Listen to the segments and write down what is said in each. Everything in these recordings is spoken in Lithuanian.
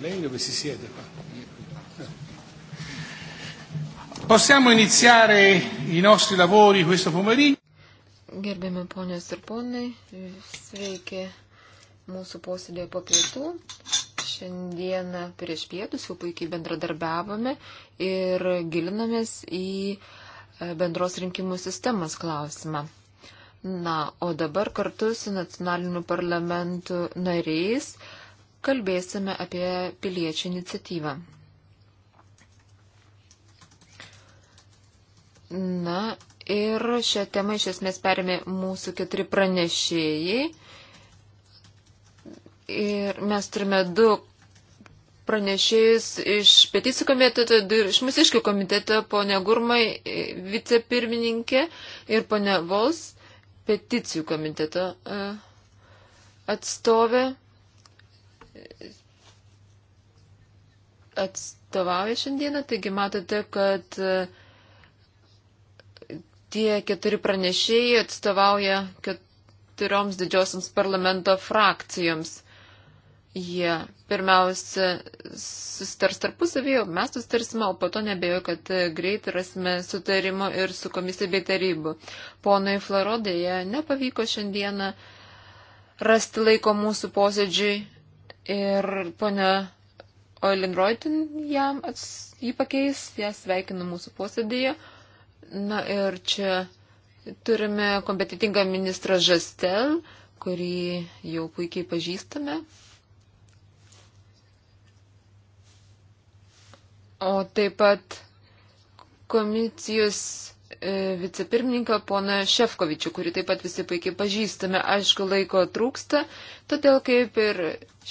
Lei dove si siede qua? Possiamo iniziare i nostri lavori questo pomeriggio? Gerbiami ponios ir ponai, sveiki mūsų posėdėje po pietų. Šiandieną prieš pietus jau puikiai bendradarbiavome ir gilinamės į e, bendros rinkimų sistemos klausimą. Na, o dabar kartu su nacionaliniu parlamentu nariais kalbėsime apie piliečių iniciatyvą. Na ir šią temą iš esmės perėmė mūsų keturi pranešėjai. Ir mes turime du pranešėjus iš peticijų komiteto, iš musiškių komiteto, ponia Gurmai, vicepirmininkė ir ponia Vols, peticijų komiteto e, atstovė. atstovauja šiandieną, taigi matote, kad e, tie keturi pranešėjai atstovauja keturioms didžiosiams parlamento frakcijoms. Jie pirmiausia sustars tarpusavėje, mes sustarsime, o po to nebejoju, kad greit rasime sutarimo ir su komisija bei tarybu. Ponai Florodėje nepavyko šiandieną rasti laiko mūsų posėdžiui ir ponia Oilin Roitin jam ats, jį pakeis, ją sveikinu mūsų posėdėje. Na ir čia turime kompetitingą ministrą Žastel, kurį jau puikiai pažįstame. O taip pat komisijos E, vicepirmininką poną Šefkovičių, kurį taip pat visi puikiai pažįstame. Aišku, laiko trūksta, todėl kaip ir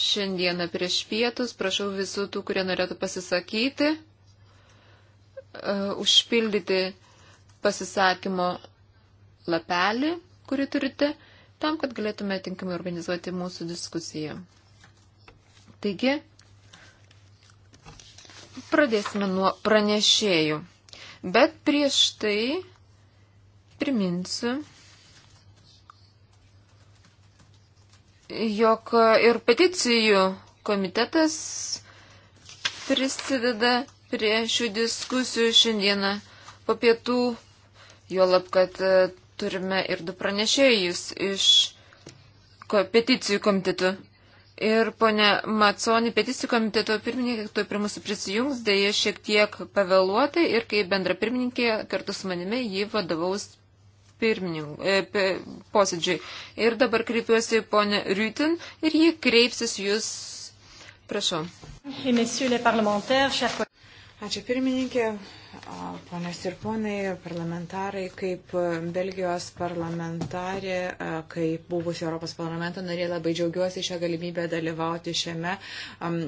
šiandieną prieš pietus, prašau visų tų, kurie norėtų pasisakyti, e, užpildyti pasisakymo lapelį, kurį turite, tam, kad galėtume tinkamai organizuoti mūsų diskusiją. Taigi, pradėsime nuo pranešėjų. Bet prieš tai priminsiu, jog ir peticijų komitetas prisideda prie šių diskusijų šiandieną po pietų, juolab, kad e, turime ir du pranešėjus iš peticijų komitetų. Ir ponė Maconi, peticijų komiteto pirmininkė, tuoj prie mūsų prisijungs, dėja šiek tiek pavėluotai ir kaip bendra pirmininkė kartu su manimi jį vadovaus e, posėdžiui. Ir dabar kreipiuosi ponė Rytin ir jį kreipsis jūs. Prašau. Ačiū pirmininkė, Ponios ir ponai, parlamentarai, kaip e, Belgijos parlamentarė, e, kaip buvusi Europos parlamento narė, labai džiaugiuosi šią galimybę dalyvauti šiame um,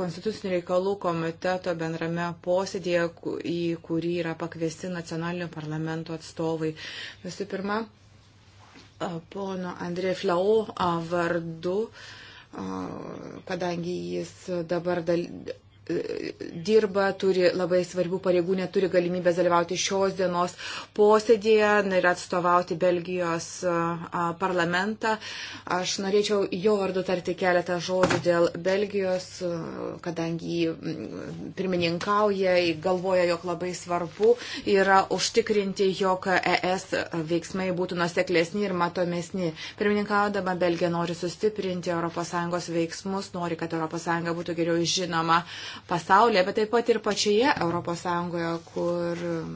konstitucinių reikalų komiteto bendrame posėdėje, į kurį yra pakviesti nacionalinių parlamentų atstovai. Visų pirma, pono Andrė Flau vardu, kadangi jis dabar dalyvauja dirba, turi labai svarbių pareigų, neturi galimybės dalyvauti šios dienos posėdėje na, ir atstovauti Belgijos parlamentą. Aš norėčiau jo vardu tarti keletą žodžių dėl Belgijos, kadangi pirmininkauja, galvoja, jog labai svarbu yra užtikrinti, jog ES veiksmai būtų nuseklesni ir matomesni. Pirmininkaudama Belgija nori sustiprinti ES veiksmus, nori, kad ES būtų geriau žinoma pasaulyje, bet taip pat ir pačioje ES, kur um,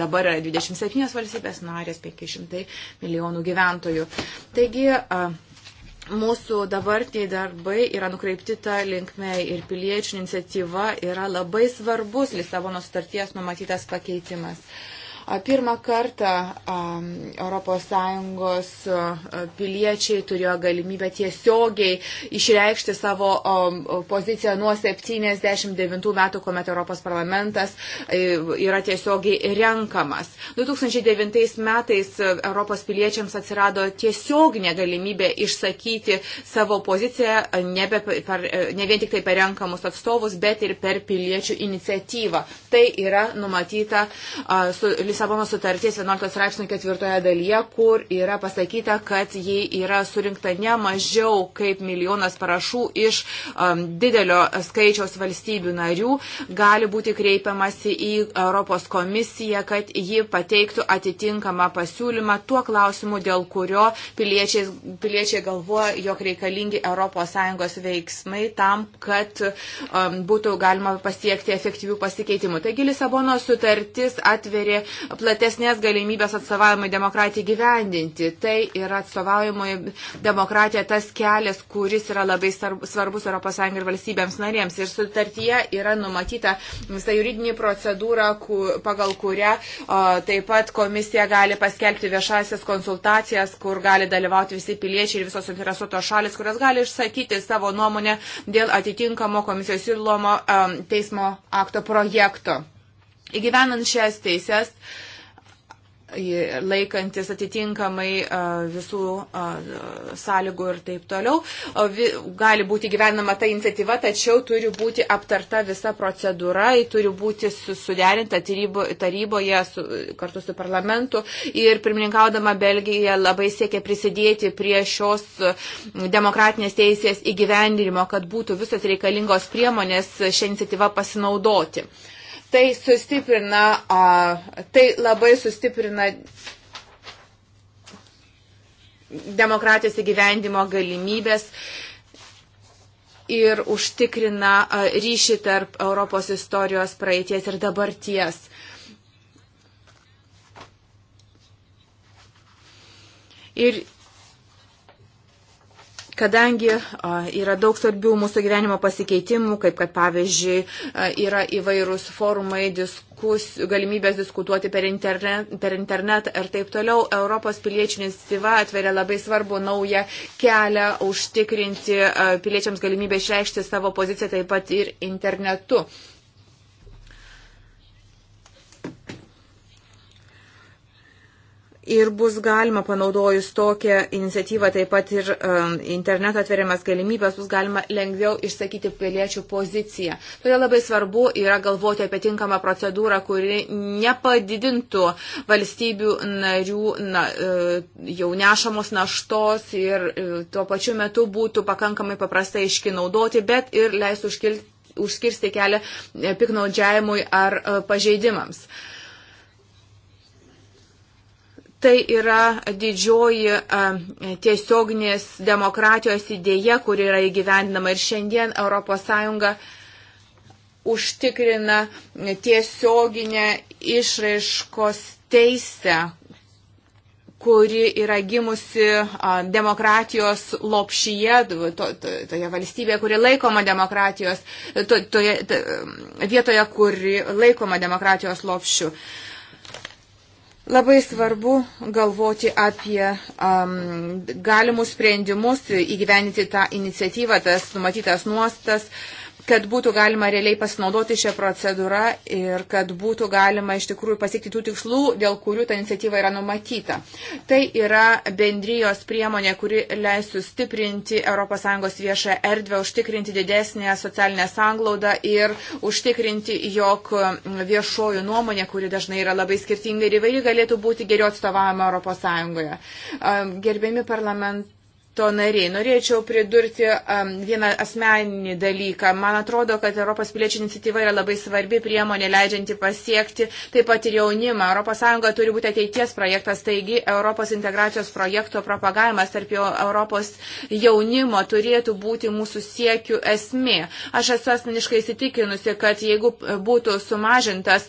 dabar yra 27 valstybės narės, 500 milijonų gyventojų. Taigi, Mūsų dabartiniai darbai yra nukreipti tą linkmę ir piliečių iniciatyva yra labai svarbus Lisabono sutarties numatytas pakeitimas. Uh, Pirmą kartą ES piliečiai turėjo galimybę tiesiogiai išreikšti savo poziciją nuo 79 metų, kuomet Europos parlamentas yra tiesiogiai renkamas. 2009 metais Europos piliečiams atsirado tiesioginė galimybė išsakyti savo poziciją nebe, per, ne vien tik tai per renkamus atstovus, bet ir per piliečių iniciatyvą. Tai yra numatyta su Lisabono. Lisabono sutarties 11 straipsnių ketvirtoje dalyje, kur yra pasakyta, kad jei yra surinkta ne mažiau kaip milijonas parašų iš um, didelio skaičiaus valstybių narių, gali būti kreipiamasi į Europos komisiją, kad ji pateiktų atitinkamą pasiūlymą tuo klausimu, dėl kurio piliečiai, piliečiai galvoja, jog reikalingi ES veiksmai tam, kad um, būtų galima pasiekti efektyvių pasikeitimų. Taigi Lisabono sutartis atverė platesnės galimybės atstovavimui demokratijai gyvendinti. Tai yra atstovavimoje demokratija tas kelias, kuris yra labai svarbus ES ir valstybėms narėms. Ir sutartyje yra numatyta visa juridinė procedūra, pagal kurią o, taip pat komisija gali paskelbti viešasias konsultacijas, kur gali dalyvauti visi piliečiai ir visos interesuotos šalis, kurios gali išsakyti savo nuomonę dėl atitinkamo komisijos siūlomo um, teismo akto projekto. Įgyvenant šias teises, laikantis atitinkamai visų sąlygų ir taip toliau. Gali būti gyvenama ta iniciatyva, tačiau turi būti aptarta visa procedūra, turi būti suderinta taryboje su, kartu su parlamentu ir pirmininkaudama Belgija labai siekia prisidėti prie šios demokratinės teisės įgyvendinimo, kad būtų visos reikalingos priemonės šią iniciatyvą pasinaudoti. Tai sustiprina, a, tai labai sustiprina demokratijos įgyvendimo galimybės ir užtikrina ryšį tarp Europos istorijos praeities ir dabarties. Ir kadangi yra daug svarbių mūsų gyvenimo pasikeitimų, kaip kad pavyzdžiui yra įvairūs forumai, diskus, galimybės diskutuoti per, internet, per internetą ir taip toliau, Europos piliečių iniciatyva atveria labai svarbu naują kelią užtikrinti piliečiams galimybę išreikšti savo poziciją taip pat ir internetu. Ir bus galima, panaudojus tokią iniciatyvą, taip pat ir um, interneto atveriamas galimybės, bus galima lengviau išsakyti piliečių poziciją. Todėl labai svarbu yra galvoti apie tinkamą procedūrą, kuri nepadidintų valstybių narių na, e, jau nešamos naštos ir e, tuo pačiu metu būtų pakankamai paprastai iškinaudoti, bet ir leistų užkirsti kelią e, piknaudžiajimui ar pažeidimams. Uh, Tai yra didžioji tiesioginės demokratijos idėja, kuri yra įgyvendinama ir šiandien ES užtikrina tiesioginę išraiškos teisę, kuri yra gimusi demokratijos lopšyje, to, to, toje valstybėje, kuri laikoma demokratijos, to, toje to, vietoje, kuri laikoma demokratijos lopšiu. Uh, Labai svarbu galvoti apie um, galimus sprendimus, įgyveninti tą iniciatyvą, tas numatytas nuostas. Uh, kad būtų galima realiai pasinaudoti šią procedūrą ir kad būtų galima iš tikrųjų pasiekti tų tikslų, dėl kurių ta iniciatyva yra numatyta. Tai yra bendrijos priemonė, kuri leis sustiprinti ES viešą erdvę, užtikrinti didesnę socialinę sanglaudą ir užtikrinti, jog viešojų nuomonė, kuri dažnai yra labai skirtinga ir įvairi, galėtų būti geriau atstovavama ES. Gerbiami parlamentai to nariai. Norėčiau pridurti um, vieną asmeninį dalyką. Man atrodo, kad Europos piliečių iniciatyva yra labai svarbi priemonė leidžianti pasiekti taip pat ir jaunimą. ES turi būti ateities projektas, taigi Europos integracijos projekto propagavimas tarp Europos jaunimo turėtų būti mūsų siekių esmė. Aš esu asmeniškai įsitikinusi, kad jeigu būtų sumažintas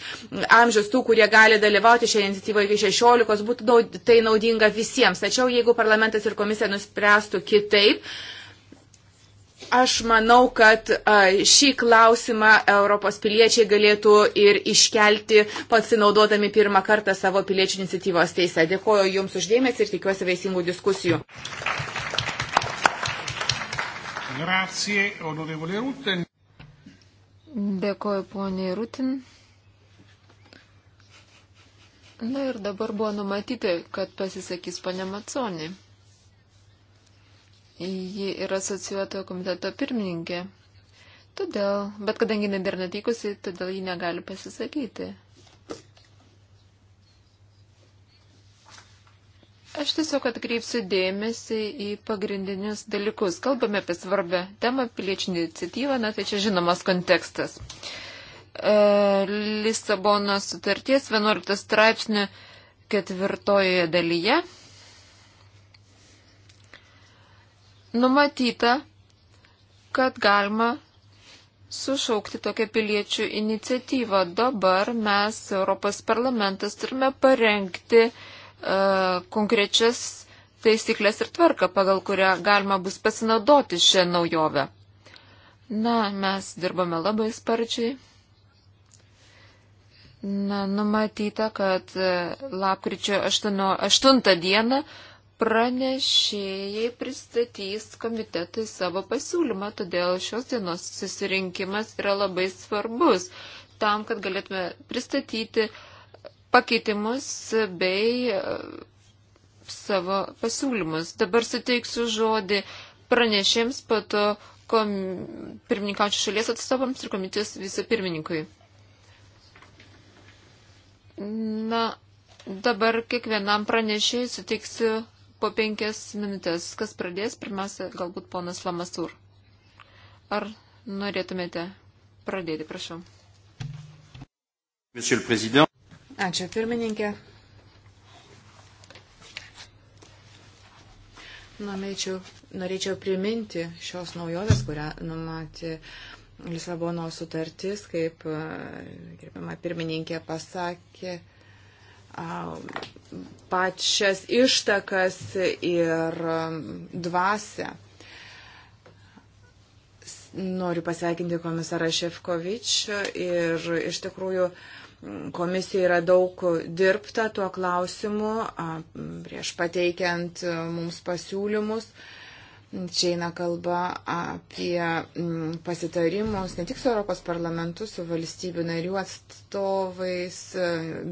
amžius tų, kurie gali dalyvauti šioje iniciatyvoje iki 16, būtų tai naudinga visiems. Tačiau jeigu parlamentas ir komisija nuspręs, spręstų kitaip. Aš manau, kad šį klausimą Europos piliečiai galėtų ir iškelti pasinaudodami pirmą kartą savo piliečių iniciatyvos teisę. Dėkuoju Jums uždėmesi ir tikiuosi veisingų diskusijų. Grazie, onorevole Rutten. Dėkuoju poniai Rutin. Na ir dabar buvo numatyti, kad pasisakys ponia Maconė ji yra asociuotojo komiteto pirmininkė. Todėl, bet kadangi jinai dar netikusi, todėl ji negali pasisakyti. Aš tiesiog atkreipsiu dėmesį į pagrindinius dalykus. Kalbame apie svarbę temą piliečių iniciatyvą, na tai čia žinomas kontekstas. E, Lisabono sutarties 11 straipsnių ketvirtojoje dalyje numatyta, kad galima sušaukti tokią piliečių iniciatyvą. Dabar mes, Europos parlamentas, turime parengti uh, konkrečias taisyklės ir tvarką, pagal kurią galima bus pasinaudoti šią naujovę. Na, mes dirbame labai sparčiai. Na, numatyta, kad e, lapkričio 8, 8 dieną pranešėjai pristatys komitetui savo pasiūlymą, todėl šios dienos susirinkimas yra labai svarbus tam, kad galėtume pristatyti pakeitimus bei e, savo pasiūlymus. Dabar suteiksiu žodį pranešėms, po to kom... pirmininkaučių šalies atstovams ir komitės vicepirmininkui. Na, dabar kiekvienam pranešėjui suteiksiu po penkias minutės. Kas pradės? Pirmiausia, galbūt ponas Lamasur. Ar norėtumėte pradėti, prašau? Ačiū, pirmininkė. Norėčiau, norėčiau priminti šios naujovės, kurią numatė Lisabono sutartis, kaip, e, gerbima pirmininkė pasakė, Um, pačias ištakas ir um, dvasę. Noriu pasveikinti komisarą Šefkovič ir iš tikrųjų mm, komisija yra daug dirbta tuo klausimu prieš pateikiant mums pasiūlymus. Uh, Čia eina kalba apie mm, pasitarimus ne tik su Europos parlamentu, su valstybių narių atstovais,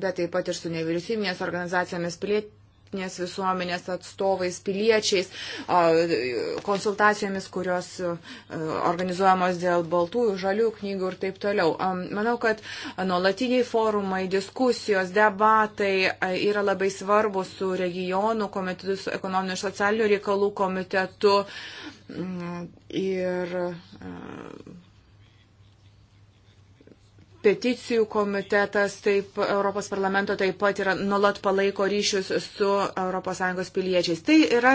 bet taip pat ir su nevyriausybinės organizacijomis, piliet, pilietinės visuomenės atstovais, piliečiais, konsultacijomis, kurios organizuojamos dėl baltųjų, žalių knygų ir taip toliau. Manau, kad nuolatiniai forumai, diskusijos, debatai yra labai svarbus su regionų komitetu, su ekonominių ir socialinių reikalų komitetu. Mm, ir peticijų komitetas, taip Europos parlamento taip pat yra nuolat palaiko ryšius su ES piliečiais. Tai yra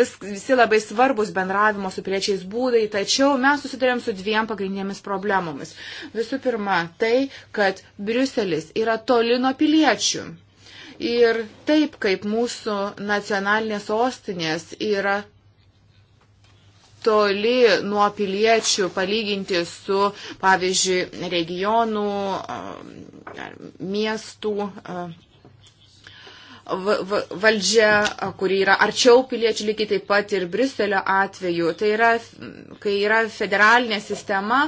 vis, visi labai svarbus bendravimo su piliečiais būdai, tačiau mes susidurėm su dviem pagrindinėmis problemomis. Visų pirma, tai, kad Briuselis yra toli nuo piliečių. Ir taip kaip mūsų nacionalinės sostinės yra toli nuo piliečių palyginti su, pavyzdžiui, regionų, miestų valdžia, kuri yra arčiau piliečių, lygiai taip pat ir Briuselio atveju. Tai yra, kai yra federalinė sistema,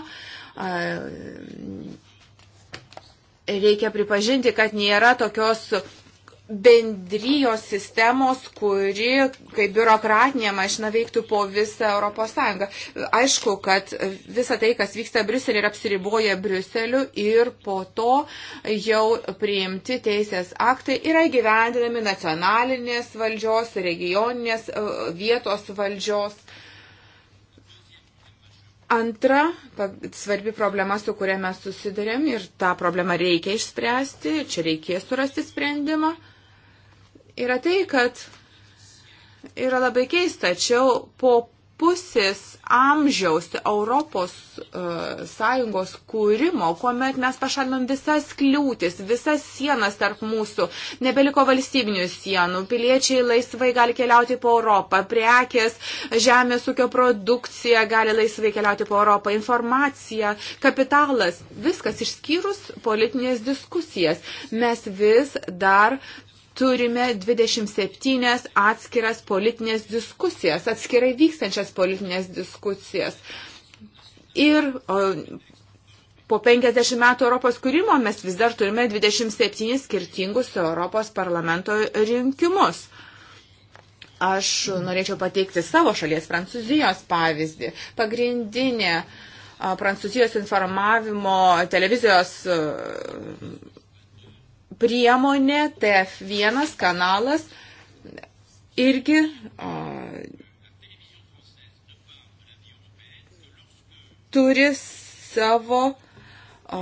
reikia pripažinti, kad nėra tokios bendrijos sistemos, kuri kaip biurokratinė mašina veiktų po visą Europos Sąjungą. Aišku, kad visa tai, kas vyksta Briuselį ir apsiriboja Briuseliu ir po to jau priimti teisės aktai yra gyvendinami nacionalinės valdžios, regioninės e, vietos valdžios. Antra svarbi problema, su kuria mes susidurėm ir tą problemą reikia išspręsti, čia reikės surasti sprendimą yra tai, kad yra labai keista, tačiau po pusės amžiaus Europos uh, Sąjungos kūrimo, kuomet mes pašalinom visas kliūtis, visas sienas tarp mūsų, nebeliko valstybinių sienų, piliečiai laisvai gali keliauti po Europą, prekės, žemės ūkio produkcija gali laisvai keliauti po Europą, informacija, kapitalas, viskas išskyrus politinės diskusijas. Mes vis dar turime 27 atskiras politinės diskusijas, atskirai vykstančias politinės diskusijas. Ir o, po 50 metų Europos kūrimo mes vis dar turime 27 skirtingus Europos parlamento rinkimus. Aš norėčiau pateikti savo šalies Prancūzijos pavyzdį. Pagrindinė Prancūzijos informavimo televizijos priemonė TF1 kanalas irgi o, turi savo o,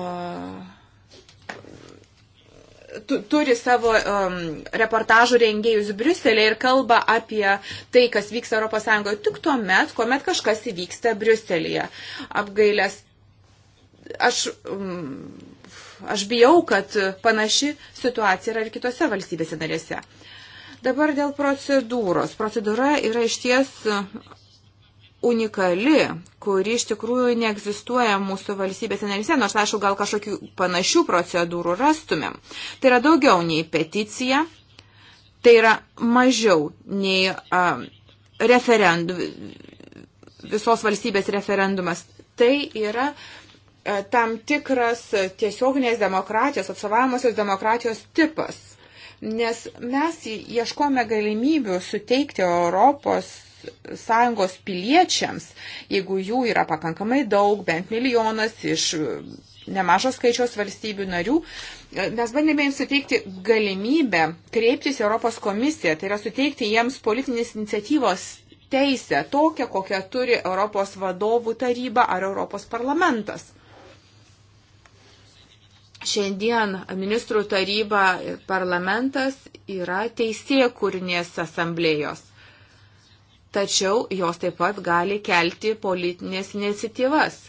turi savo um, reportažų rengėjus Briuselėje ir kalba apie tai, kas vyks ES tik tuo met, kuomet kažkas įvyksta Briuselėje. Apgailės. Aš um, aš bijau, kad panaši situacija yra ir kitose valstybėse narėse. Dabar dėl procedūros. Procedūra yra iš ties unikali, kuri iš tikrųjų neegzistuoja mūsų valstybėse narise, nors aišku, gal kažkokių panašių procedūrų rastumėm. Tai yra daugiau nei peticija, tai yra mažiau nei uh, referendum, visos valstybės referendumas. Tai yra uh, E, tam tikras tiesioginės demokratijos, atsovavimosios demokratijos tipas. Nes mes ieškome galimybių suteikti Europos sąjungos piliečiams, jeigu jų yra pakankamai daug, bent milijonas iš nemažos skaičiaus valstybių narių, e, mes bandėme jiems suteikti galimybę kreiptis Europos komisiją, tai yra suteikti jiems politinės iniciatyvos teisę, tokią, kokią turi Europos vadovų taryba ar Europos parlamentas. Šiandien ministrų taryba ir parlamentas yra teisėkūrinės asamblėjos. Tačiau jos taip pat gali kelti politinės iniciatyvas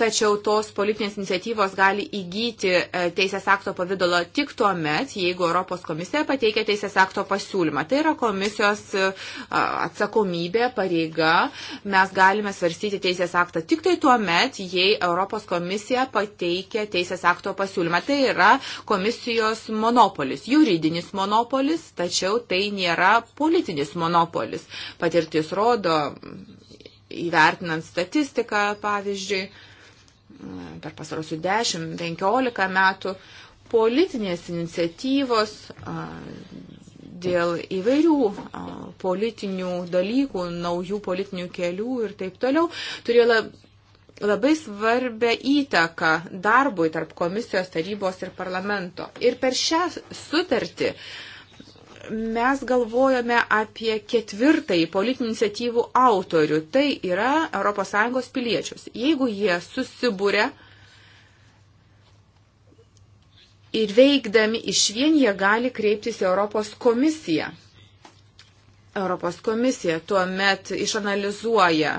tačiau tos politinės iniciatyvos gali įgyti e, teisės akto pavydalo tik tuo met, jeigu Europos komisija pateikia teisės akto pasiūlymą. Tai yra komisijos e, atsakomybė, pareiga. Mes galime svarstyti teisės aktą tik tai tuo met, jei Europos komisija pateikia teisės akto pasiūlymą. Tai yra komisijos monopolis, juridinis monopolis, tačiau tai nėra politinis monopolis. Patirtis rodo, įvertinant statistiką, pavyzdžiui, per pasarosius 10-15 metų, politinės iniciatyvos dėl įvairių politinių dalykų, naujų politinių kelių ir taip toliau turėjo labai svarbę įtaką darbui tarp komisijos, tarybos ir parlamento. Ir per šią sutartį uh, mes galvojame apie ketvirtąjį politinių iniciatyvų autorių. Tai yra ES piliečius. Jeigu jie susibūrė ir veikdami iš vien, jie gali kreiptis į Europos komisiją. Europos komisija tuomet išanalizuoja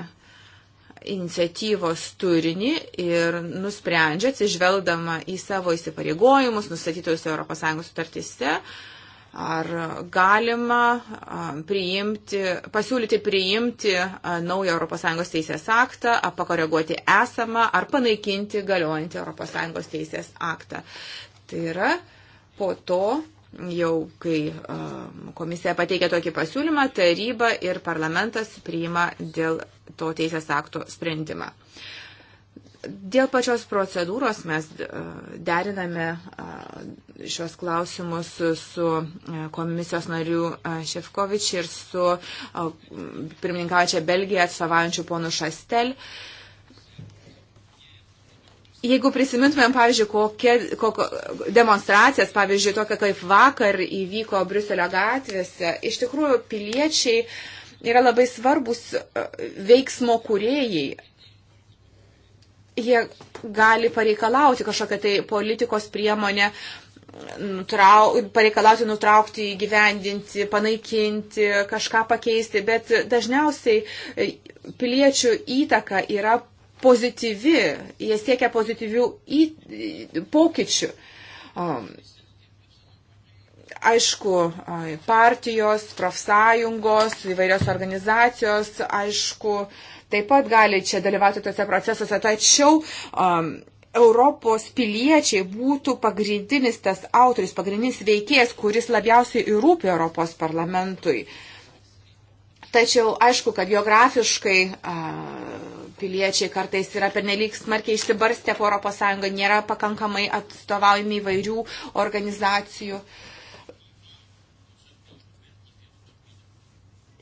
iniciatyvos turinį ir nusprendžia, atsižvelgdama į savo įsipareigojimus, nustatytus ES sutartyse, uh, Ar galima priimti, pasiūlyti priimti naują ES teisės aktą, pakoreguoti esamą ar panaikinti galiojantį ES teisės aktą. Tai yra po to jau kai komisija pateikia tokį pasiūlymą, taryba ir parlamentas priima dėl to teisės akto sprendimą. Dėl pačios procedūros mes e, deriname e, šios klausimus su e, komisijos nariu Šefkovič ir su pirmininkaučia Belgija atstovaujančiu ponu Šastel. Jeigu prisimintumėm, pavyzdžiui, kokia, kokio, demonstracijas, pavyzdžiui, tokia kaip vakar įvyko Briuselio gatvėse, iš tikrųjų piliečiai yra labai svarbus veiksmo kuriejai jie gali pareikalauti kažkokią tai politikos priemonę, nutrau, pareikalauti nutraukti, įgyvendinti, panaikinti, kažką pakeisti, bet dažniausiai e, piliečių įtaka yra pozityvi, jie siekia pozityvių į, pokyčių. Aišku, partijos, profsąjungos, įvairios organizacijos, aišku, uh, taip pat gali čia dalyvauti tose procesuose. Tačiau um, Europos piliečiai būtų pagrindinis tas autoris, pagrindinis veikėjas, kuris labiausiai ir rūpi Europos parlamentui. Tačiau aišku, kad geografiškai a, piliečiai kartais yra pernelyg smarkiai išsibarstę po Europos Sąjungą, nėra pakankamai atstovaujami įvairių organizacijų. A,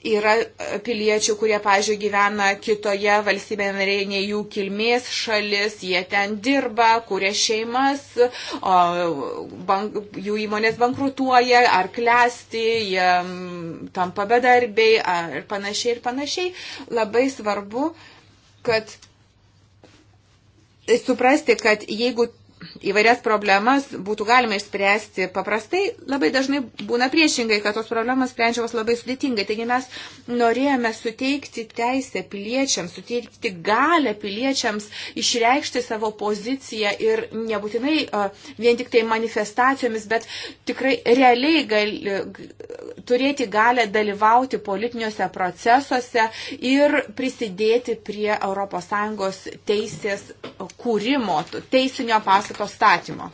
Yra e, piliečių, kurie, pažiūrėjau, gyvena kitoje valstybėje narėje, ne jų kilmės šalis, jie ten dirba, kuria šeimas, o, bank, jų įmonės bankrutuoja ar klesti, jie tampa bedarbiai ar panašiai ir panašiai. Labai svarbu, kad suprasti, kad jeigu įvairias problemas būtų galima išspręsti paprastai, labai dažnai būna priešingai, kad tos problemas sprendžiamos labai sudėtingai. Taigi mes norėjome suteikti teisę piliečiams, suteikti galę piliečiams išreikšti savo poziciją ir nebūtinai vien tik tai manifestacijomis, bet tikrai realiai gal, turėti galę dalyvauti politiniuose procesuose ir prisidėti prie ES teisės kūrimo, teisinio pasakojimo praktikos statymo.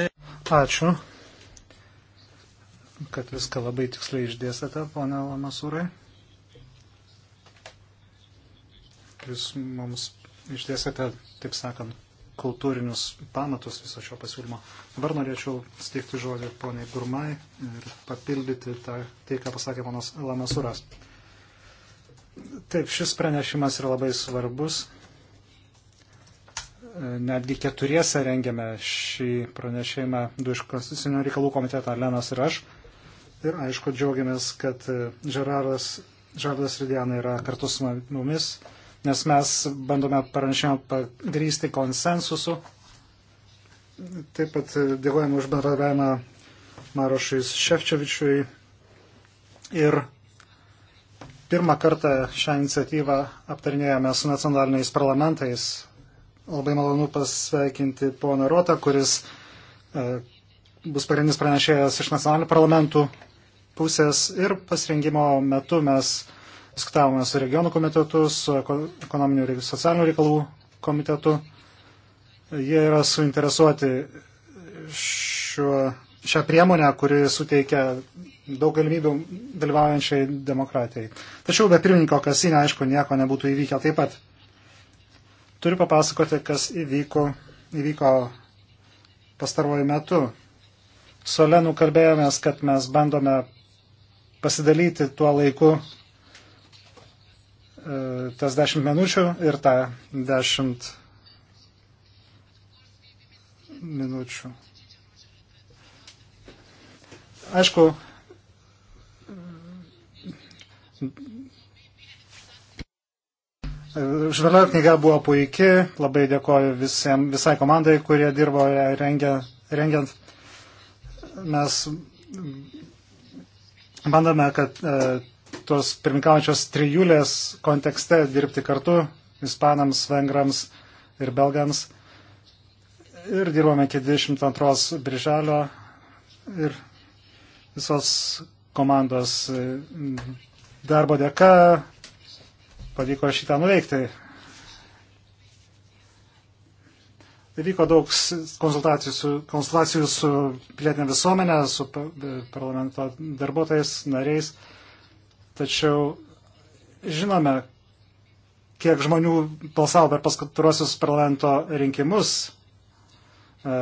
E, Ačiū, kad viską labai tiksliai išdėstate, pone Lamasūrai. Jūs mums išdėstate, taip sakant, kultūrinius pamatus viso šio pasiūlymo. Dabar norėčiau steigti žodį poniai Gurmai ir papildyti tą, tai, ką pasakė ponas Lamasūras. Taip, šis pranešimas yra labai svarbus netgi keturiese rengėme šį pranešimą du iš konstitucinio reikalų komiteto, Lenas ir aš. Ir aišku, džiaugiamės, kad e, Žeraras, Žardas Ridiana yra kartu su mumis, nes mes bandome pranešimą pagrysti konsensusu. Taip pat e, dėkojame už bendradarbiavimą Marošui Šefčiovičiui ir pirmą kartą šią iniciatyvą aptarinėjame su nacionaliniais parlamentais Labai malonu pasveikinti poną Rotą, kuris e, bus pagrindinis pranešėjas iš nacionalinių parlamentų pusės ir pasirinkimo metu mes diskutavome su regionų komitetu, su ekonominių ir socialinių reikalų komitetu. Jie yra suinteresuoti šiuo, šią priemonę, kuri suteikia daug galimybių dalyvaujančiai demokratijai. Tačiau be pirmininko kasinė, aišku, nieko nebūtų įvykę taip pat. Turiu papasakoti, kas įvyko, įvyko pastaruoju metu. Su Olenu kalbėjomės, kad mes bandome pasidalyti tuo laiku e, tas 10 minučių ir tą 10 minučių. Aišku, Žvelio knyga buvo puikia, labai dėkoju visiem, visai komandai, kurie dirbo e, rengia, rengiant. Mes bandome, kad e, tos pirmikaujančios trijulės kontekste dirbti kartu ispanams, vengrams ir belgams. Ir dirbome iki 22 birželio ir visos komandos e, darbo dėka pavyko šitą nuveikti. Vyko daug konsultacijų su, konsultacijų su pilietinė visuomenė, su parlamento darbuotojais, nariais, tačiau žinome, kiek žmonių balsavo per paskutruosius parlamento rinkimus. E,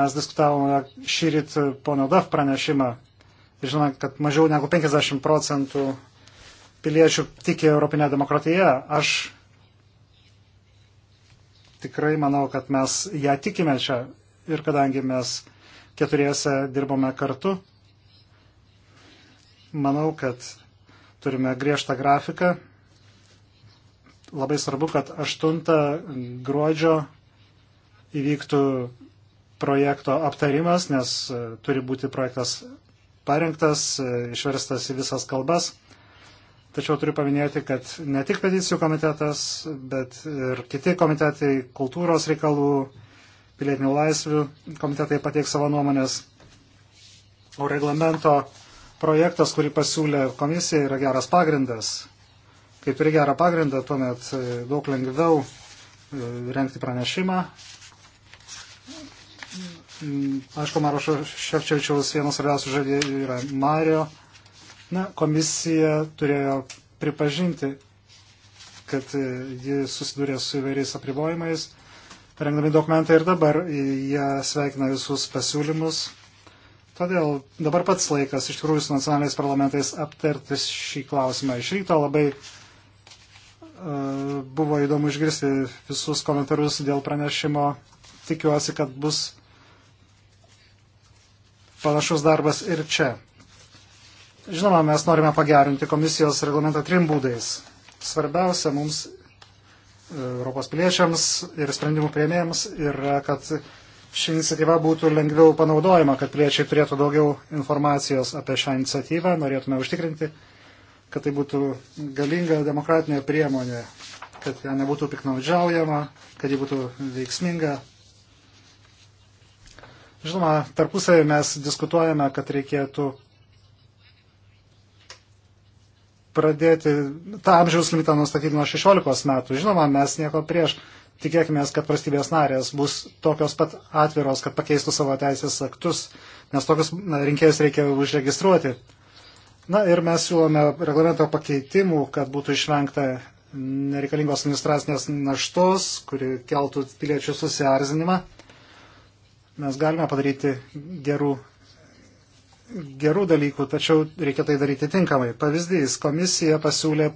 mes diskutavome šį rytą pono DAF pranešimą ir žinome, kad mažiau negu 50 procentų piliečių tiki Europinė demokratija. Aš tikrai manau, kad mes ją tikime čia ir kadangi mes keturiese dirbome kartu, manau, kad turime griežtą grafiką. Labai svarbu, kad 8 gruodžio įvyktų projekto aptarimas, nes turi būti projektas parengtas, išverstas į visas kalbas. Tačiau turiu paminėti, kad ne tik peticijų komitetas, bet ir kiti komitetai kultūros reikalų, pilietinių laisvių komitetai pateiks savo nuomonės. O reglamento projektas, kurį pasiūlė komisija, yra geras pagrindas. Kai turi gerą pagrindą, tuomet e, daug lengviau e, renkti pranešimą. Mm, aišku, Maro Ševčevičiaus vienas svarbiausių žodžių yra Mario Na, komisija turėjo pripažinti, kad e, ji susidūrė su įvairiais apribojimais. Rengdami dokumentą ir dabar jie sveikina visus pasiūlymus. Todėl dabar pats laikas iš tikrųjų su nacionaliniais parlamentais aptartis šį klausimą. Iš ryto labai uh, buvo įdomu išgirsti visus komentarus dėl pranešimo. Tikiuosi, kad bus panašus darbas ir čia. Žinoma, mes norime pagerinti komisijos reglamentą trim būdais. Svarbiausia mums, e, Europos piliečiams ir sprendimų prieimėjams, yra, kad ši iniciatyva būtų lengviau panaudojama, kad piliečiai turėtų daugiau informacijos apie šią iniciatyvą. Norėtume užtikrinti, kad tai būtų galinga demokratinė priemonė, kad ją nebūtų piknaudžiaujama, kad ji būtų veiksminga. Žinoma, tarpusavį mes diskutuojame, kad reikėtų pradėti tą amžiaus limitą nustatyti nuo 16 metų. Žinoma, mes nieko prieš. Tikėkime, kad valstybės narės bus tokios pat atviros, kad pakeistų savo teisės aktus, nes tokius rinkėjus reikia užregistruoti. Na ir mes siūlome reglamento pakeitimų, kad būtų išvengta nereikalingos administracinės naštos, kuri keltų piliečių susiarzinimą. Mes galime padaryti gerų gerų dalykų, tačiau reikia tai daryti tinkamai. Pavyzdys, komisija pasiūlė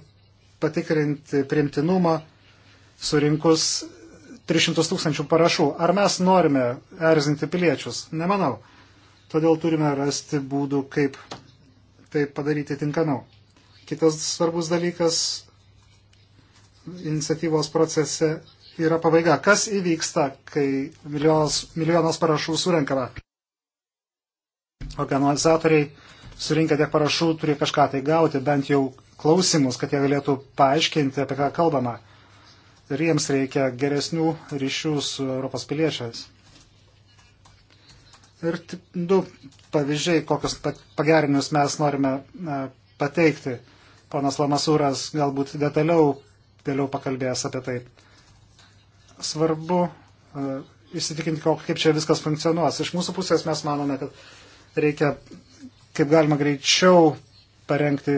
patikrinti primtinumą surinkus 300 tūkstančių parašų. Ar mes norime erzinti piliečius? Nemanau. Todėl turime rasti būdų, kaip tai padaryti tinkamiau. Kitas svarbus dalykas iniciatyvos procese yra pabaiga. Kas įvyksta, kai milijonas, milijonas parašų surenkama? organizatoriai surinkę tiek parašų turi kažką tai gauti, bent jau klausimus, kad jie galėtų paaiškinti, apie ką kalbama. Ir jiems reikia geresnių ryšių su Europos piliečiais. Ir du pavyzdžiai, kokius pagerinius mes norime pateikti. Ponas Lamasūras galbūt detaliau vėliau pakalbės apie tai. Svarbu e, įsitikinti, kaip čia viskas funkcionuos. Iš mūsų pusės mes manome, kad reikia kaip galima greičiau parengti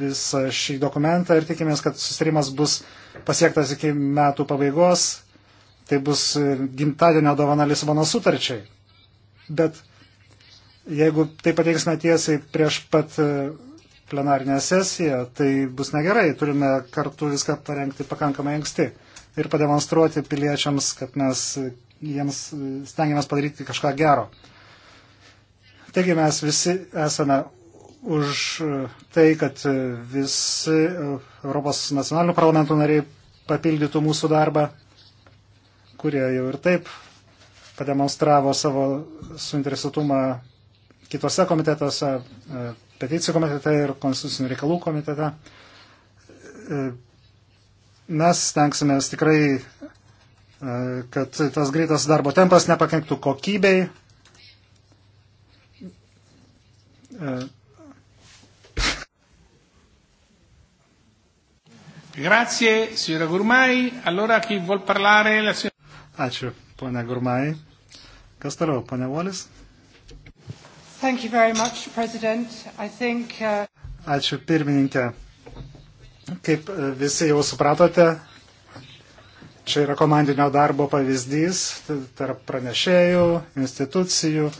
visą šį dokumentą ir tikimės, kad sustarimas bus pasiektas iki metų pabaigos. Tai bus gimtadienio dovana Lisabono sutarčiai. Bet jeigu tai pateiksime tiesiai prieš pat e, plenarinę sesiją, tai bus negerai. Turime kartu viską parengti pakankamai anksti ir pademonstruoti piliečiams, kad mes jiems e, stengiamės padaryti kažką gero. Taigi mes visi esame už tai, kad visi Europos nacionalinių parlamentų nariai papildytų mūsų darbą, kurie jau ir taip pademonstravo savo suinteresuotumą kitose komitetuose, peticijų komitete ir konstitucinių reikalų komitete. Mes stengsimės tikrai, kad tas greitas darbo tempas nepakenktų kokybei Eh. Grazie, signora Gurmai. Allora chi vuol parlare? La signora... Ačiū, ponia Gurmai. Kas toliau, ponia Volis? Thank you very much, President. I think, uh... Ačiū, pirmininkė. Kaip uh, visi jau supratote, čia yra komandinio darbo pavyzdys tarp pranešėjų, institucijų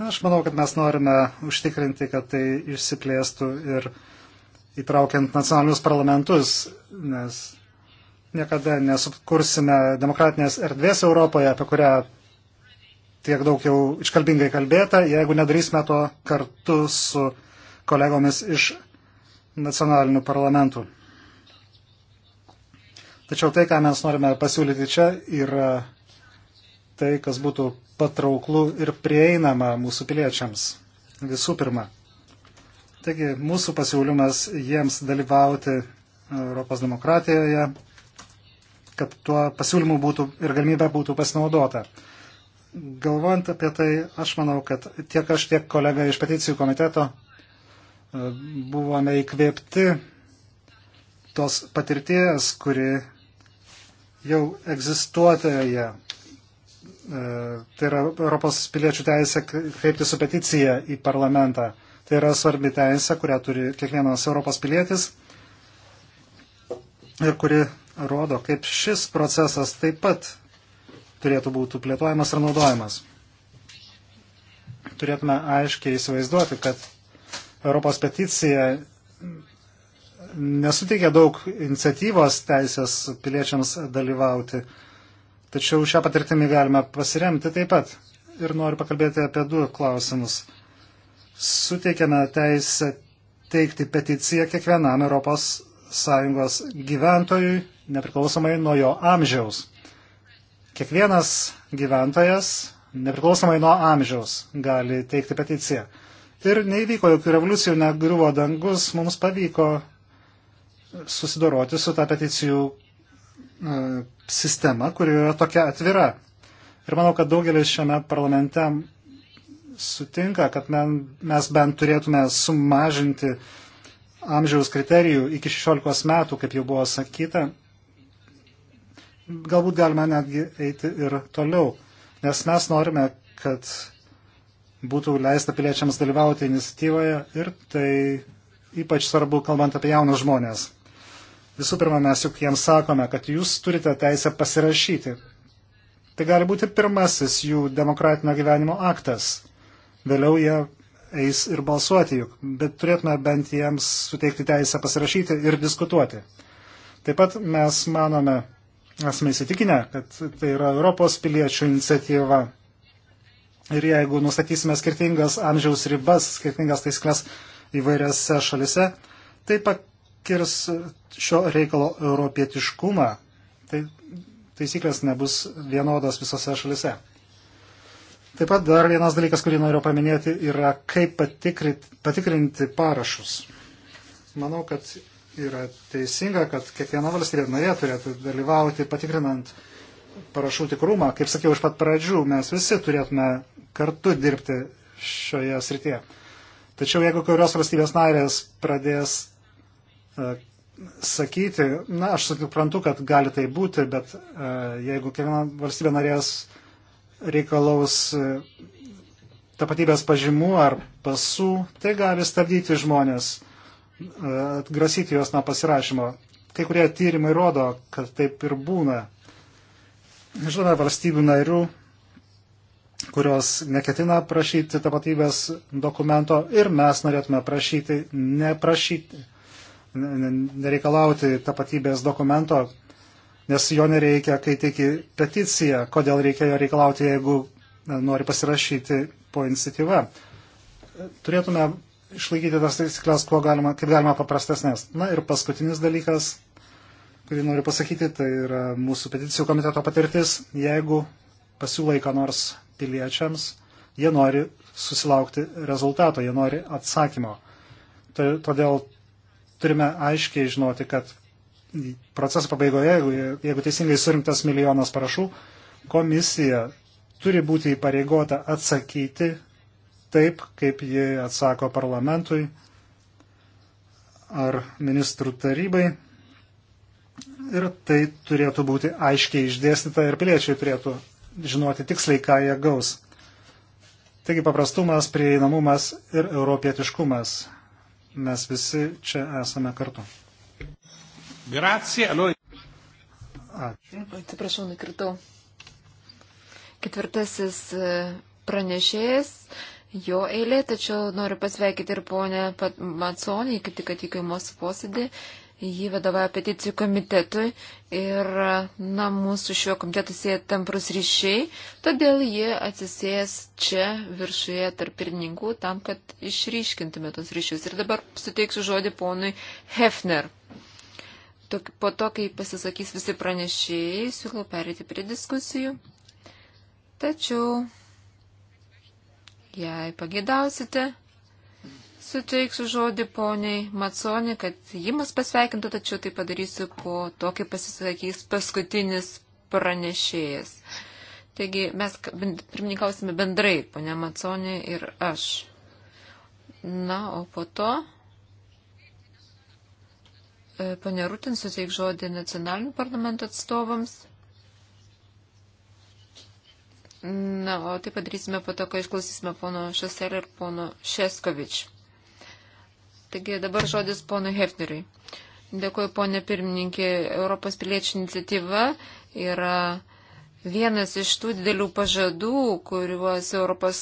Aš manau, kad mes norime užtikrinti, kad tai išsiplėstų ir įtraukiant nacionalinius parlamentus, nes niekada nesukursime demokratinės erdvės Europoje, apie kurią tiek daug jau iškalbingai kalbėta, jeigu nedarysime to kartu su kolegomis iš nacionalinių parlamentų. Tačiau tai, ką mes norime pasiūlyti čia, yra tai, kas būtų patrauklų ir prieinamą mūsų piliečiams. Visų pirma. Taigi mūsų pasiūlymas jiems dalyvauti Europos demokratijoje, kad tuo pasiūlymu būtų ir galimybė būtų pasinaudota. Galvojant apie tai, aš manau, kad tiek aš, tiek kolega iš peticijų komiteto e, buvome įkvėpti tos patirties, kuri jau egzistuotoje E, tai yra Europos piliečių teisė kreipti su peticija į parlamentą. Tai yra svarbi teisė, kurią turi kiekvienas Europos pilietis ir kuri rodo, kaip šis procesas taip pat turėtų būti plėtojamas ir naudojamas. Turėtume aiškiai įsivaizduoti, kad Europos peticija nesuteikia daug iniciatyvos teisės piliečiams dalyvauti Tačiau šią patirtimį galime pasiremti taip pat. Ir noriu pakalbėti apie du klausimus. Suteikiame teisę teikti peticiją kiekvienam ES gyventojui, nepriklausomai nuo jo amžiaus. Kiekvienas gyventojas, nepriklausomai nuo amžiaus, gali teikti peticiją. Ir neįvyko jokių revoliucijų, negriuvo dangus, mums pavyko susidoroti su tą peticijų E, sistema, kuri yra tokia atvira. Ir manau, kad daugelis šiame parlamente sutinka, kad mes bent turėtume sumažinti amžiaus kriterijų iki 16 metų, kaip jau buvo sakyta. Galbūt galima netgi eiti ir toliau, nes mes norime, kad būtų leista piliečiams dalyvauti iniciatyvoje ir tai ypač svarbu, kalbant apie jaunus žmonės. Visų pirma, mes juk jiems sakome, kad jūs turite teisę pasirašyti. Tai gali būti pirmasis jų demokratinio gyvenimo aktas. Vėliau jie eis ir balsuoti juk, bet turėtume bent jiems suteikti teisę pasirašyti ir diskutuoti. Taip pat mes manome, esame įsitikinę, kad tai yra Europos piliečių iniciatyva. Ir jeigu nustatysime skirtingas amžiaus ribas, skirtingas taisyklės įvairiose šalise, tai atskirs šio reikalo europietiškumą, tai taisyklės nebus vienodos visose šalise. Taip pat dar vienas dalykas, kurį noriu paminėti, yra kaip patikrinti, patikrinti parašus. Manau, kad yra teisinga, kad kiekviena valstybė narė turėtų dalyvauti patikrinant parašų tikrumą. Kaip sakiau, iš pat pradžių mes visi turėtume kartu dirbti šioje srityje. Tačiau jeigu kurios valstybės narės pradės E, sakyti, na, aš suprantu, kad gali tai būti, bet e, jeigu kiekviena valstybė narės reikalaus e, tapatybės pažymų ar pasų, tai gali stabdyti žmonės, atgrasyti juos nuo pasirašymo. Kai kurie tyrimai rodo, kad taip ir būna. Žinome valstybių narių, kurios neketina prašyti tapatybės dokumento ir mes norėtume prašyti, neprašyti, nereikalauti tapatybės dokumento, nes jo nereikia, kai teiki peticiją, kodėl reikia jo reikalauti, jeigu e, nori pasirašyti po iniciatyvą. Turėtume išlaikyti tas taisyklės, galima, kaip galima paprastesnės. Na ir paskutinis dalykas, kurį noriu pasakyti, tai yra mūsų peticijų komiteto patirtis. Jeigu pasiūlai ką nors piliečiams, jie nori susilaukti rezultato, jie nori atsakymo. Tai todėl turime aiškiai žinoti, kad proceso pabaigoje, jeigu, jeigu teisingai surinktas milijonas parašų, komisija turi būti įpareigota atsakyti taip, kaip ji atsako parlamentui ar ministrų tarybai. Ir tai turėtų būti aiškiai išdėstyta ir piliečiai turėtų žinoti tiksliai, ką jie gaus. Taigi paprastumas, prieinamumas ir europietiškumas mes visi čia esame kartu. Grazie, allora. Ačiū. Atsiprašau, nukritau. Ketvirtasis e, pranešėjas, jo eilė, tačiau noriu pasveikyti ir ponę Matsonį, kaip tik atvyko į mūsų posėdį Jį vadovauja peticijų komitetui ir, na, mūsų šiuo komitetu sieja tamprus ryšiai, todėl jie atsisės čia viršuje tarp pirmininkų tam, kad išryškintume tos ryšius. Ir dabar suteiksiu žodį ponui Hefner. Tok, po to, kai pasisakys visi pranešėjai, siūlau perėti prie diskusijų. Tačiau, jei pagėdausite, Suteiksiu žodį poniai Matsoni, kad ji mus pasveikintų, tačiau tai padarysiu po to, kai pasisakys paskutinis pranešėjas. Taigi mes pirmininkausime bendrai, ponia Matsoni ir aš. Na, o po to, e, ponia Rutin suteik žodį nacionalinių parlamento atstovams. Na, o tai padarysime po to, kai išklausysime pono Šaselį ir pono Šeskovičių. Taigi dabar žodis ponui Hefneriui. Dėkuoju, ponė pirmininkė. Europos piliečių iniciatyva yra Vienas iš tų didelių pažadų, kuriuos ES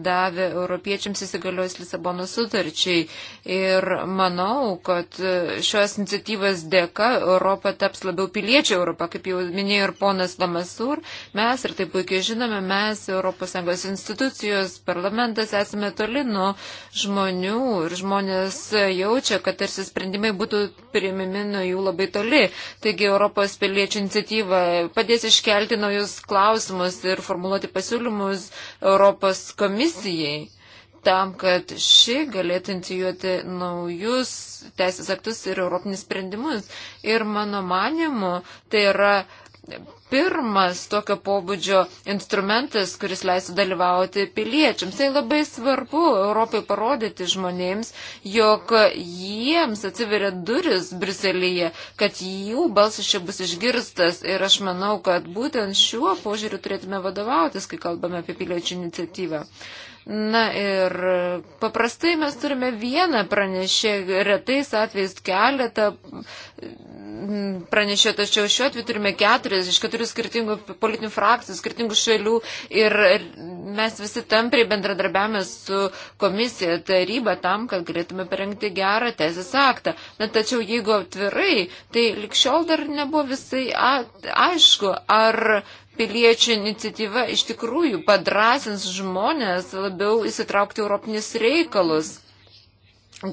davė europiečiams įsigaliojus Lisabono sutarčiai. Ir manau, kad šios iniciatyvos dėka Europa taps labiau piliečių Europą, kaip jau minėjo ir ponas Lamasur. Mes, ir tai puikiai žinome, mes, ES institucijos, parlamentas, esame toli nuo žmonių ir žmonės jaučia, kad tarsi sprendimai būtų priimimi nuo jų labai toli. Taigi Europos piliečių iniciatyva padės iškelti kelti naujus klausimus ir formuluoti pasiūlymus Europos komisijai tam, kad ši galėtų inicijuoti naujus teisės aktus ir europinius sprendimus. Ir mano manimu, tai yra pirmas tokio pobūdžio instrumentas, kuris leistų dalyvauti piliečiams. Tai labai svarbu Europai parodyti žmonėms, jog jiems atsiveria duris Briselyje, kad jų balsas čia bus išgirstas. Ir aš manau, kad būtent šiuo požiūriu turėtume vadovautis, kai kalbame apie piliečių iniciatyvą. Na ir paprastai mes turime vieną pranešę, retais atvejais keletą mm, pranešė, tačiau šiuo atveju turime keturis iš keturių skirtingų politinių frakcijų, skirtingų šalių ir mes visi tampriai bendradarbiavame su komisija, taryba tam, kad galėtume parengti gerą teisės aktą. Na tačiau jeigu atvirai, tai likščiol dar nebuvo visai aišku, ar piliečių iniciatyva iš tikrųjų padrasins žmonės labiau įsitraukti europinius reikalus.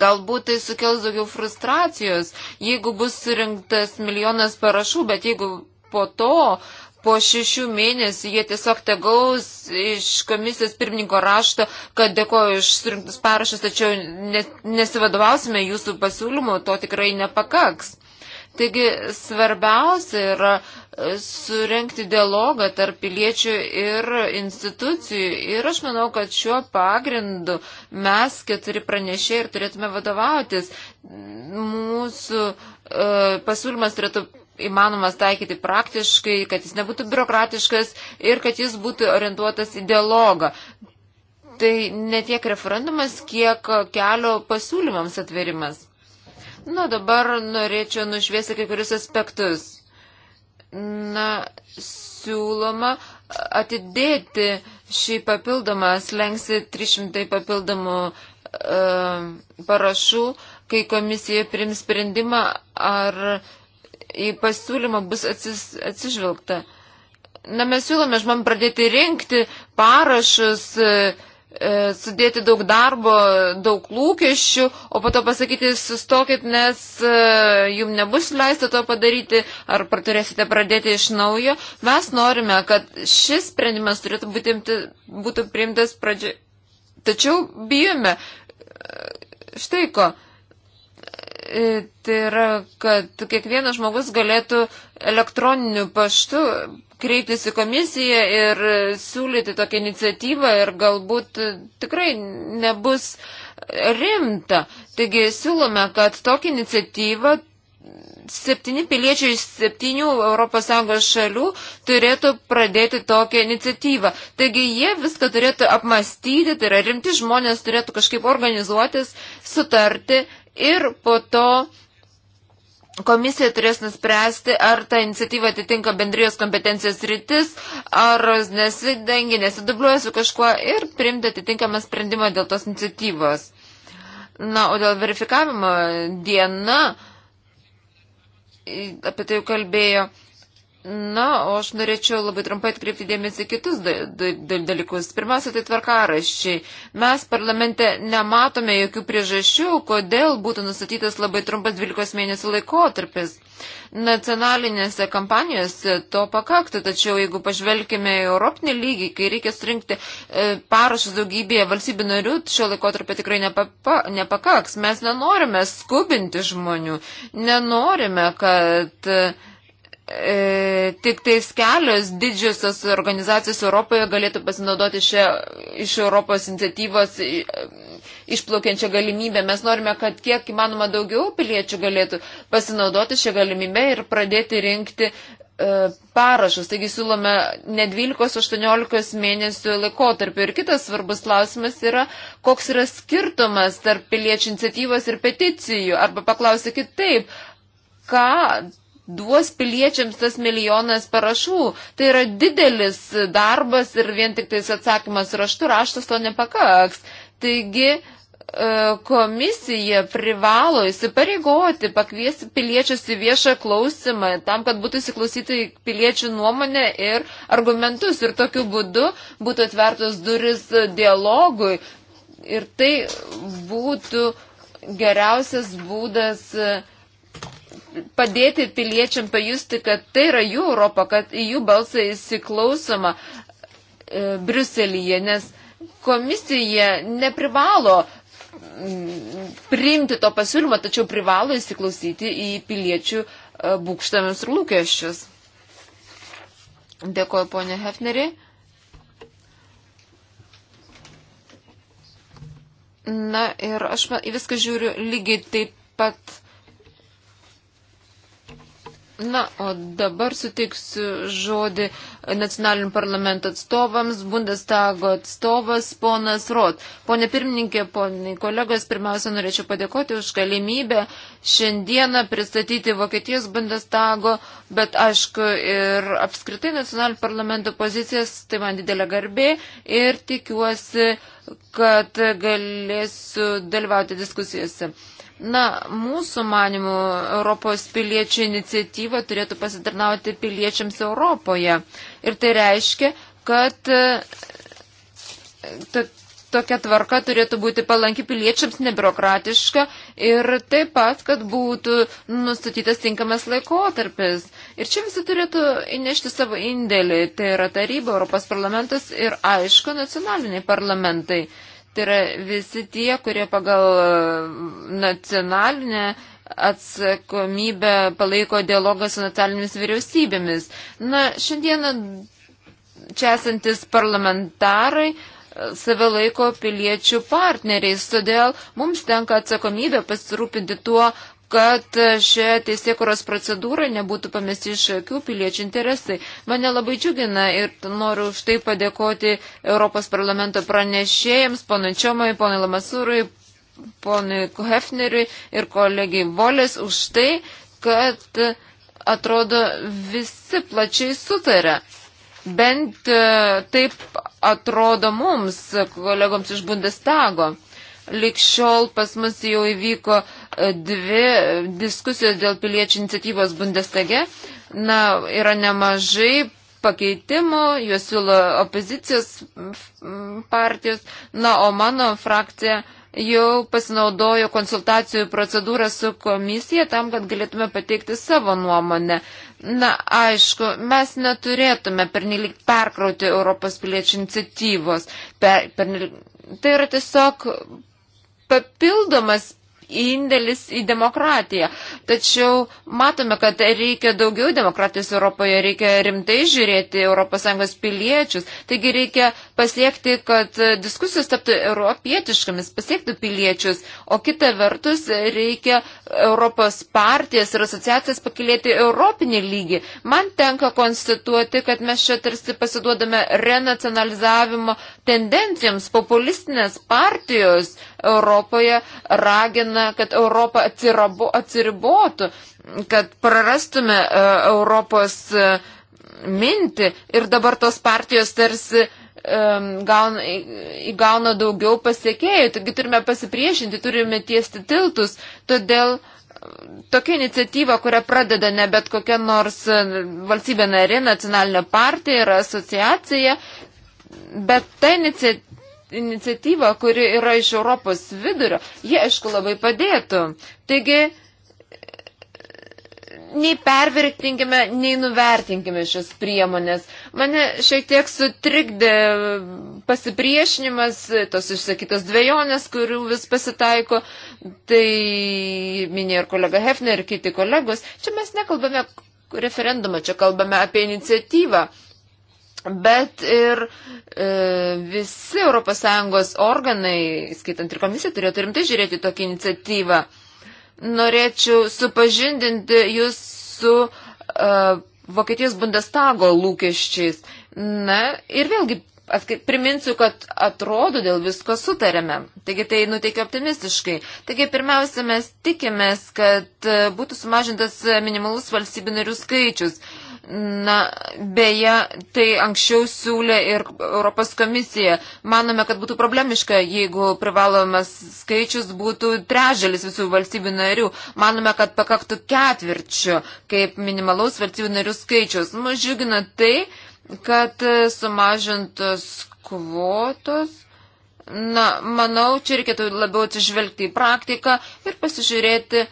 Galbūt tai sukels daugiau frustracijos, jeigu bus surinktas milijonas parašų, bet jeigu po to, po šešių mėnesių jie tiesiog tegaus iš komisijos pirmininko rašto, kad dėkoju iš surinktus parašus, tačiau ne, nesivadovausime jūsų pasiūlymu, to tikrai nepakaks. Taigi svarbiausia yra e, surenkti dialogą tarp piliečių ir institucijų. Ir aš manau, kad šiuo pagrindu mes keturi pranešėjai ir turėtume vadovautis. Mūsų e, pasiūlymas turėtų įmanomas taikyti praktiškai, kad jis nebūtų biurokratiškas ir kad jis būtų orientuotas į dialogą. Tai ne tiek referendumas, kiek kelio pasiūlymams atverimas. Na, dabar norėčiau nušviesti kai kurius aspektus. Na, siūloma atidėti šį papildomą slengsi 300 papildomų e, parašų, kai komisija prims sprendimą, ar į pasiūlymą bus atsis, atsižvelgta. Na, mes siūlome žmonėm pradėti rinkti parašus. E, E, sudėti daug darbo, daug lūkesčių, o po to pasakyti, sustokit, nes e, jums nebus leista to padaryti, ar turėsite pradėti iš naujo. Mes norime, kad šis sprendimas turėtų būti, būtų priimtas pradžioje. Tačiau bijome e, štai ko. Tai yra, kad kiekvienas žmogus galėtų elektroniniu paštu kreiptis į komisiją ir siūlyti tokią iniciatyvą ir galbūt tikrai nebus rimta. Taigi siūlome, kad tokią iniciatyvą septyni piliečiai iš septynių ES šalių turėtų pradėti tokią iniciatyvą. Taigi jie viską turėtų apmastyti, tai yra rimti žmonės turėtų kažkaip organizuotis, sutarti ir po to uh, Komisija turės nuspręsti, ar ta iniciatyva atitinka bendrijos kompetencijos rytis, ar nesidengia, nesidubliuoja su kažkuo ir priimti atitinkamą sprendimą dėl tos iniciatyvos. Na, o dėl verifikavimo diena, apie tai jau kalbėjo Na, o aš norėčiau labai trumpai atkreipti dėmesį kitus dalykus. Pirmiausia, tai tvarkaraščiai. Mes parlamente nematome jokių priežasčių, kodėl būtų nustatytas labai trumpas 12 mėnesių laikotarpis. Nacionalinėse kampanijose to pakaktų, tačiau jeigu pažvelgime į Europinį lygį, kai reikia surinkti e, parašus daugybėje valstybių narių, šio laikotarpio tikrai nepapa, nepakaks. Mes nenorime skubinti žmonių, nenorime, kad. E, e, tik tais kelios didžiosios organizacijos Europoje galėtų pasinaudoti šią iš Europos iniciatyvos e, išplaukiančią galimybę. Mes norime, kad kiek įmanoma daugiau piliečių galėtų pasinaudoti šią galimybę ir pradėti rinkti e, parašus. Taigi siūlome ne 12-18 mėnesių laikotarpį. Ir kitas svarbus klausimas yra, koks yra skirtumas tarp piliečių iniciatyvos ir peticijų. Arba paklausti kitaip, ką duos piliečiams tas milijonas parašų. Tai yra didelis darbas ir vien tik tais atsakymas raštu raštas to nepakaks. Taigi e, komisija privalo įsipareigoti, pakviesti piliečius į viešą klausimą, tam, kad būtų įsiklausyti piliečių nuomonę ir argumentus. Ir tokiu būdu būtų atvertos duris dialogui. Ir tai būtų geriausias būdas uh, padėti piliečiam pajusti, kad tai yra jų Europa, kad į jų balsą įsiklausoma e, Briuselyje, nes komisija neprivalo mm, priimti to pasiūlymo, tačiau privalo įsiklausyti į piliečių e, būkštamius ir lūkesčius. Dėkuoju, ponė Hefneri. Na ir aš į viską žiūriu lygiai taip pat Na, o dabar suteiksiu žodį nacionalinių parlamento atstovams, Bundestago atstovas ponas Rot. Pone pirmininkė, ponai kolegos, pirmiausia, norėčiau padėkoti už galimybę šiandieną pristatyti Vokietijos Bundestago, bet aišku ir apskritai nacionalinių parlamento pozicijas, tai man didelė garbė ir tikiuosi, kad galėsiu dalyvauti diskusijose. Na, mūsų manimų Europos piliečių iniciatyva turėtų pasitarnauti piliečiams Europoje. Ir tai reiškia, kad e, tokia tvarka turėtų būti palanki piliečiams, nebiurokratiška ir taip pat, kad būtų nustatytas tinkamas laikotarpis. Ir čia visi turėtų įnešti savo indėlį, tai yra taryba, Europos parlamentas ir aišku, nacionaliniai parlamentai. Uh, Tai yra visi tie, kurie pagal e, nacionalinę atsakomybę palaiko dialogą su nacionalinėmis vyriausybėmis. Na, šiandieną čia esantis parlamentarai e, save laiko piliečių partneriais, todėl mums tenka atsakomybė pasirūpinti tuo, kad šioje teisėkuros procedūroje nebūtų pamesti iš akių piliečių interesai. Mane labai džiugina ir noriu už tai padėkoti Europos parlamento pranešėjams, ponančiomai, ponai Lamasūrui, ponui Hefneriui ir kolegijai Volės už tai, kad atrodo visi plačiai sutarė. Bent e, taip atrodo mums, kolegoms iš Bundestago. Likščiol pas mus jau įvyko uh, dvi diskusijos dėl piliečių iniciatyvos Bundestage. Na, yra nemažai pakeitimų, juos siūlo opozicijos mm, partijos. Na, o mano frakcija jau pasinaudojo konsultacijų procedūrą su komisija tam, kad galėtume pateikti savo nuomonę. Na, aišku, mes neturėtume pernelik perkrauti Europos piliečių iniciatyvos. Per, pernelik, tai yra tiesiog papildomas indėlis į demokratiją. Tačiau matome, kad reikia daugiau demokratijos Europoje, reikia rimtai žiūrėti ES piliečius. Taigi reikia pasiekti, kad diskusijos taptų europietiškomis, pasiektų piliečius. O kita vertus, reikia Europos partijas ir asociacijas pakilėti europinį lygį. Man tenka konstatuoti, kad mes čia tarsi pasiduodame renacionalizavimo tendencijoms. Populistinės partijos Europoje ragina norime, kad Europa atsirabo, atsiribotų, kad prarastume uh, Europos uh, mintį ir dabar tos partijos tarsi um, gauna, įgauna daugiau pasiekėjų, taigi turime pasipriešinti, turime tiesti tiltus, todėl tokia iniciatyva, kurią pradeda ne bet kokia nors valstybė narė, nacionalinė partija ir asociacija, bet ta iniciatyva iniciatyvą, kuri yra iš Europos vidurio, jie aišku labai padėtų. Taigi, nei pervertinkime, nei nuvertinkime šias priemonės. Mane šiek tiek sutrikdė pasipriešinimas, tos išsakytos dviejonės, kurių vis pasitaiko, tai minėjo ir kolega Hefner, ir kiti kolegos. Čia mes nekalbame referendumą, čia kalbame apie iniciatyvą bet ir e, visi ES organai, skaitant ir komisija, turėtų rimtai žiūrėti tokią iniciatyvą. Norėčiau supažindinti jūs su e, Vokietijos Bundestago lūkesčiais. Na ir vėlgi priminsiu, kad atrodo dėl visko sutarėme. Taigi tai nuteikia optimistiškai. Taigi pirmiausia, mes tikimės, kad e, būtų sumažintas minimalus valstybių narių skaičius. E, Na, beje, tai anksčiau siūlė ir Europos komisija. Manome, kad būtų problemiška, jeigu privalomas skaičius būtų trežalis visų valstybių narių. Manome, kad pakaktų ketvirčio, kaip minimalaus valstybių narių skaičius. Mus džiugina tai, kad sumažintos kvotos Na, manau, čia reikėtų labiau atsižvelgti į praktiką ir pasižiūrėti,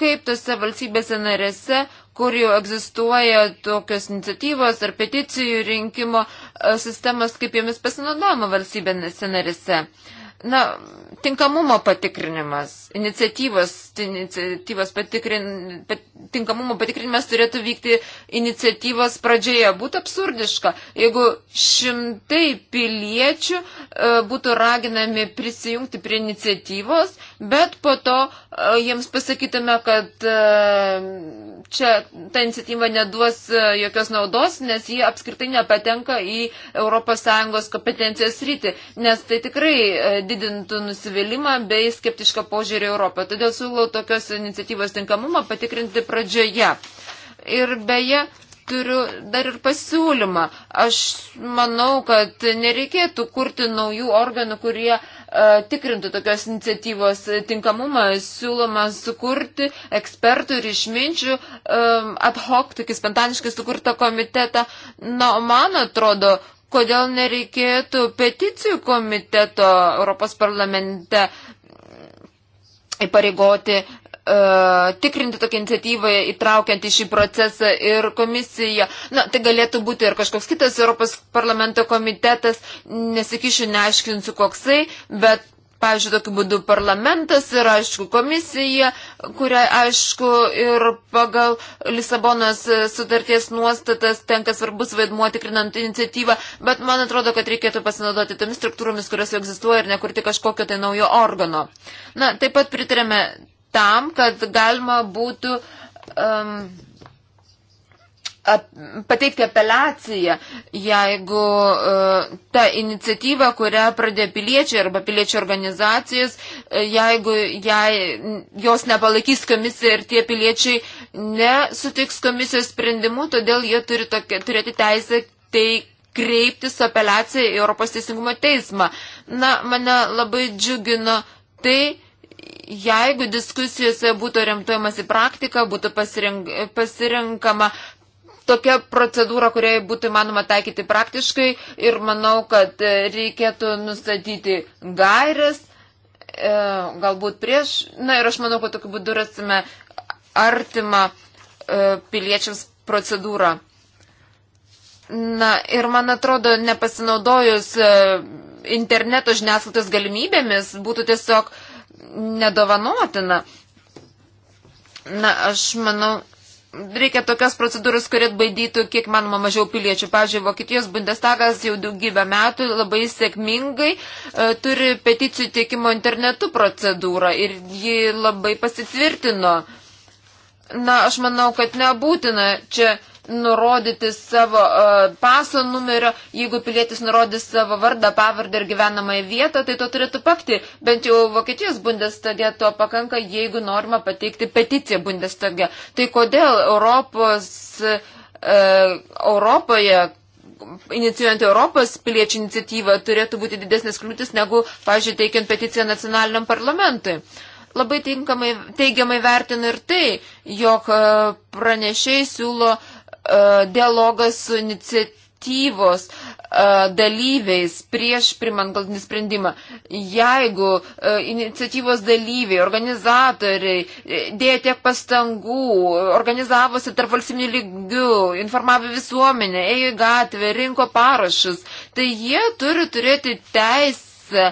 kaip tose valstybėse narėse kur jau egzistuoja tokios iniciatyvos ar peticijų rinkimo e, sistemos, kaip jomis pasinaudojama valstybėse narise. Na, tinkamumo patikrinimas, iniciatyvos, iniciatyvos patikrin, pat, tinkamumo patikrinimas turėtų vykti iniciatyvos pradžioje. Būtų absurdiška, jeigu šimtai piliečių e, būtų raginami prisijungti prie iniciatyvos, bet po to e, jiems pasakytume, kad e, čia ta iniciatyva neduos e, jokios naudos, nes ji apskritai nepatenka į ES kompetencijos rytį, nes tai tikrai e, didintų nusivylimą bei skeptišką požiūrį Europą. Todėl siūlau tokios iniciatyvos tinkamumą patikrinti pradžioje. Ir beje, turiu dar ir pasiūlymą. Aš manau, kad nereikėtų kurti naujų organų, kurie e, tikrintų tokios iniciatyvos tinkamumą. Siūloma sukurti ekspertų ir išminčių e, ad hoc, tokį spontaniškai sukurtą komitetą. Na, man atrodo, kodėl nereikėtų peticijų komiteto Europos parlamente įpareigoti E, tikrinti tokią iniciatyvą, įtraukiant į šį procesą ir komisiją. Na, tai galėtų būti ir kažkoks kitas Europos parlamento komitetas, nesikišiu, neaiškinsiu koksai, bet. Pavyzdžiui, tokiu būdu parlamentas ir, aišku, komisija, kuria, aišku, ir pagal Lisabonos sutarties nuostatas tenka svarbus vaidmuo tikrinant iniciatyvą, bet man atrodo, kad reikėtų pasinaudoti tomis struktūromis, kurios jau egzistuoja ir nekurti kažkokio tai naujo organo. Na, taip pat pritarėme tam, kad galima būtų um, ap, pateikti apeliaciją, jeigu uh, ta iniciatyva, kurią pradė piliečiai arba piliečių organizacijos, uh, jeigu jai, jos nepalaikys komisija ir tie piliečiai nesutiks komisijos sprendimu, todėl jie turi tokia, turėti teisę teikti kreiptis apeliaciją į Europos teisingumo teismą. Na, mane labai džiugino tai, jeigu diskusijose būtų remtuojamasi praktika, būtų pasirink, pasirinkama tokia procedūra, kuriai būtų įmanoma taikyti praktiškai ir manau, kad e, reikėtų nustatyti gairės, e, galbūt prieš, na ir aš manau, kad tokiu būdu rasime artimą e, piliečiams procedūrą. Na ir man atrodo, nepasinaudojus interneto žiniasklaidos galimybėmis būtų tiesiog uh, nedovanotina. Na, aš manau, reikia tokias procedūras, kurie baidytų kiek manoma mažiau piliečių. Pavyzdžiui, Vokietijos Bundestagas jau daugybę metų labai sėkmingai e, turi peticijų teikimo internetu procedūrą ir ji labai pasitvirtino. Na, aš manau, kad nebūtina čia. E, nurodyti savo uh, paso numerio, jeigu pilietis nurodys savo vardą, pavardę ir gyvenamąją vietą, tai to turėtų pakti. Bent jau Vokietijos bundestagė to pakanka, jeigu norima pateikti peticiją bundestagė. Tai kodėl Europos, uh, Europoje, inicijuojant Europos piliečių iniciatyvą, turėtų būti didesnės kliūtis negu, pažiūrėjau, teikiant peticiją nacionaliniam parlamentui labai tinkamai, teigiamai vertina ir tai, jog e, pranešiai siūlo E, dialogas su iniciatyvos e, dalyviais prieš primant galtinį sprendimą. Jeigu e, iniciatyvos dalyviai, organizatoriai dėjo tiek pastangų, organizavosi tarp valstybinių lygių, informavo visuomenę, ėjo į gatvę, rinko parašus, tai jie turi turėti teisę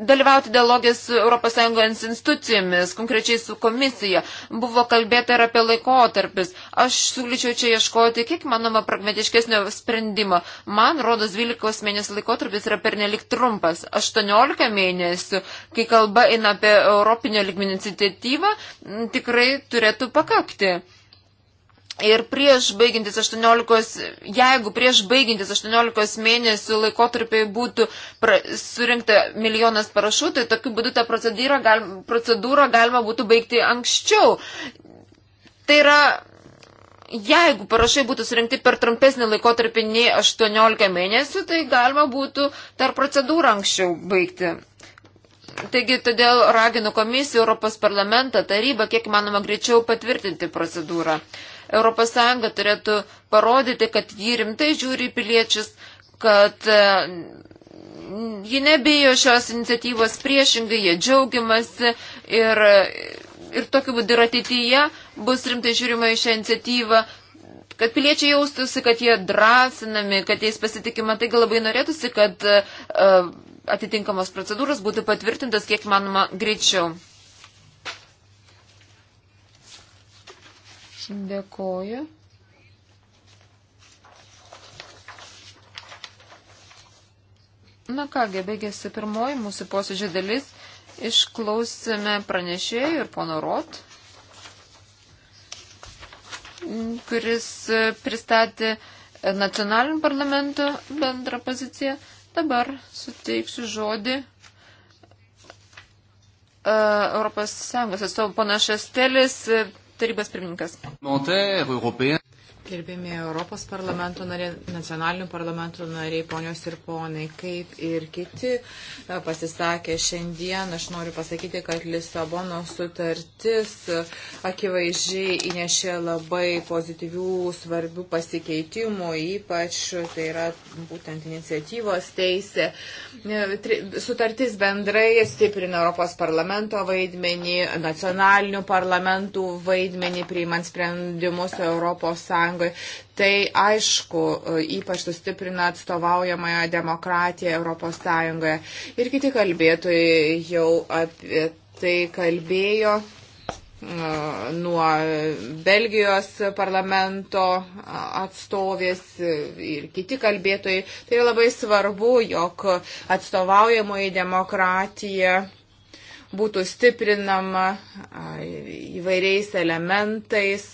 dalyvauti dialogę su ES institucijomis, konkrečiai su komisija. Buvo kalbėta ir apie laikotarpis. Aš siūlyčiau čia ieškoti kiek manoma pragmatiškesnio sprendimo. Man rodos 12 mėnesių laikotarpis yra pernelik trumpas. 18 mėnesių, kai kalba eina apie Europinio lygmenį iniciatyvą, tikrai turėtų pakakti. Ir prieš baigintis 18, jeigu prieš baigintis 18 mėnesių laikotarpiai būtų pra, surinkta milijonas parašų, tai tokiu būdu tą procedūrą, gal, procedūrą galima būtų baigti anksčiau. Tai yra, jeigu parašai būtų surinkti per trumpesnį laikotarpį nei 18 mėnesių, tai galima būtų dar procedūrą anksčiau baigti. Taigi, todėl raginu komisiją, Europos parlamentą, tarybą, kiek manoma greičiau patvirtinti procedūrą. Uh, ES turėtų parodyti, kad ji rimtai žiūri piliečius, kad e, ji nebijo šios iniciatyvos priešingai, jie džiaugiamasi ir, ir tokiu būdu ir ateityje bus rimtai žiūrima į šią iniciatyvą, kad piliečiai jaustųsi, kad jie drąsinami, kad jais pasitikima, taigi labai norėtųsi, kad uh, atitinkamos procedūros būtų patvirtintas kiek manoma greičiau. Dėkoju. Na kągi, baigėsi pirmoji mūsų posėdžio dalis. Išklausėme pranešėjų ir pono Rot, kuris pristatė nacionalinių parlamentų bendrą poziciją. Dabar suteiksiu žodį e, Europos Sąjungos atstovų panašas telis tarybos pirmininkas. Gerbėmi Europos parlamento nariai, nacionalinių parlamentų nariai, ponios ir ponai, kaip ir kiti e, pasisakė šiandien, aš noriu pasakyti, kad Lisabono sutartis e, akivaizdžiai įnešė labai pozityvių, svarbių pasikeitimų, ypač tai yra būtent iniciatyvos teisė. E, sutartis bendrai stiprina Europos parlamento vaidmenį, nacionalinių parlamentų vaidmenį, priimant sprendimus Europos Sąjungos Tai aišku, e, ypač sustiprina atstovaujamąją demokratiją Europos Sąjungoje. Ir kiti kalbėtojai jau apie tai kalbėjo e, nuo Belgijos parlamento atstovės ir kiti kalbėtojai. Tai labai svarbu, jog atstovaujamoji demokratija būtų stiprinama įvairiais elementais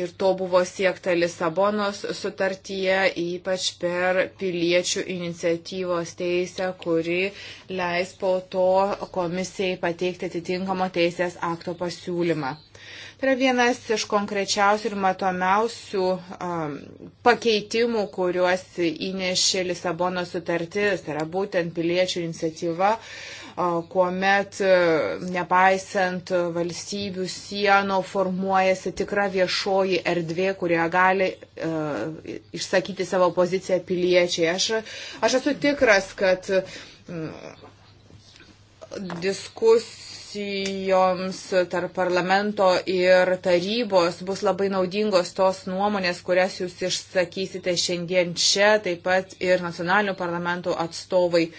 Ir to buvo siekta Lisabonos sutartyje, ypač per piliečių iniciatyvos teisę, kuri leis po to komisijai pateikti atitinkamo teisės akto pasiūlymą. Tai yra vienas iš konkrečiausių ir matomiausių um, pakeitimų, kuriuos įnešė Lisabono sutartis, tai yra būtent piliečių iniciatyva. Uh, kuomet nepaisant valstybių sienų formuojasi tikra viešoji erdvė, kurioje gali uh, išsakyti savo poziciją piliečiai. Aš, aš esu tikras, kad diskusijoms tarp parlamento ir tarybos bus labai naudingos tos nuomonės, kurias jūs išsakysite šiandien čia, taip pat ir nacionalinių parlamentų atstovai. Uh,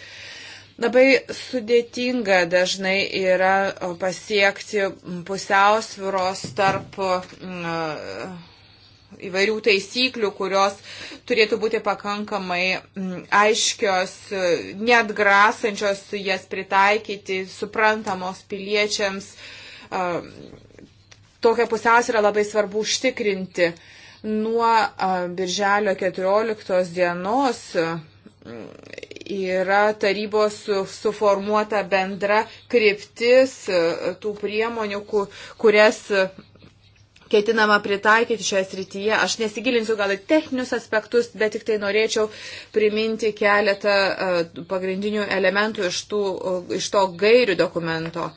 Labai sudėtinga dažnai yra pasiekti pusiausviros tarp. Uh, įvairių taisyklių, kurios turėtų būti pakankamai aiškios, e, neatgrasančios jas pritaikyti, suprantamos piliečiams. Tokią pusiausvyrą labai svarbu užtikrinti. Nuo birželio 14 dienos yra tarybos suformuota bendra kryptis e, tų priemonių, kurias ketinama pritaikyti šioje srityje. Aš nesigilinsiu gal į techninius aspektus, bet tik tai norėčiau priminti keletą e, pagrindinių elementų iš, tų, e, iš to gairių dokumento.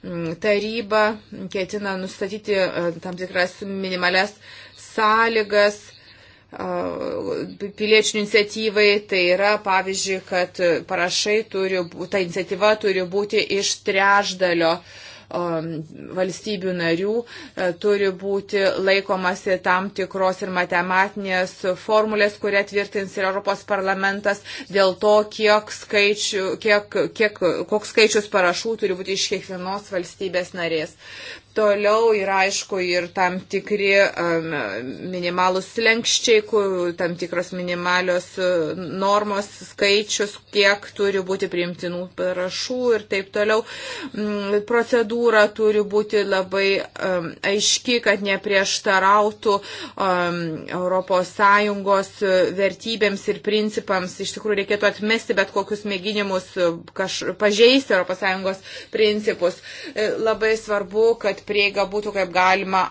Mm, taryba ketina nustatyti tam tikras minimales sąlygas piliečių iniciatyvai, tai yra pavyzdžiui, kad parašai turi, ta iniciatyva turi būti iš trešdalio valstybių narių, turi būti laikomasi tam tikros ir matematinės formulės, kurią tvirtins ir Europos parlamentas dėl to, kiek skaičių, kiek, kiek, koks skaičius parašų turi būti iš kiekvienos valstybės narės. Toliau yra aišku ir tam tikri um, minimalus lenkščiai, tam tikros minimalios uh, normos, skaičius, kiek turi būti priimtinų parašų ir taip toliau. Mm, procedūra turi būti labai um, aiški, kad neprieštarautų um, ES uh, vertybėms ir principams. Iš tikrųjų reikėtų atmesti bet kokius mėginimus uh, kaž, pažeisti ES principus. Labai svarbu, kad kad prieiga būtų kaip galima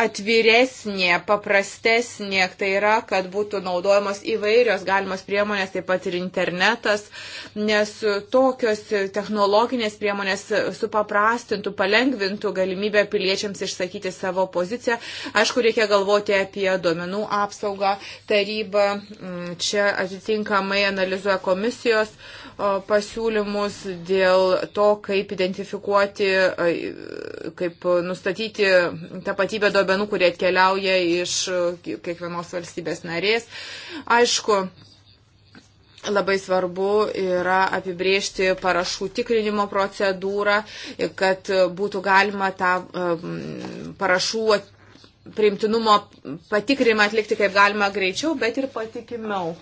atviresnė, paprastesnė, tai yra, kad būtų naudojamos įvairios galimos priemonės, taip pat ir internetas, nes tokios technologinės priemonės supaprastintų, palengvintų galimybę piliečiams išsakyti savo poziciją. Aišku, reikia galvoti apie duomenų apsaugą, tarybą, mm, čia atitinkamai analizuoja komisijos pasiūlymus dėl to, kaip identifikuoti, kaip nustatyti tapatybę duomenų, kurie atkeliauja iš kiekvienos valstybės narės. Aišku, Labai svarbu yra apibriežti parašų tikrinimo procedūrą, kad būtų galima tą parašų priimtinumo patikrinimą atlikti kaip galima greičiau, bet ir patikimiau.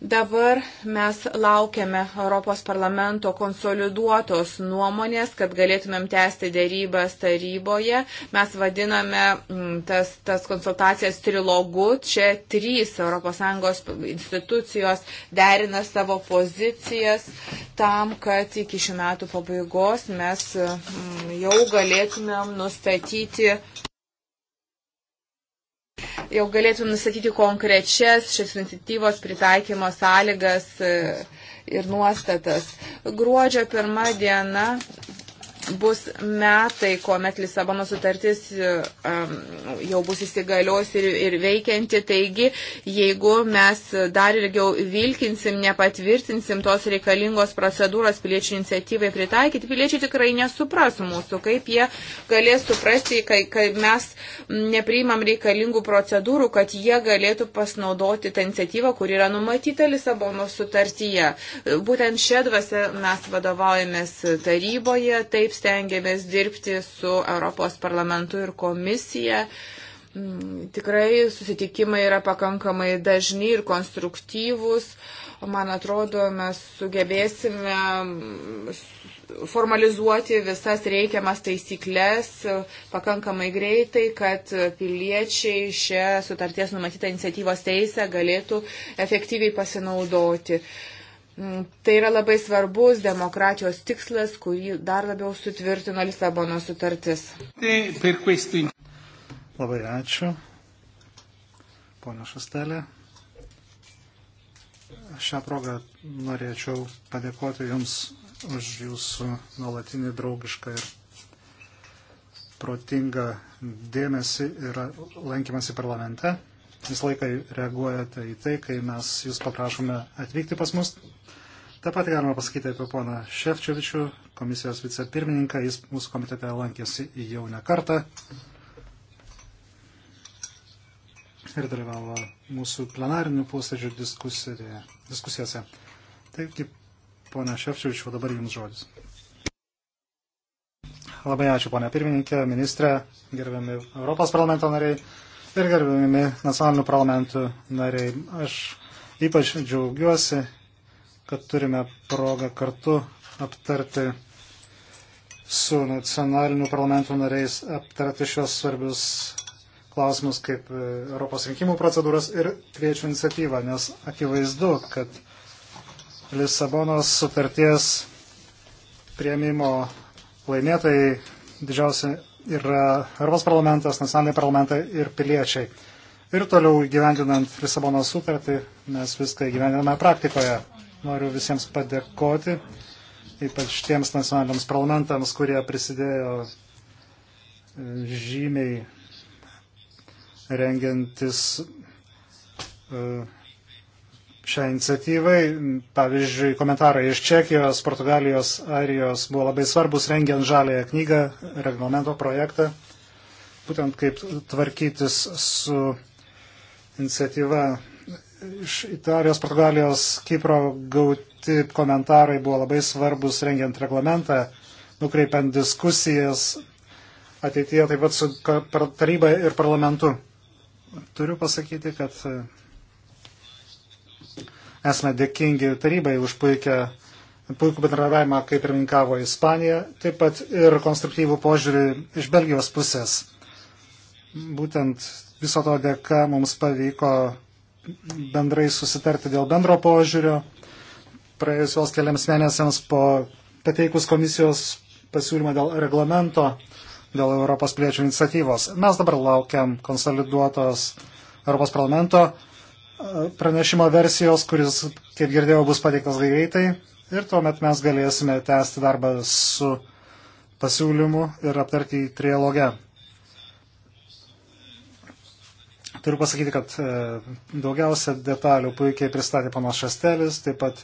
Dabar mes laukiame Europos parlamento konsoliduotos nuomonės, kad galėtumėm tęsti dėrybas taryboje. Mes vadiname mm, tas, tas konsultacijas trilogu. Čia trys ES institucijos derina savo pozicijas tam, kad iki šių metų pabaigos mes mm, jau galėtumėm nustatyti jau galėtum nustatyti konkrečias šios iniciatyvos pritaikymo sąlygas e, ir nuostatas. Gruodžio pirmą dieną bus metai, kuomet Lisabono sutartis jau bus įsigalios ir, ir veikianti. Taigi, jeigu mes dar ilgiau vilkinsim, nepatvirtinsim tos reikalingos procedūros piliečių iniciatyvai pritaikyti, piliečiai tikrai nesupras mūsų, kaip jie galės suprasti, kai, kai mes nepriimam reikalingų procedūrų, kad jie galėtų pasinaudoti tą iniciatyvą, kur yra numatyta Lisabono sutartyje. Būtent šią dvasę mes vadovaujamės taryboje. Taip stengiamės dirbti su Europos parlamentu ir komisija. Mm, tikrai susitikimai yra pakankamai dažni ir konstruktyvūs. Man atrodo, mes sugebėsime mm, formalizuoti visas reikiamas taisyklės pakankamai greitai, kad piliečiai šią sutarties numatytą iniciatyvos teisę galėtų efektyviai pasinaudoti. Uh, Mm, tai yra labai svarbus demokratijos tikslas, kurį dar labiau sutvirtino Lisabono sutartis. Tai labai ačiū. Pone Šastelė. Šią progą norėčiau padėkoti Jums už Jūsų nuolatinį draugišką ir protingą dėmesį ir lankymasi parlamente visą laiką reaguojate į tai, kai mes jūs paprašome atvykti pas mus. Ta pati galima pasakyti apie poną Šefčiovičių, komisijos vicepirmininką, jis mūsų komitete lankėsi jau ne kartą ir dalyvavo mūsų plenarinių posėdžių diskusijose. Taigi, ponia Šefčiovičiu, dabar jums žodis. Labai ačiū, ponia pirmininkė, ministrė, gerbiami Europos parlamento nariai ir gerbimi nacionalinių parlamentų nariai. Aš ypač džiaugiuosi, kad turime progą kartu aptarti su nacionalinių parlamentų nariais, aptarti šios svarbius klausimus kaip e, Europos rinkimų procedūras ir kviečių iniciatyvą, nes akivaizdu, kad Lisabonos sutarties prieimimo laimėtojai didžiausia yra e, Europos parlamentas, nacionaliniai parlamentai ir piliečiai. Ir toliau gyvendinant Lisabono sutartį, mes viską gyvendiname praktikoje. Noriu visiems padėkoti, ypač tiems nacionaliniams parlamentams, kurie prisidėjo e, žymiai rengiantis uh, šią iniciatyvai. Pavyzdžiui, komentarai iš Čekijos, Portugalijos, Airijos buvo labai svarbus rengiant žalėją knygą, reglamento projektą, būtent kaip tvarkytis su iniciatyva. Iš Italijos, Portugalijos, Kipro gauti komentarai buvo labai svarbus rengiant reglamentą, nukreipiant diskusijas ateityje taip pat su taryba ir parlamentu. Turiu pasakyti, kad Esame dėkingi tarybai už puikia, puikų bendradarbiavimą, kaip pirmininkavo Ispanija, taip pat ir konstruktyvų požiūrį iš Belgijos pusės. Būtent viso to dėka mums pavyko bendrai susitarti dėl bendro požiūrio. Praėjusios keliams mėnesiams po pateikus komisijos pasiūlymą dėl reglamento, dėl Europos piliečių iniciatyvos. Mes dabar laukiam konsoliduotos Europos parlamento pranešimo versijos, kuris, kaip girdėjau, bus pateiktas greitai. Ir tuomet mes galėsime tęsti darbą su pasiūlymu ir aptarti į trialogę. Turiu pasakyti, kad e, daugiausia detalių puikiai pristatė panas Šastelis, taip pat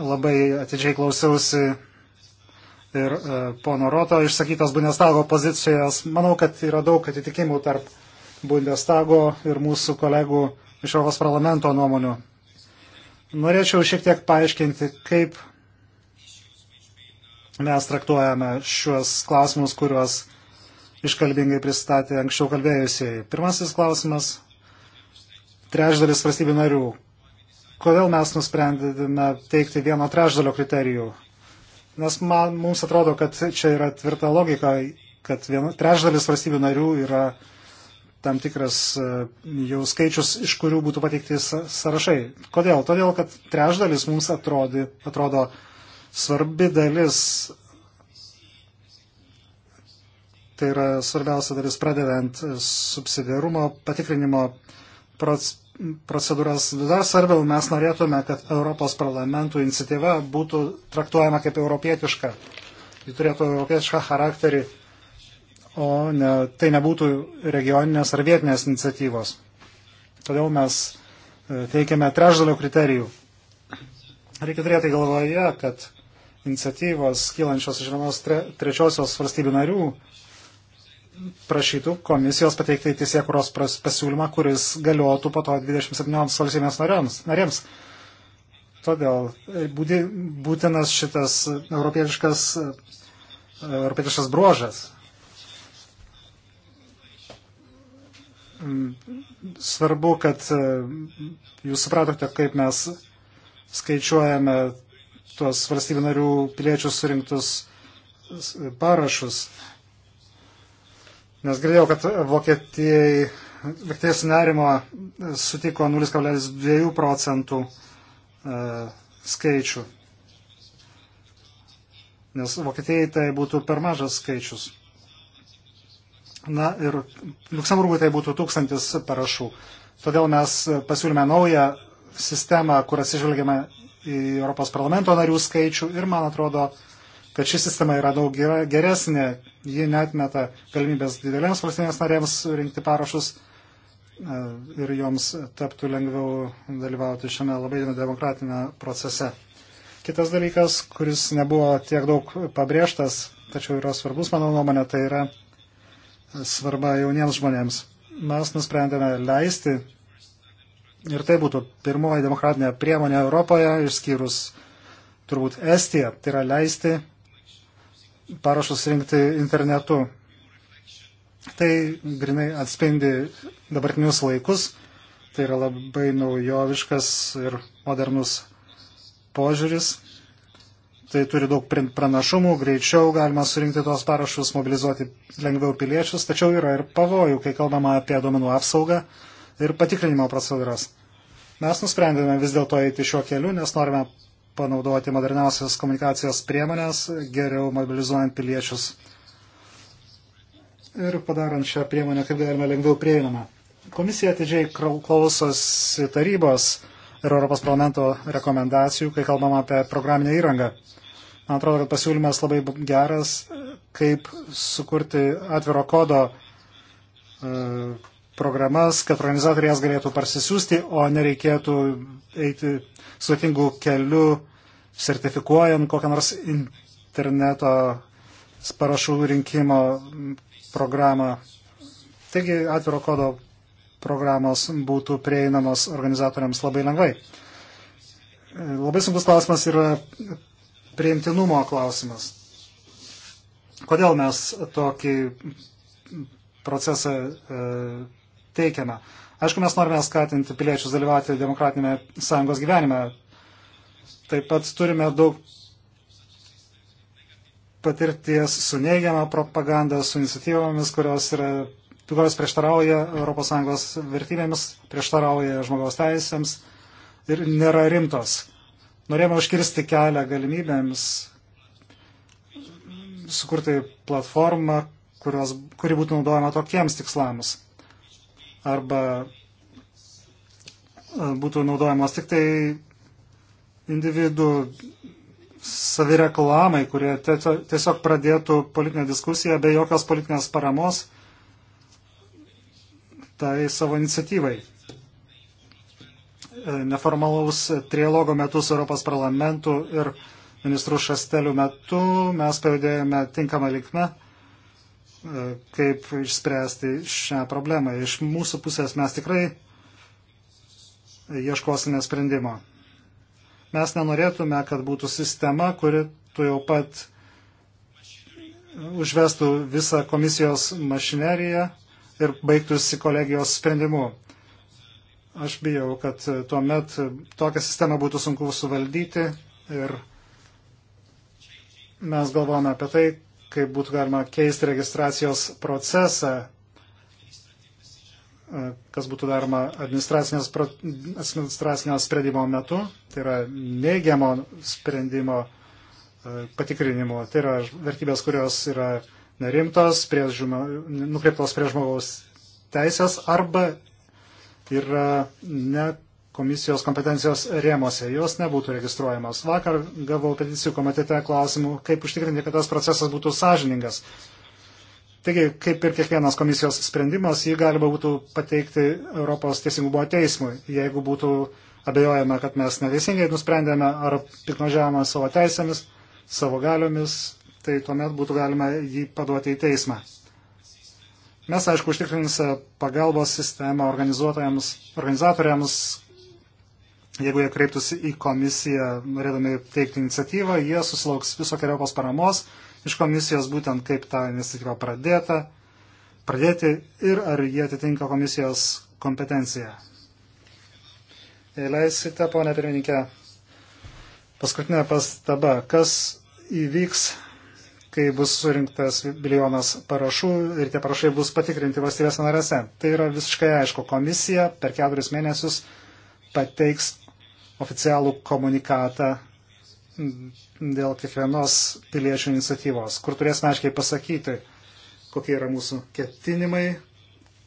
labai atidžiai klausiausi ir e, pono Roto išsakytos Bundestago pozicijos. Manau, kad yra daug atitikimų tarp Bundestago ir mūsų kolegų iš Europos parlamento nuomonių. Norėčiau šiek tiek paaiškinti, kaip mes traktuojame šiuos klausimus, kuriuos iškalbingai pristatė anksčiau kalbėjusieji. Pirmasis klausimas - trečdalis valstybių narių. Kodėl mes nusprendėme teikti vieno trečdalio kriterijų? Nes man, mums atrodo, kad čia yra tvirta logika, kad vien, trečdalis valstybių narių yra tam tikras e, jau skaičius, iš kurių būtų pateikti sąrašai. Kodėl? Todėl, kad trečdalis mums atrodi, atrodo svarbi dalis, tai yra svarbiausia dalis pradedant subsidiarumo patikrinimo procedūras. Dar svarbiau, mes norėtume, kad Europos parlamentų iniciatyva būtų traktuojama kaip europietiška. Ji turėtų europietišką charakterį o ne, tai nebūtų regioninės ar vietinės iniciatyvos. Todėl mes e, teikiame trešdalio kriterijų. Reikia turėti galvoje, kad iniciatyvos kylančios iš vienos tre, trečiosios valstybių narių prašytų komisijos pateikti teisėkuros pasiūlymą, kuris galiotų po to 27 valstybės narėms. narėms. Todėl e, būtinas šitas europietiškas, e, europietiškas bruožas. Mm, svarbu, kad e, jūs supratote, kaip mes skaičiuojame tuos valstybių narių piliečių surinktus parašus. Nes girdėjau, kad Vokietijai, Vokietijai sunerimo sutiko 0,2 procentų e, skaičių. Nes Vokietijai tai būtų per mažas skaičius. Na ir Luksemburgui tai būtų tūkstantis parašų. Todėl mes pasiūlėme naują sistemą, kur atsižvelgiame į Europos parlamento narių skaičių ir man atrodo, kad ši sistema yra daug geresnė, ji netmeta galimybės didelėms valstybėms narėms rinkti parašus e, ir joms taptų lengviau dalyvauti šiame labai demokratinėme procese. Kitas dalykas, kuris nebuvo tiek daug pabrėžtas, tačiau yra svarbus, mano nuomonė, tai yra svarba jauniems žmonėms. Mes nusprendėme leisti, ir tai būtų pirmoji demokratinė priemonė Europoje, išskyrus turbūt Estiją, tai yra leisti parašus rinkti internetu. Tai grinai atspindi dabartinius laikus, tai yra labai naujoviškas ir modernus požiūris tai turi daug pranašumų, greičiau galima surinkti tuos parašus, mobilizuoti lengviau piliečius, tačiau yra ir pavojų, kai kalbama apie duomenų apsaugą ir patikrinimo procedūras. Mes nusprendėme vis dėlto eiti šiuo keliu, nes norime panaudoti moderniausias komunikacijos priemonės, geriau mobilizuojant piliečius ir padarant šią priemonę kaip galima lengviau prieinamą. Komisija atidžiai klausosi tarybos ir Europos parlamento rekomendacijų, kai kalbama apie programinę įrangą. Man atrodo, kad pasiūlymas labai geras, kaip sukurti atviro kodo e, programas, kad organizatoriai jas galėtų parsisiųsti, o nereikėtų eiti sudėtingų kelių, sertifikuojant kokią nors interneto parašų rinkimo programą. Taigi atviro kodo programos būtų prieinamos organizatoriams labai lengvai. E, labai sunkus klausimas yra priimtinumo klausimas. Kodėl mes tokį procesą e, teikiame? Aišku, mes norime skatinti piliečius dalyvauti demokratinėme sąjungos gyvenime. Taip pat turime daug patirties su neigiama propaganda, su iniciatyvomis, kurios, yra, kurios prieštarauja ES vertybėmis, prieštarauja žmogaus teisėms ir nėra rimtos. Norėjome užkirsti kelią galimybėms sukurti platformą, kurios, kuri būtų naudojama tokiems tikslams. Arba e, būtų naudojamos tik tai individų savireklamai, kurie tiesiog pradėtų politinę diskusiją be jokios politinės paramos tai savo iniciatyvai neformalaus trialogo metu su Europos parlamentu ir ministrų šastelių metu mes pajudėjome tinkamą linkmę, e, kaip išspręsti šią problemą. Iš mūsų pusės mes tikrai ieškosime sprendimo. Mes nenorėtume, kad būtų sistema, kuri tu jau pat užvestų visą komisijos mašineriją ir baigtųsi kolegijos sprendimu. Aš bijau, kad e, tuomet e, tokią sistemą būtų sunku suvaldyti ir mes galvojame apie tai, kaip būtų galima keisti registracijos procesą, e, kas būtų daroma administracinio sprendimo metu, tai yra neigiamo sprendimo patikrinimo, tai yra vertybės, kurios yra nerimtos, prieš, nukreiptos prie žmogaus teisės arba yra ne komisijos kompetencijos rėmose, jos nebūtų registruojamos. Vakar gavau peticijų komitete klausimų, kaip užtikrinti, kad tas procesas būtų sąžiningas. Taigi, kaip ir kiekvienas komisijos sprendimas, jį galima būtų pateikti Europos teisingumo teismui, jeigu būtų abejojama, kad mes neteisingai nusprendėme ar piknožiavome savo teisėmis, savo galiomis, tai tuomet būtų galima jį paduoti į teismą. Mes, aišku, užtikrinsime pagalbos sistemą organizatoriams, jeigu jie kreiptųsi į komisiją, norėdami teikti iniciatyvą, jie susilauks visokiojopos paramos iš komisijos, būtent kaip ta iniciatyva pradėta, pradėti ir ar jie atitinka komisijos kompetenciją. Jei leisite, ponė pirmininkė, paskutinė pastaba, kas įvyks kai bus surinktas bilijonas parašų ir tie parašai bus patikrinti valstybės narėse. Tai yra visiškai aišku. Komisija per keturis mėnesius pateiks oficialų komunikatą dėl kiekvienos piliečių iniciatyvos, kur turėsime aiškiai pasakyti, kokie yra mūsų ketinimai,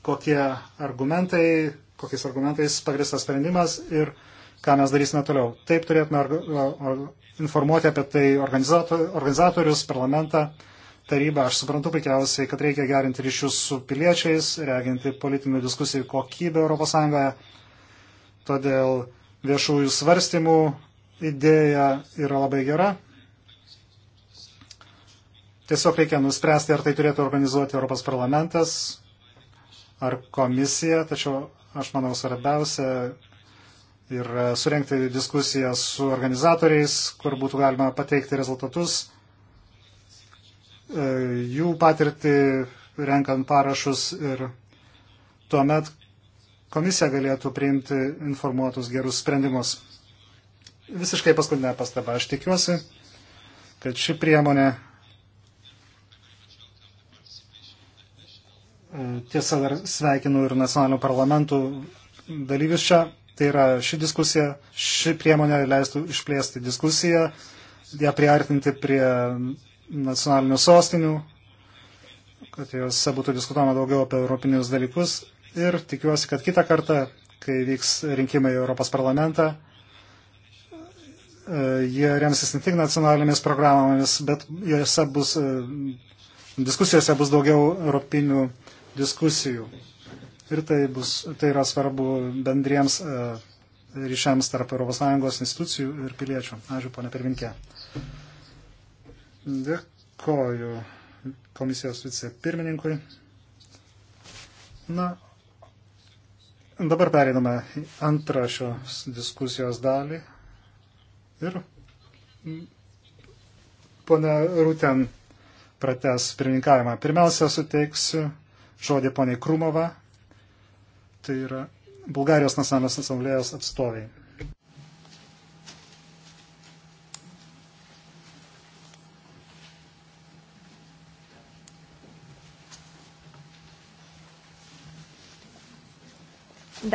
kokie argumentai, kokiais argumentais pagristas sprendimas ir ką mes darysime toliau. Taip turėtume informuoti apie tai organizatorius, parlamentą, tarybą. Aš suprantu puikiausiai, kad reikia gerinti ryšius su piliečiais, reaginti politinių diskusijų kokybę ES. Todėl viešųjų svarstymų idėja yra labai gera. Tiesiog reikia nuspręsti, ar tai turėtų organizuoti Europos parlamentas ar komisija, tačiau aš manau svarbiausia ir e, surenkti diskusiją su organizatoriais, kur būtų galima pateikti rezultatus, e, jų patirtį renkant parašus ir tuomet komisija galėtų priimti informuotus gerus sprendimus. Visiškai paskutinė pastaba. Aš tikiuosi, kad ši priemonė e, tiesa dar sveikinu ir nacionalinių parlamentų dalyvius čia Tai yra ši diskusija, ši priemonė leistų išplėsti diskusiją, ją priartinti prie nacionalinių sostinių, kad juose būtų diskutuojama daugiau apie europinius dalykus ir tikiuosi, kad kitą kartą, kai vyks rinkimai į Europos parlamentą, e, jie remsis ne tik nacionalinėmis programomis, bet juose bus, e, diskusijose bus daugiau europinių diskusijų ir tai, bus, tai yra svarbu bendriems e, ryšiams tarp ES institucijų ir piliečių. Ačiū, ponė Pirminkė. Dėkoju komisijos vicepirmininkui. Na, dabar pereiname antrą šios diskusijos dalį. Ir ponė Rūten prates pirmininkavimą. Pirmiausia, suteiksiu žodį ponė Krumova, tai yra Bulgarijos nacionalinės asamblėjos atstovai.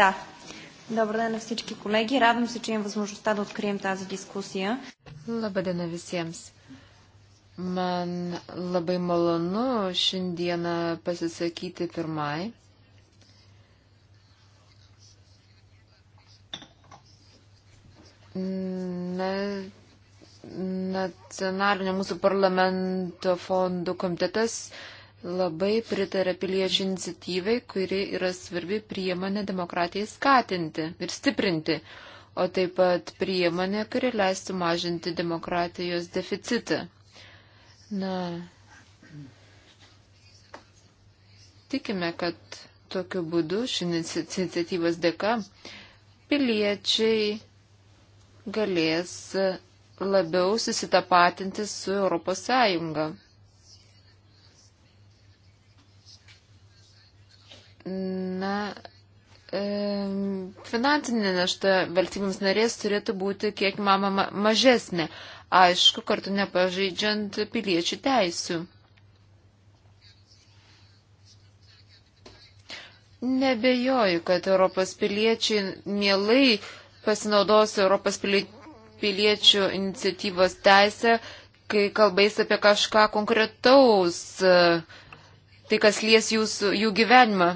Да. Добър ден на всички колеги. Радвам се, че имам възможността да открием тази дискусия. Labadiena visiems. Man labai malonu šiandieną pasisakyti pirmai. Na, nacionalinio mūsų parlamento fondų komitetas labai pritarė piliečių iniciatyvai, kuri yra svarbi priemonė demokratijai skatinti ir stiprinti, o taip pat priemonė, kuri leistų mažinti demokratijos deficitą. Na, tikime, kad tokiu būdu ši iniciatyvos dėka piliečiai galės labiau susitapatinti su Europos Sąjunga. Na, e, finansinė našta valstybėms narės turėtų būti kiek mama mažesnė, aišku, kartu nepažeidžiant piliečių teisių. Nebejoju, kad Europos piliečiai mielai pasinaudosiu Europos piliečių iniciatyvos teisę, kai kalbais apie kažką konkretaus, e, tai kas lies jūsų, jų gyvenimą.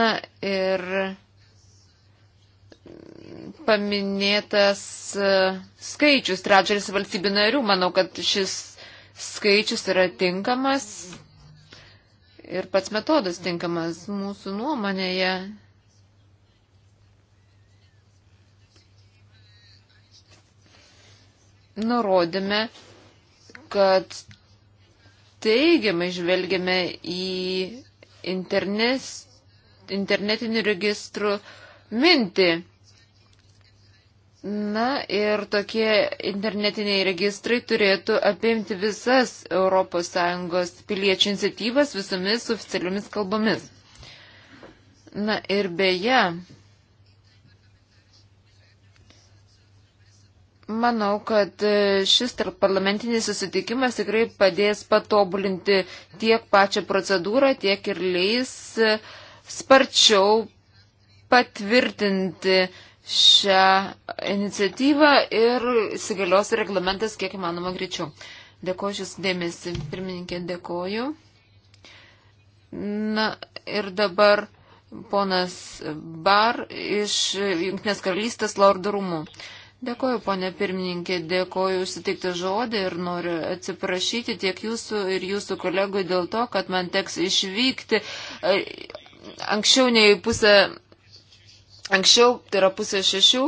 Na ir paminėtas e, skaičius, trečdalis valstybių narių, manau, kad šis skaičius yra tinkamas ir pats metodas tinkamas mūsų nuomonėje. nurodėme, kad teigiamai žvelgiame į internes, internetinių registrų mintį. Na ir tokie internetiniai registrai turėtų apimti visas ES piliečių iniciatyvas visomis oficialiomis kalbomis. Na ir beje, Manau, kad e, šis parlamentinis susitikimas tikrai padės patobulinti tiek pačią procedūrą, tiek ir leis e, sparčiau patvirtinti šią iniciatyvą ir įsigalios reglamentas kiek įmanoma greičiau. Dėkoju Jūsų dėmesį. Pirmininkė, dėkoju. Na ir dabar ponas Bar iš Junktinės karalystės Lordų rūmų. Dėkoju, ponė pirmininkė, dėkoju užsitikti žodį ir noriu atsiprašyti tiek jūsų ir jūsų kolegų dėl to, kad man teks išvykti e, anksčiau nei pusę, anksčiau, tai yra pusė šešių,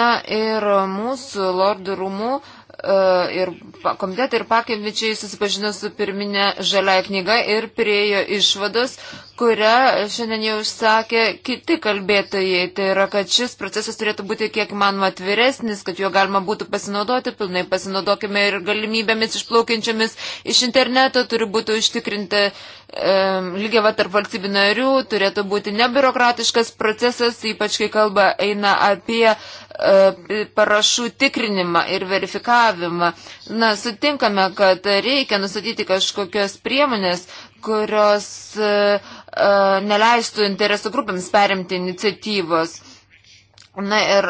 na ir mūsų lordų rūmų e, ir komitetai ir pakėvičiai susipažino su pirminė žalia knyga ir priejo išvados, kurią šiandien jau išsakė kiti kalbėtojai. Tai yra, kad šis procesas turėtų būti kiek manoma atviresnis, kad juo galima būtų pasinaudoti pilnai. Pasinaudokime ir galimybėmis išplaukiančiamis iš interneto, turi būti užtikrinti e, lygiava tarp valstybių narių, turėtų būti nebirokratiškas procesas, ypač kai kalba eina apie e, parašų tikrinimą ir verifikavimą. Na, sutinkame, kad reikia nustatyti kažkokios priemonės, kurios uh, E, neleistų interesų grupėms perimti iniciatyvos. Na ir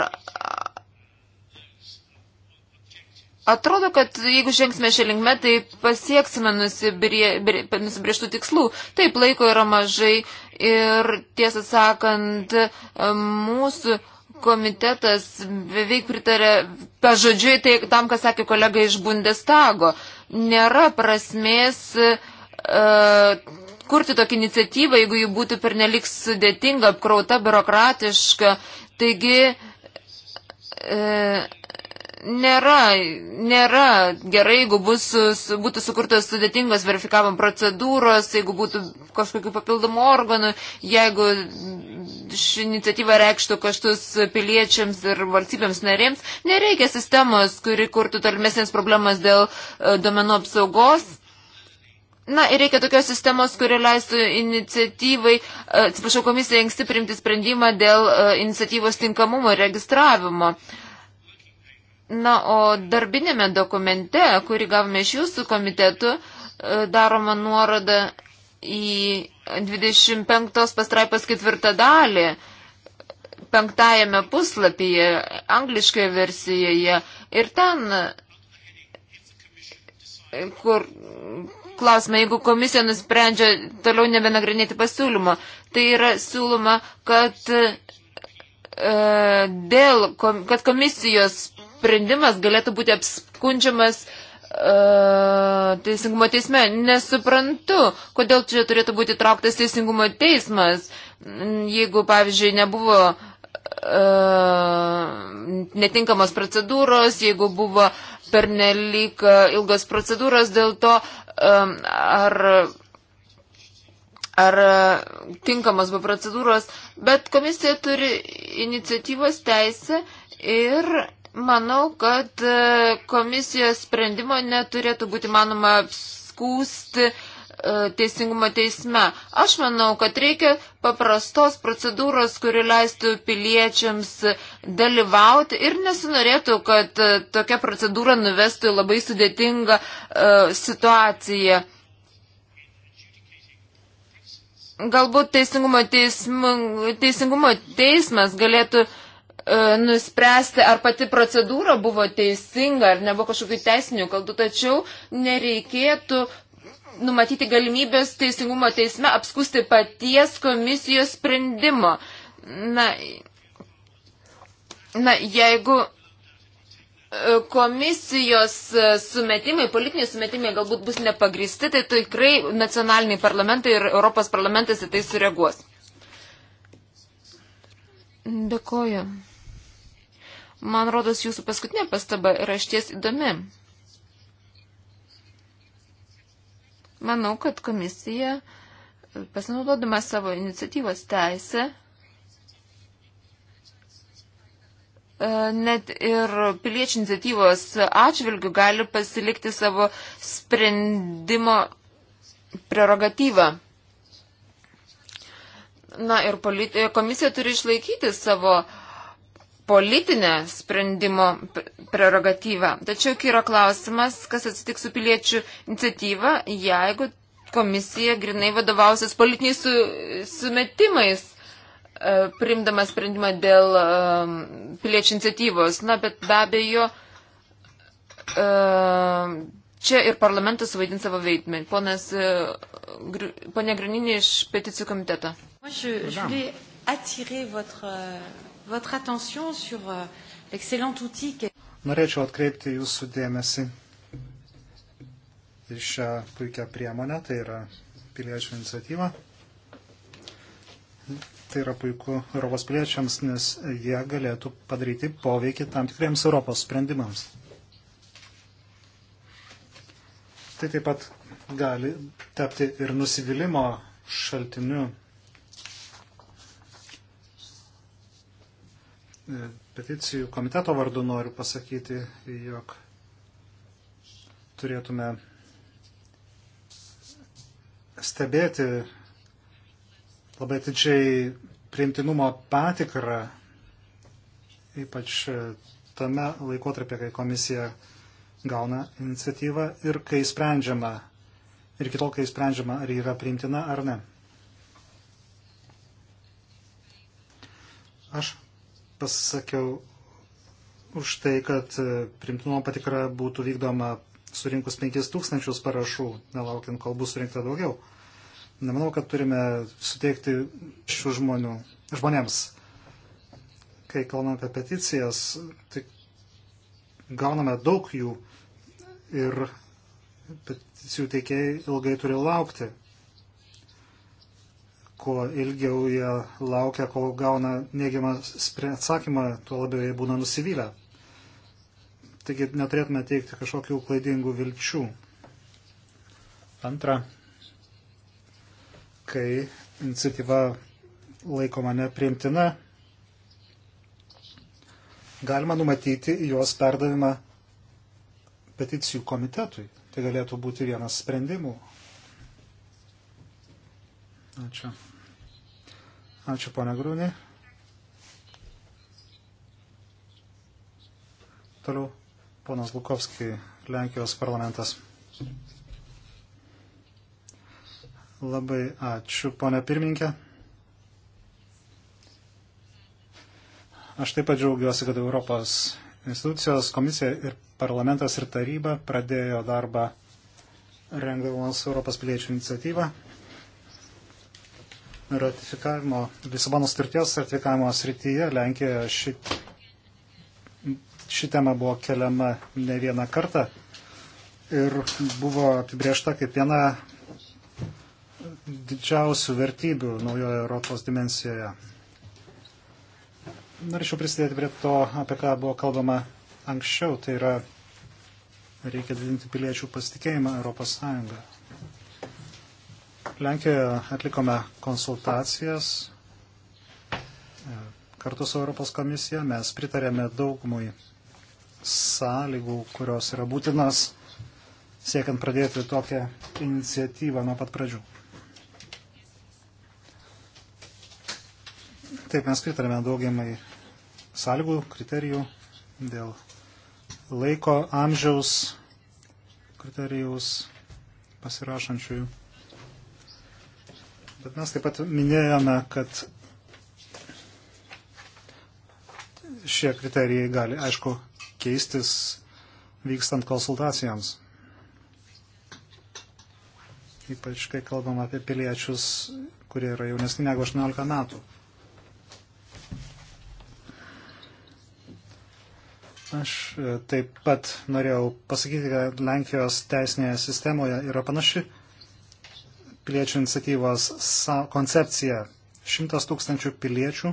Atrodo, kad jeigu žengsime šią linkmę, tai pasieksime nusibrie, nusibrieštų tikslų. Taip, laiko yra mažai ir tiesą sakant, e, mūsų komitetas beveik pritarė pažodžiui tai tam, kas sakė kolega iš Bundestago. Nėra prasmės uh, kurti tokią iniciatyvą, jeigu ji būtų pernelik sudėtinga, apkrauta, biurokratiška. Taigi e, nėra, nėra gerai, jeigu bus, būtų sukurtos sudėtingos verifikavimo procedūros, jeigu būtų kažkokių papildomų organų, jeigu ši iniciatyva reikštų kaštus piliečiams ir valstybėms narėms, nereikia sistemos, kuri kurtų tolimesnės problemas dėl e, duomenų apsaugos. Na ir reikia tokios sistemos, kuri leistų iniciatyvai, e, atsiprašau, komisija anksti priimti sprendimą dėl e, iniciatyvos tinkamumo ir registravimo. Na, o darbinėme dokumente, kurį gavome iš jūsų komitetų, e, daroma nuoroda į 25 pastraipos ketvirtą dalį, penktajame puslapyje, angliškoje versijoje. Ir ten, kur klausimą, jeigu komisija nusprendžia toliau nebenagrinėti pasiūlymo, tai yra siūloma, kad, e, dėl, kad komisijos sprendimas galėtų būti apskundžiamas e, teisingumo teisme. Nesuprantu, kodėl čia turėtų būti trauktas teisingumo teismas, jeigu, pavyzdžiui, nebuvo uh, netinkamos procedūros, jeigu buvo pernelyg e, ilgas procedūros, dėl to ar, ar tinkamas buvo procedūros, bet komisija turi iniciatyvos teisę ir manau, kad e, komisijos sprendimo neturėtų būti manoma apskūsti E, teisingumo teisme. Aš manau, kad reikia paprastos procedūros, kuri leistų piliečiams dalyvauti ir nesinorėtų, kad e, tokia procedūra nuvestų į labai sudėtingą uh, situaciją. Galbūt teisingumo, teism, teisingumo teismas galėtų uh, nuspręsti, ar pati procedūra buvo teisinga, ar nebuvo kažkokių teisinių kaltų, tačiau nereikėtų numatyti galimybės teisingumo teisme apskusti paties komisijos sprendimo. Na, na jeigu e, komisijos e, sumetimai, politiniai sumetimai galbūt bus nepagristi, tai tikrai nacionaliniai parlamentai ir Europos parlamentas į tai sureaguos. Dėkoju. Man rodos, jūsų paskutinė pastaba yra išties įdomi. Manau, kad komisija, e, pasinaudodama savo iniciatyvos teisę, e, net ir piliečių iniciatyvos atžvilgių gali pasilikti savo sprendimo prerogatyvą. Na ir komisija turi išlaikyti savo uh, politinę sprendimo prerogatyvą. Tačiau kyra klausimas, kas atsitiks su piliečių iniciatyva, jeigu komisija grinai vadovausis politiniais su, sumetimais, e, primdama sprendimą dėl e, piliečių iniciatyvos. Na, bet be abejo, e, čia ir parlamentas suvaidins savo veidmenį. Ponas, ponė Grininė iš peticijų komiteto. Moi, je, je votre attention sur euh, l'excellent outil. Norėčiau atkreipti jūsų dėmesį į šią puikią priemonę, tai yra piliečių iniciatyva. Tai yra puiku Europos piliečiams, nes jie galėtų padaryti poveikį tam tikriems Europos sprendimams. Tai taip pat gali tapti ir nusivylimo šaltiniu E, peticijų komiteto vardu noriu pasakyti, jog turėtume stebėti labai didžiai priimtinumo patikrą, ypač tame laikotarpė, kai komisija gauna iniciatyvą ir kai sprendžiama, ir kitol, kai sprendžiama, ar yra priimtina ar ne. Aš pasisakiau už tai, kad e, primtinumo patikra būtų vykdoma surinkus 5000 parašų, nelaukiant, kol bus surinkta daugiau. Nemanau, kad turime suteikti šių žmonių, žmonėms. Kai kalbame apie peticijas, tai gauname daug jų ir peticijų teikėjai ilgai turi laukti kuo ilgiau jie laukia, kol gauna neigiamą atsakymą, tuo labiau jie būna nusivylę. Taigi neturėtume teikti kažkokių klaidingų vilčių. Antra, kai iniciatyva laikoma nepriimtina, galima numatyti jos perdavimą peticijų komitetui. Tai galėtų būti vienas sprendimų. Ačiū. Ačiū, ponia Grūnė. Toliau, ponas Lukovskis, Lenkijos parlamentas. Labai ačiū, ponia pirmininkė. Aš taip pat džiaugiuosi, kad Europos institucijos, komisija ir parlamentas ir taryba pradėjo darbą rengdamos Europos piliečių iniciatyvą ratifikavimo, Lisabono sutarties ratifikavimo srityje Lenkijoje ši, ši tema buvo keliama ne vieną kartą ir buvo apibriešta kaip viena didžiausių vertybių naujoje Europos dimensijoje. Norėčiau prisidėti prie to, apie ką buvo kalbama anksčiau, tai yra reikia didinti piliečių pasitikėjimą Europos Sąjungą. Lenkijoje atlikome konsultacijas e, kartu su Europos komisija. Mes pritarėme daugumui sąlygų, kurios yra būtinas siekiant pradėti tokią iniciatyvą nuo pat pradžių. Taip, mes pritarėme daugiamai sąlygų, kriterijų dėl laiko, amžiaus, kriterijaus pasirašančiųjų. Bet mes taip pat minėjome, kad šie kriterijai gali, aišku, keistis vykstant konsultacijoms. Ypač, kai kalbam apie piliečius, kurie yra jaunesni negu 18 metų. Aš e, taip pat norėjau pasakyti, kad Lenkijos teisinėje sistemoje yra panaši piliečių iniciatyvos koncepciją. Šimtas tūkstančių piliečių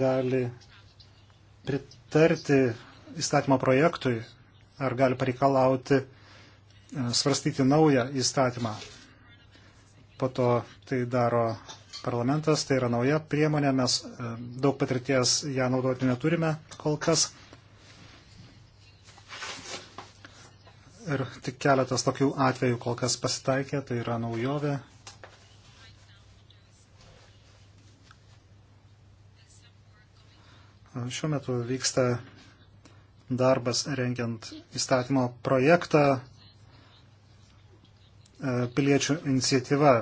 gali pritarti įstatymo projektui ar gali pareikalauti e, svarstyti naują įstatymą. Po to tai daro parlamentas, tai yra nauja priemonė, mes e, daug patirties ją naudoti neturime kol kas. Ir tik keletas tokių atvejų kol kas pasitaikė, tai yra naujovė. Šiuo metu vyksta darbas rengiant įstatymo projektą e, piliečių iniciatyva.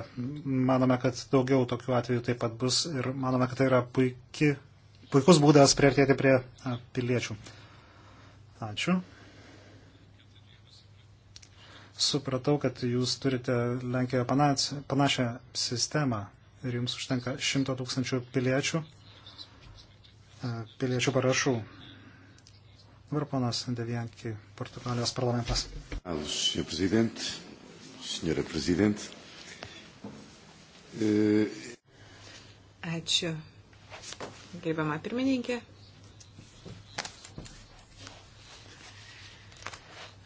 Manome, kad daugiau tokių atvejų taip pat bus ir manome, kad tai yra puiki, puikus būdas priartėti prie e, piliečių. Ačiū supratau, kad jūs turite Lenkijoje panašią sistemą ir jums užtenka 100 tūkstančių piliečių, e, piliečių parašų. Dabar ponas Devianki, Portugalijos parlamentas. Senhor Presidente, Senhora Presidente. Eh, Ačiū. Gerbama pirmininkė,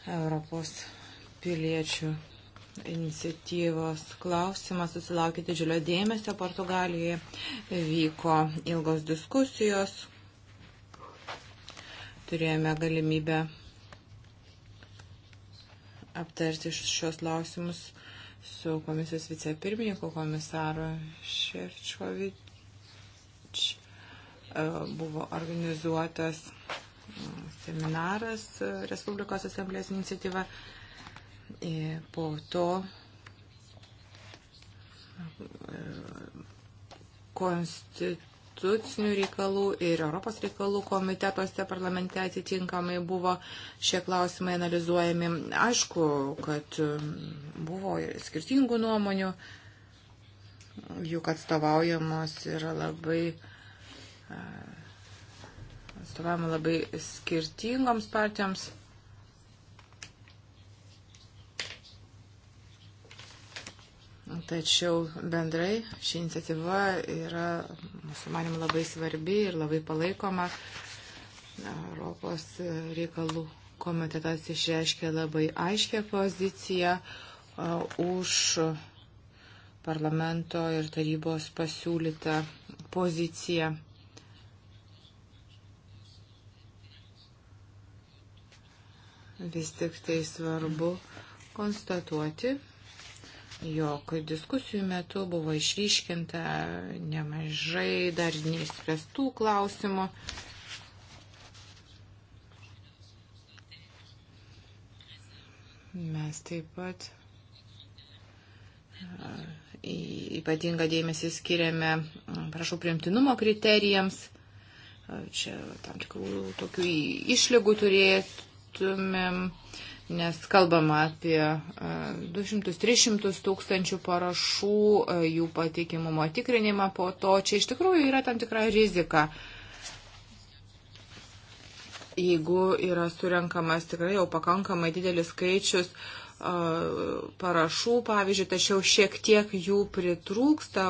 Europos piliečių iniciatyvos klausimas susilaukė didžiulio dėmesio Portugalijoje. Vyko ilgos diskusijos. Turėjome galimybę aptarti šios klausimus su komisijos vicepirmininku komisaru Šerčovič. E, buvo organizuotas seminaras Respublikos asamblės iniciatyva E, po to e, konstitucinių reikalų ir Europos reikalų komitetuose parlamente atitinkamai buvo šie klausimai analizuojami. Aišku, kad e, buvo ir skirtingų nuomonių, juk atstovaujamos yra labai atstovaujama labai skirtingoms partijoms. Tačiau bendrai ši iniciatyva yra, mūsų manim, labai svarbi ir labai palaikoma. Europos reikalų komitetas išreiškė labai aiškę poziciją už parlamento ir tarybos pasiūlytą poziciją. Vis tik tai svarbu konstatuoti, jog diskusijų metu buvo išryškinta nemažai dar neįspręstų klausimų. Mes taip pat ypatingą dėmesį skiriame, prašau, priimtinumo kriterijams. Čia tam tikrų tokių išlygų turėtumėm nes kalbama apie 200-300 e, tūkstančių parašų, e, jų patikimumo tikrinimą po to. Čia iš tikrųjų yra tam tikra rizika. Jeigu yra surenkamas tikrai jau pakankamai didelis skaičius, uh, parašų, pavyzdžiui, tačiau šiek tiek jų pritrūksta,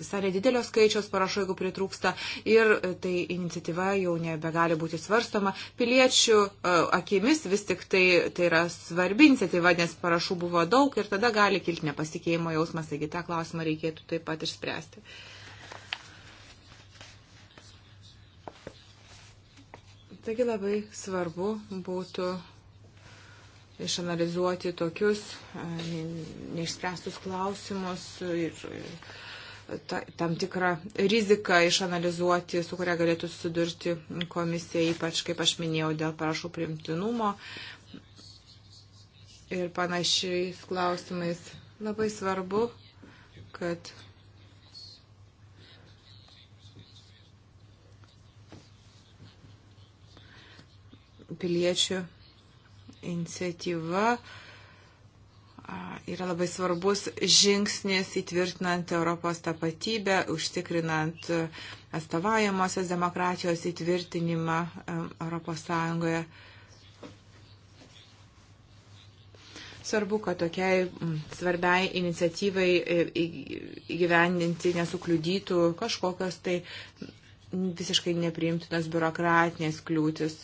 visai nedidelio skaičiaus parašų, jeigu pritrūksta, ir tai iniciatyva jau nebegali būti svarstoma. Piliečių akimis vis tik tai, tai yra svarbi iniciatyva, nes parašų buvo daug ir tada gali kilti nepasikeimo jausmas, taigi tą klausimą reikėtų taip pat išspręsti. Taigi labai svarbu būtų išanalizuoti tokius neišspręstus klausimus ir ta, tam tikrą riziką išanalizuoti, su kuria galėtų sudurti komisija, ypač, kaip aš minėjau, dėl parašų primtinumo ir panašiais klausimais. Labai svarbu, kad piliečių iniciatyva yra labai svarbus žingsnis įtvirtinant Europos tapatybę, užtikrinant e, atstovaujamosios demokratijos įtvirtinimą e, Europos Sąjungoje. Svarbu, kad tokiai svarbiai iniciatyvai e, įgyvendinti nesukliudytų kažkokios tai visiškai nepriimtinos biurokratinės kliūtis.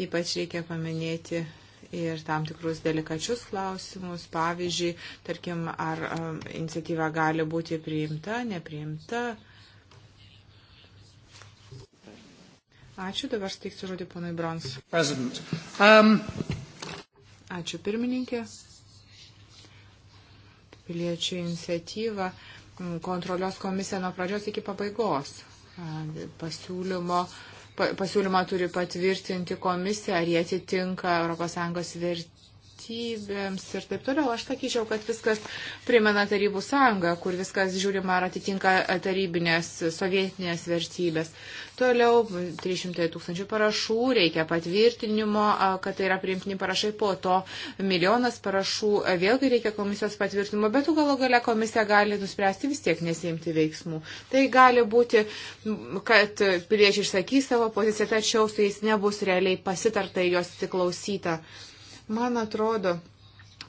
Ypač reikia paminėti ir tam tikrus delikačius klausimus, pavyzdžiui, tarkim, ar um, iniciatyva gali būti priimta, nepriimta. Ačiū, dabar steiksiu žodį ponui Brons. Um... Ačiū pirmininkė. Piliečių iniciatyva mm, kontrolios komisija nuo pradžios iki pabaigos pasiūlymo uh, pasiūlymą turi patvirtinti komisija, ar jie atitinka ES vertybės valstybėms ir taip toliau. Aš sakyčiau, kad viskas primena tarybų sąjungą, kur viskas žiūrima ar atitinka tarybinės sovietinės vertybės. Toliau 300 tūkstančių parašų, reikia patvirtinimo, kad tai yra priimtini parašai, po to milijonas parašų, vėlgi reikia komisijos patvirtinimo, bet galų gale komisija gali nuspręsti vis tiek nesiimti veiksmų. Tai gali būti, kad piliečiai išsakys savo poziciją, tačiau su jais nebus realiai pasitarta ir jos įsiklausyta. Man atrodo,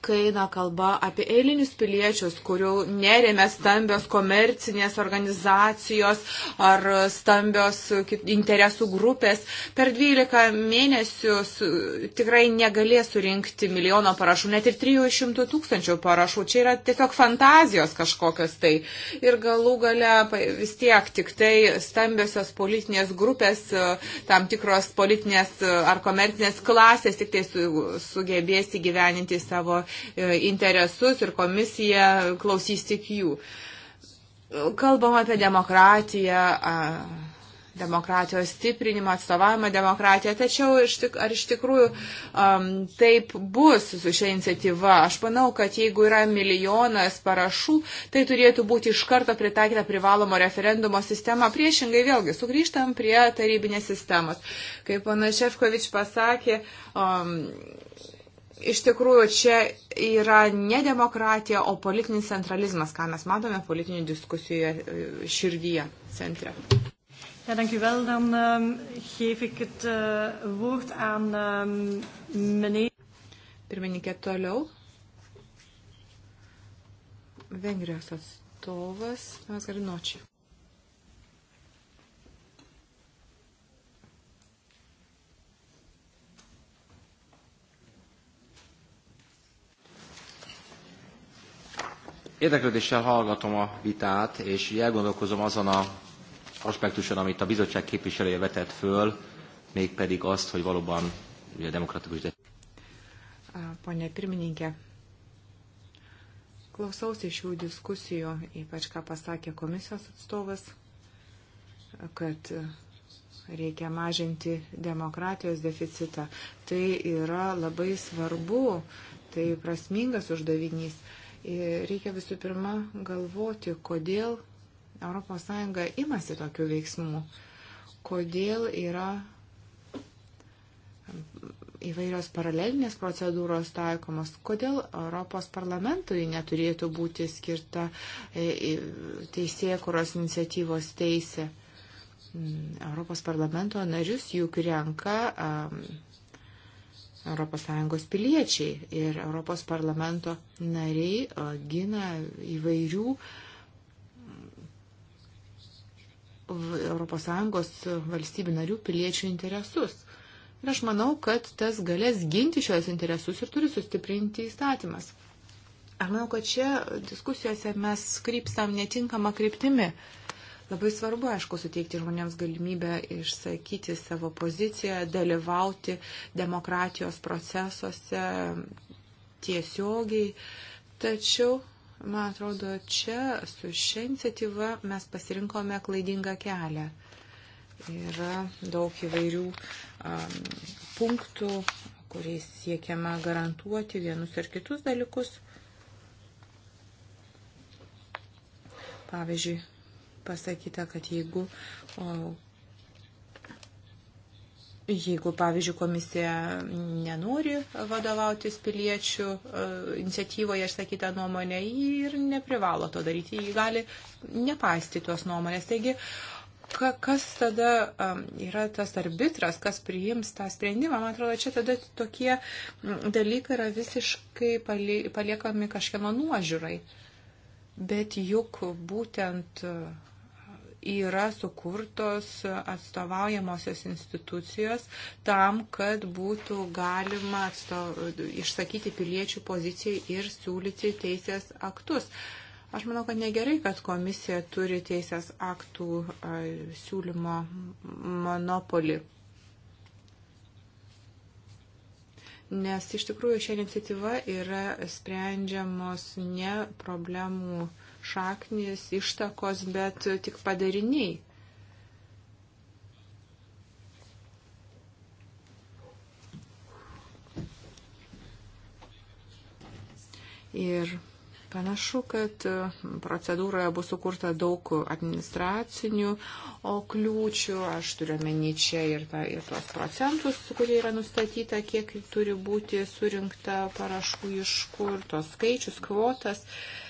kai eina kalba apie eilinius piliečius, kurių nerėmė stambios komercinės organizacijos ar stambios interesų grupės, per 12 mėnesių tikrai negalės surinkti milijono parašų, net ir 300 tūkstančių parašų. Čia yra tiesiog fantazijos kažkokios tai. Ir galų gale vis tiek tik tai stambiosios politinės grupės, e, tam tikros politinės e, ar komercinės klasės tik tai sugebės įgyveninti savo E, interesus ir komisija klausys tik jų. Kalbam apie demokratiją. A, demokratijos stiprinimą, atstovavimą demokratiją. Tačiau ar iš tikrųjų um, taip bus su šia iniciatyva? Aš manau, kad jeigu yra milijonas parašų, tai turėtų būti iš karto pritaikyta privalomo referendumo sistema. Priešingai vėlgi sugrįžtam prie tarybinės sistemos. Kaip pana Šefkovič pasakė, um, iš tikrųjų čia yra ne demokratija, o politinis centralizmas, ką mes matome politinių diskusijų e, širdyje, centre. Ja, dank u wel. Dan um, geef ik het uh, woord aan um, meneer. Pirmininkė toliau. Vengrijos atstovas, mes galime nočiai. Érdeklődéssel hallgatom a vitát, és elgondolkozom azon a aspektuson, amit a bizottság képviselője vetett föl, mégpedig azt, hogy valóban ugye, demokratikus... De... Pone pirmininkė, klausausi šių diskusijų, ypač ką pasakė komisijos atstovas, kad reikia mažinti demokratijos deficitą. Tai yra labai svarbu, tai prasmingas uždavinys. Reikia visų pirma galvoti, kodėl ES imasi tokių veiksmų, kodėl yra įvairios paralelinės procedūros taikomos, kodėl Europos parlamentui neturėtų būti skirta e, e, teisėkuros iniciatyvos teisė. Mm, Europos parlamento narius juk renka ES piliečiai ir ES parlamento nariai e, gina įvairių ES valstybių narių piliečių interesus. Ir aš manau, kad tas galės ginti šios interesus ir turi sustiprinti įstatymas. Aš manau, kad čia diskusijose mes krypstam netinkamą kryptimį. Uh, Labai svarbu, aišku, suteikti žmonėms galimybę išsakyti savo poziciją, dalyvauti demokratijos procesuose tiesiogiai. Tačiau, man atrodo, čia su šia iniciatyva mes pasirinkome klaidingą kelią. Yra daug įvairių um, punktų, kuriais siekiama garantuoti vienus ir kitus dalykus. Pavyzdžiui, pasakyta, kad jeigu, o, jeigu pavyzdžiui, komisija nenori vadovautis piliečių e, iniciatyvoje išsakytą nuomonę ir neprivalo to daryti, jį gali nepaisti tos nuomonės. Taigi, ka, kas tada um, yra tas arbitras, kas priims tą sprendimą, man atrodo, čia tada tokie dalykai yra visiškai paliekami kažkieno nuožiūrai. Bet juk būtent uh, yra sukurtos atstovaujamosios institucijos tam, kad būtų galima atstov... išsakyti piliečių poziciją ir siūlyti teisės aktus. Aš manau, kad negerai, kad komisija turi teisės aktų siūlymo monopolį. Nes iš tikrųjų šią iniciatyvą yra sprendžiamos ne problemų uh, šaknis, ištakos, bet tik padariniai. Ir Panašu, kad procedūroje bus sukurta daug administracinių kliūčių, aš turiu menį čia ir, ta, ir tuos procentus, kurie yra nustatyta, kiek turi būti surinkta paraškų iš kur, tuos skaičius, kvotas. Uh,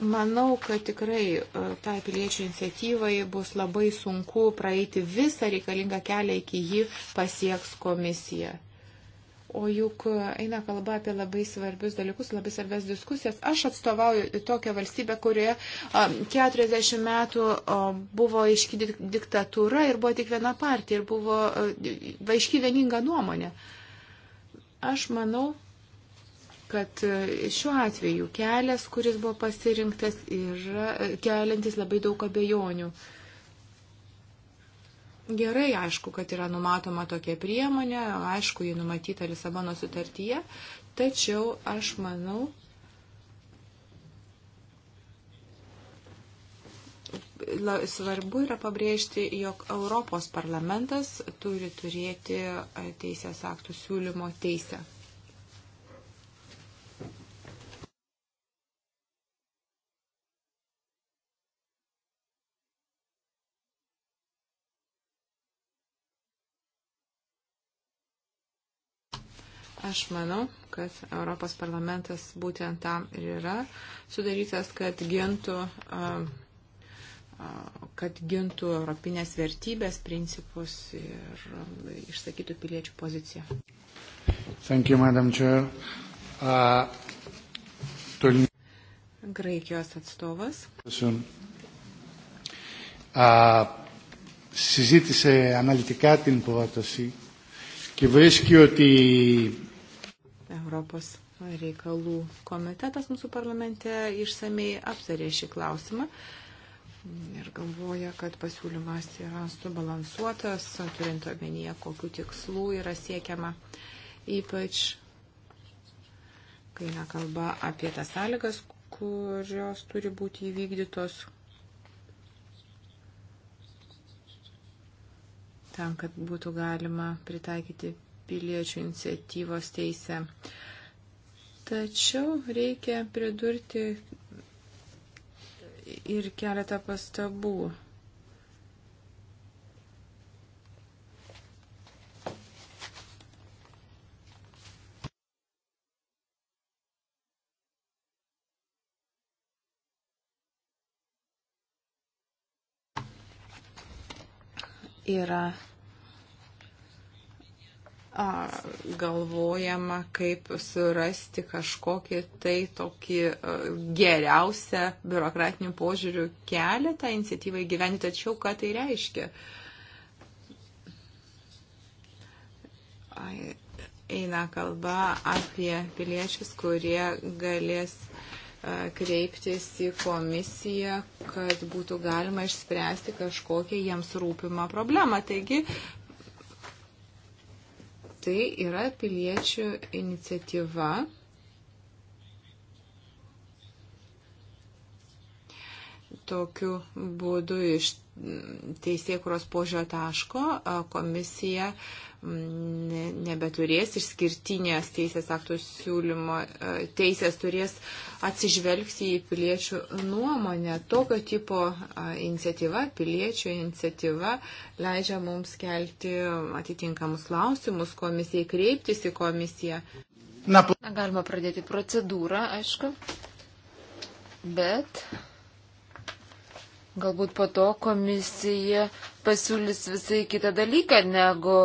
Manau, kad tikrai e, tai piliečių iniciatyvai bus labai sunku praeiti visą reikalingą kelią iki jį pasieks komisija. O juk e, eina kalba apie labai svarbius dalykus, labai svarbias diskusijas. Aš atstovauju tokią valstybę, kurioje 40 metų buvo aiški diktatūra ir buvo tik viena partija ir buvo e, aiški vieninga nuomonė. Aš manau, kad e, šiuo atveju kelias, kuris buvo pasirinktas, yra e, keliantis labai daug abejonių. Gerai, aišku, kad yra numatoma tokia priemonė, aišku, ji numatyta Lisabono sutartyje, tačiau aš manau, svarbu yra pabrėžti, jog Europos parlamentas turi turėti e, teisės aktų siūlymo teisę. Aš manau, kad Europos parlamentas būtent tam ir yra sudarytas, kad gintų, kad gintų europinės vertybės, principus ir išsakytų piliečių poziciją. Thank you, Madam Chair. Uh, tol... Graikijos atstovas. Uh, συζήτησε αναλυτικά την πρόταση και βρίσκει ότι Europos reikalų komitetas mūsų parlamente išsamei aptarė šį klausimą ir galvoja, kad pasiūlymas yra subalansuotas, turint omenyje, kokiu tikslu yra siekiama, ypač kai nekalba apie tas sąlygas, kurios turi būti įvykdytos tam, kad būtų galima pritaikyti piliečių iniciatyvos teisę. Tačiau reikia pridurti ir keletą pastabų. Yra galvojama, kaip surasti kažkokį tai tokį geriausią biurokratinių požiūrių kelią tą tai iniciatyvą įgyventi, tačiau ką tai reiškia? Eina kalba apie piliečius, kurie galės kreiptis į komisiją, kad būtų galima išspręsti kažkokią jiems rūpimą problemą. Taigi tai yra piliečių iniciatyva Tokiu būdu iš teisėkuros požio taško komisija nebeturės išskirtinės teisės aktų siūlymo, teisės turės atsižvelgti į piliečių nuomonę. Tokio tipo iniciatyva, piliečių iniciatyva leidžia mums kelti atitinkamus klausimus komisijai, kreiptis į komisiją. Na, galima pradėti procedūrą, aišku, bet Galbūt po to komisija pasiūlys visai kitą dalyką negu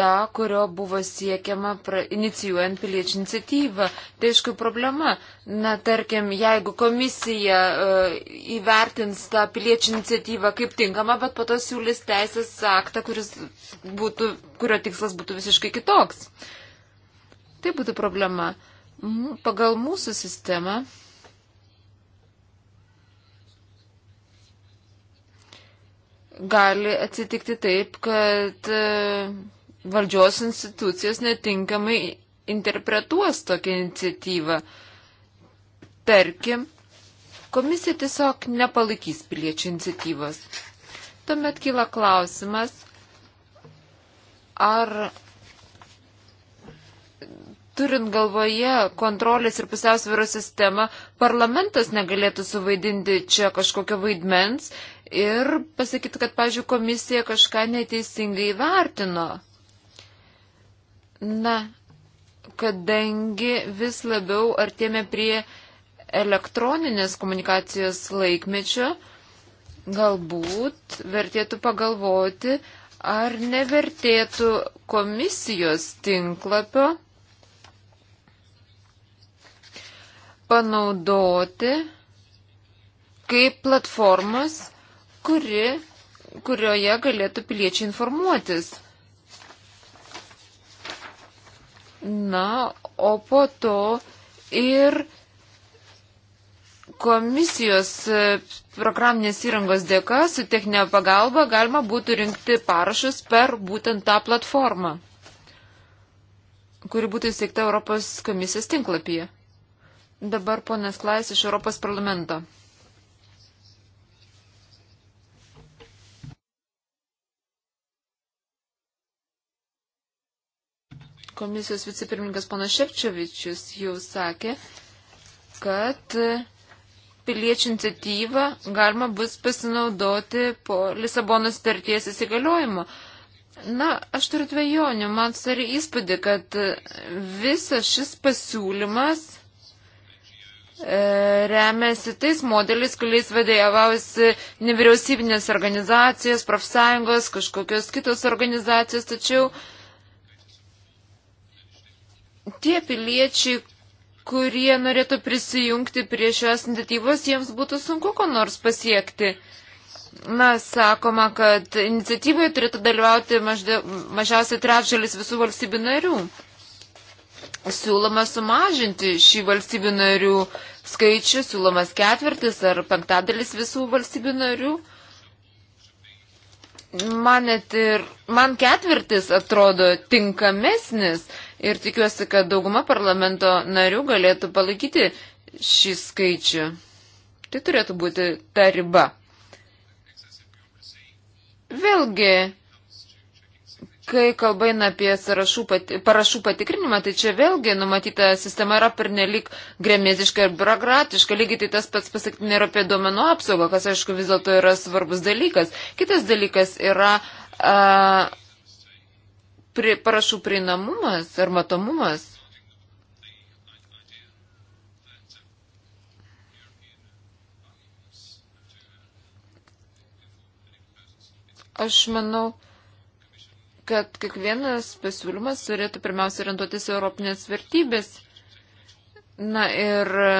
tą, kurio buvo siekiama pra, inicijuojant piliečių iniciatyvą. Tai aišku problema. Na, tarkim, jeigu komisija uh, įvertins tą piliečių iniciatyvą kaip tinkamą, bet po to siūlys teisės aktą, būtų, kurio tikslas būtų visiškai kitoks. Tai būtų problema. Pagal mūsų sistemą gali atsitikti taip, kad e, valdžios institucijos netinkamai interpretuos tokią iniciatyvą. Tarkim, komisija tiesiog nepalaikys piliečių iniciatyvos. Tuomet kyla klausimas, ar turint galvoje kontrolės ir pusiausvėros sistemą, parlamentas negalėtų suvaidinti čia kažkokio vaidmens ir pasakytų, kad, pažiūrėjau, komisija kažką neteisingai vertino. Na, kadangi vis labiau artėme prie elektroninės komunikacijos laikmečio, galbūt vertėtų pagalvoti, ar nevertėtų komisijos tinklapio panaudoti kaip platformos kuri, kurioje galėtų piliečiai informuotis. Na, o po to ir komisijos e, programinės įrangos dėka su techninė pagalba galima būtų rinkti parašus per būtent tą platformą, kuri būtų įsteigta Europos komisijos tinklapyje. Dabar ponas Klais iš Europos parlamento. Komisijos vicepirmininkas panas Šepčiovičius jau sakė, kad piliečių iniciatyvą galima bus pasinaudoti po Lisabonos starties įsigaliojimo. Na, aš turiu dviejonių, man sari įspūdį, kad visas šis pasiūlymas e, remiasi tais modeliais, kuriais vadėjavausi nevyriausybinės organizacijos, profsąjungos, kažkokios kitos organizacijos, tačiau uh, tie piliečiai, kurie norėtų prisijungti prie šios iniciatyvos, jiems būtų sunku ko nors pasiekti. Na, sakoma, kad iniciatyvoje turėtų dalyvauti mažda, mažiausiai trečdalis visų valstybių narių. Siūloma sumažinti šį valstybių narių skaičių, siūlomas ketvirtis ar penktadalis visų valstybių narių. Uh, man net ir, man ketvirtis atrodo tinkamesnis ir tikiuosi, kad dauguma parlamento narių galėtų palaikyti šį skaičių. Tai turėtų būti ta riba. Vėlgi, Kai kalba eina apie pati, parašų patikrinimą, tai čia vėlgi numatyta sistema yra pernelik gremėziška ir biurokratiška. Lygiai tai tas pats pasakyti ir apie duomenų apsaugą, kas aišku vis dėlto yra svarbus dalykas. Kitas dalykas yra a, pri, parašų prieinamumas ar matomumas. Aš manau, kad kiekvienas pasiūlymas turėtų pirmiausia orientuotis Europinės vertybės. Na ir e,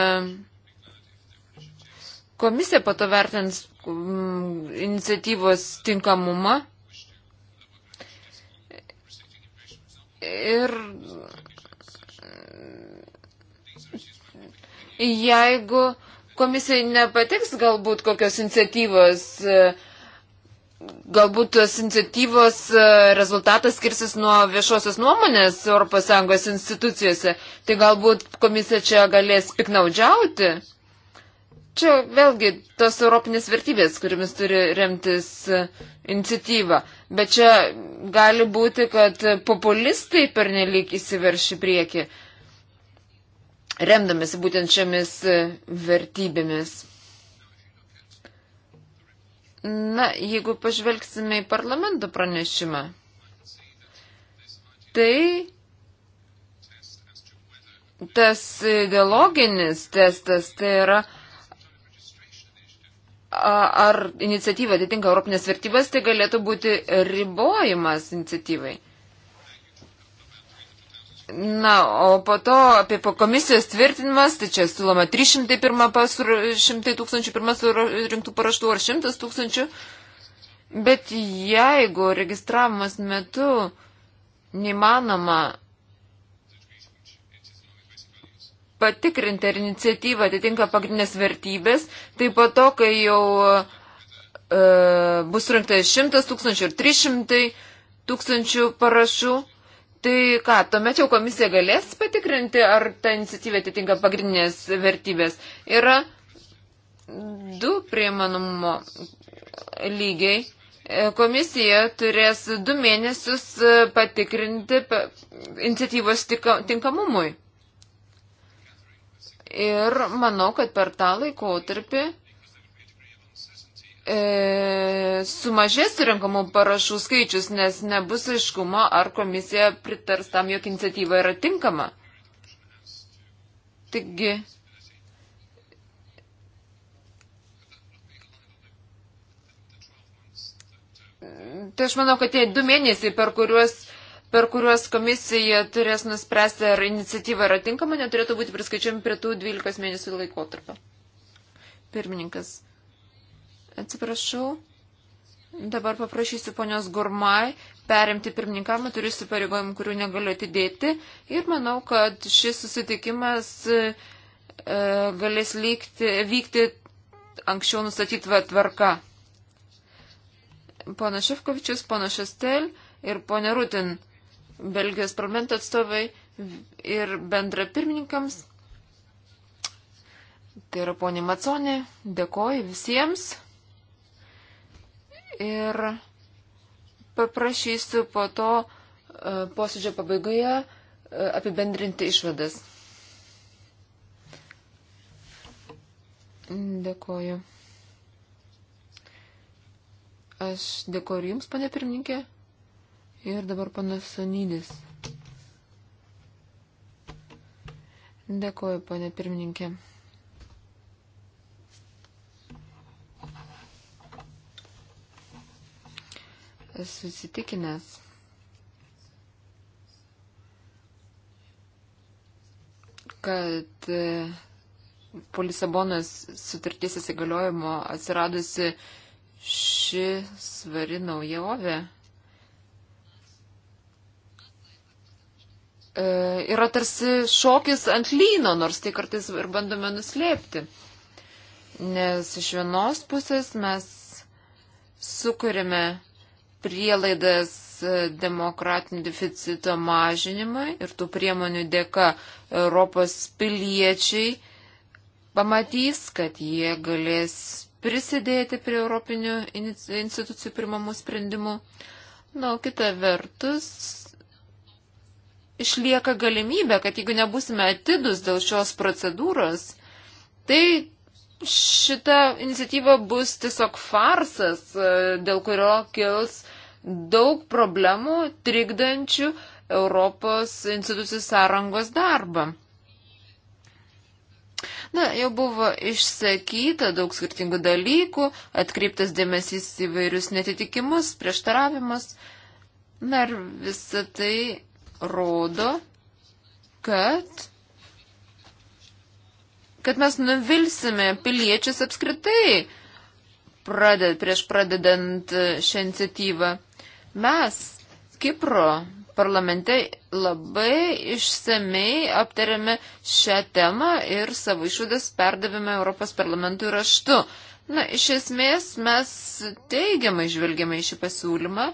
komisija pato vertins mm, iniciatyvos tinkamumą. Ir jeigu komisijai nepatiks galbūt kokios iniciatyvos, e, galbūt tos iniciatyvos e, rezultatas skirsis nuo viešosios nuomonės ES institucijose, tai galbūt komisija čia galės piknaudžiauti. Čia vėlgi tos europinės vertybės, kuriamis turi remtis e, iniciatyva. Bet čia gali būti, kad populistai pernelyg įsiverši prieki, remdamėsi būtent šiomis e, vertybėmis. Na, jeigu pažvelgsime į parlamento pranešimą, tai tas ideologinis testas tai yra, ar iniciatyva atitinka Europinės vertybės, tai galėtų būti ribojimas iniciatyvai. Na, o po to apie komisijos tvirtinimas, tai čia siūloma 301 pasur, 100 tūkstančių pirmas rinktų paraštų ar 100 tūkstančių. Bet jeigu registravimas metu neįmanoma patikrinti, ar iniciatyva atitinka pagrindinės vertybės, tai po to, kai jau e, bus surinkta 100 tūkstančių ir 300 tūkstančių parašų, Tai ką, tuomet jau komisija galės patikrinti, ar ta iniciatyva atitinka pagrindinės vertybės. Yra du priemanumo lygiai. E, komisija turės du mėnesius e, patikrinti iniciatyvos tinkamumui. Ir manau, kad per tą laikotarpį e, sumažės surinkamų parašų skaičius, nes nebus aiškumo, ar komisija pritars tam, jog iniciatyva yra tinkama. Taigi. Tai aš manau, kad tie du mėnesiai, per kuriuos, per kuriuos komisija turės nuspręsti, ar iniciatyva yra tinkama, neturėtų būti priskaičiami prie tų 12 mėnesių laikotarpio. Pirmininkas. Atsiprašau. Dabar paprašysiu ponios Gurmai perimti pirmininkamą, turiu įsipareigojimų, kurių negaliu atidėti. Ir manau, kad šis susitikimas e, galės lygti, vykti anksčiau nustatytą tvarką. Pana Šefkovičius, pana Šestel ir pana Rutin, Belgijos parlamento atstovai ir bendra pirmininkams. Tai yra ponė Maconė, dėkoju visiems ir paprašysiu po to e, posėdžio pabaigoje e, apibendrinti išvadas. Dėkoju. Aš dėkoju Jums, pane pirmininkė. Ir dabar panas Sonydis. Dėkoju, pane pirmininkė. susitikinęs, kad e, po Lisabonos sutarties įsigaliojimo atsiradusi ši svari naujovė e, yra tarsi šokis ant lyno, nors tai kartais ir bandome nuslėpti. Nes iš vienos pusės mes sukūrėme prielaidas e, demokratinio deficito mažinimui ir tų priemonių dėka Europos piliečiai pamatys, kad jie galės prisidėti prie Europinių institucijų primamų sprendimų. Na, o kita vertus, išlieka galimybė, kad jeigu nebusime atidus dėl šios procedūros, tai šita iniciatyva bus tiesiog farsas, e, dėl kurio kils uh, daug problemų trikdančių Europos institucijų sąrangos darbą. Na, jau buvo išsakyta daug skirtingų dalykų, atkreiptas dėmesys įvairius netitikimus, prieštaravimus. Na ir visa tai rodo, kad kad mes nuvilsime piliečius apskritai praded, prieš pradedant šią iniciatyvą. Mes Kipro parlamente labai išsamei aptarėme šią temą ir savo išvadas perdavėme Europos parlamentui raštu. Na, iš esmės mes teigiamai žvelgiame į šį pasiūlymą,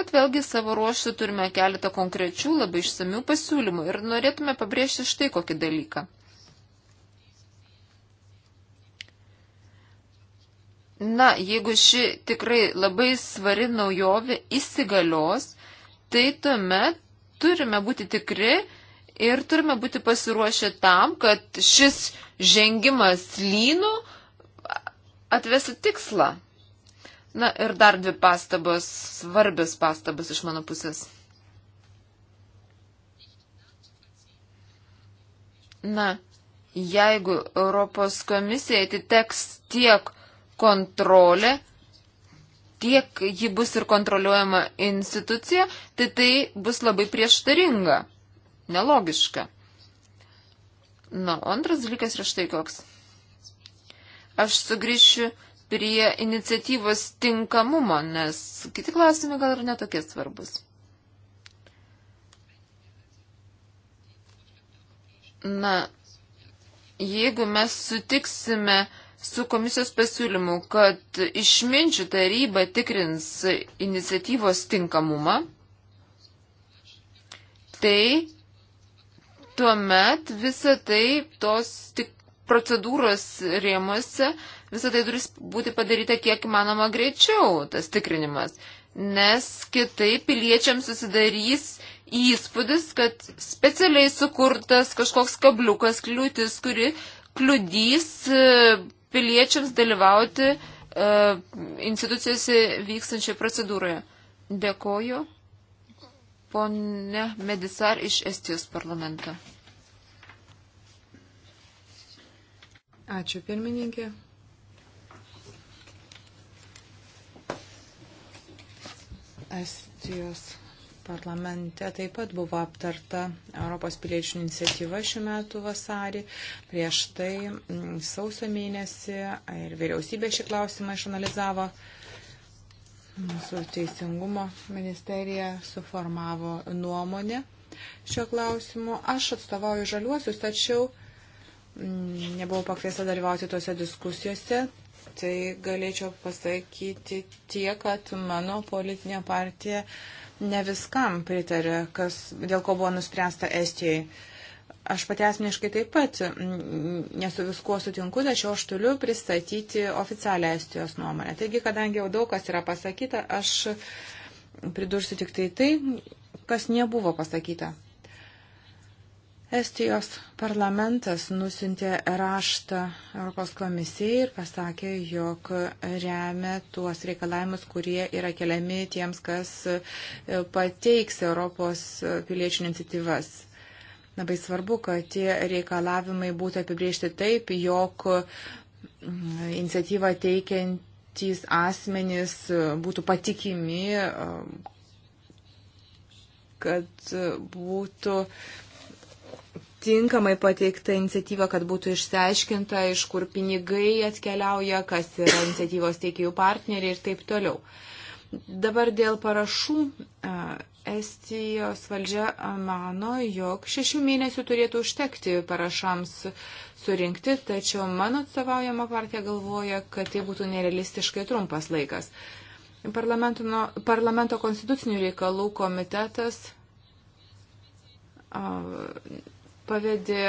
bet vėlgi savo ruoštų turime keletą konkrečių labai išsamių pasiūlymų ir norėtume pabrėžti štai kokį dalyką. Na, jeigu ši tikrai labai svari naujovė įsigalios, tai tuomet turime būti tikri ir turime būti pasiruošę tam, kad šis žengimas lynų atvesi tikslą. Na ir dar dvi pastabos, svarbios pastabos iš mano pusės. Na, jeigu Europos komisija atiteks tiek kontrolė, tiek ji bus ir kontroliuojama institucija, tai tai bus labai prieštaringa, nelogiška. Na, antras dalykas yra štai koks. Aš sugrįšiu prie iniciatyvos tinkamumo, nes kiti klausimai gal ir netokie svarbus. Na, jeigu mes sutiksime, su komisijos pasiūlymu, kad išminčių taryba tikrins iniciatyvos tinkamumą, tai tuomet visą tai tos tik procedūros rėmose, visą tai turi būti padaryta kiek įmanoma greičiau, tas tikrinimas, nes kitaip piliečiams susidarys įspūdis, kad specialiai sukurtas kažkoks kabliukas kliūtis, kuri kliudys piliečiams dalyvauti e, institucijose vykstančioje procedūroje. Dėkoju, ponė Medisar iš Estijos parlamento. Ačiū, pirmininkė. Estijos parlamente taip pat buvo aptarta Europos piliečių iniciatyva šiuo metu vasarį. Prieš tai mm, sausio mėnesį ir vyriausybė šį klausimą išanalizavo. Mūsų teisingumo ministerija suformavo nuomonę šio klausimu. Aš atstovauju žaliuosius, tačiau mm, nebuvau pakviesta dalyvauti tose diskusijose. Tai galėčiau pasakyti tie, kad mano politinė partija uh, ne viskam pritarė, kas, dėl ko buvo nuspręsta Estijoje. Aš pati asmeniškai taip pat mm, nesu viskuo sutinku, tačiau aš turiu pristatyti oficialią Estijos nuomonę. Taigi, kadangi jau daug kas yra pasakyta, aš pridursiu tik tai tai, kas nebuvo pasakyta. Estijos parlamentas nusintė raštą Europos komisijai ir pasakė, jog remia tuos reikalavimus, kurie yra keliami tiems, kas e, pateiks Europos piliečių iniciatyvas. Labai svarbu, kad tie reikalavimai būtų apibriežti taip, jog mm, iniciatyvą teikiantys asmenys būtų patikimi, e, kad būtų uh, tinkamai pateikta iniciatyva, kad būtų išsiaiškinta, iš kur pinigai atkeliauja, kas yra iniciatyvos teikėjų partneriai ir taip toliau. Dabar dėl parašų. Estijos valdžia mano, jog šešių mėnesių turėtų užtekti parašams surinkti, tačiau mano atstovaujama partija galvoja, kad tai būtų nerealistiškai trumpas laikas. Parlamento, parlamento konstitucinių reikalų komitetas pavedė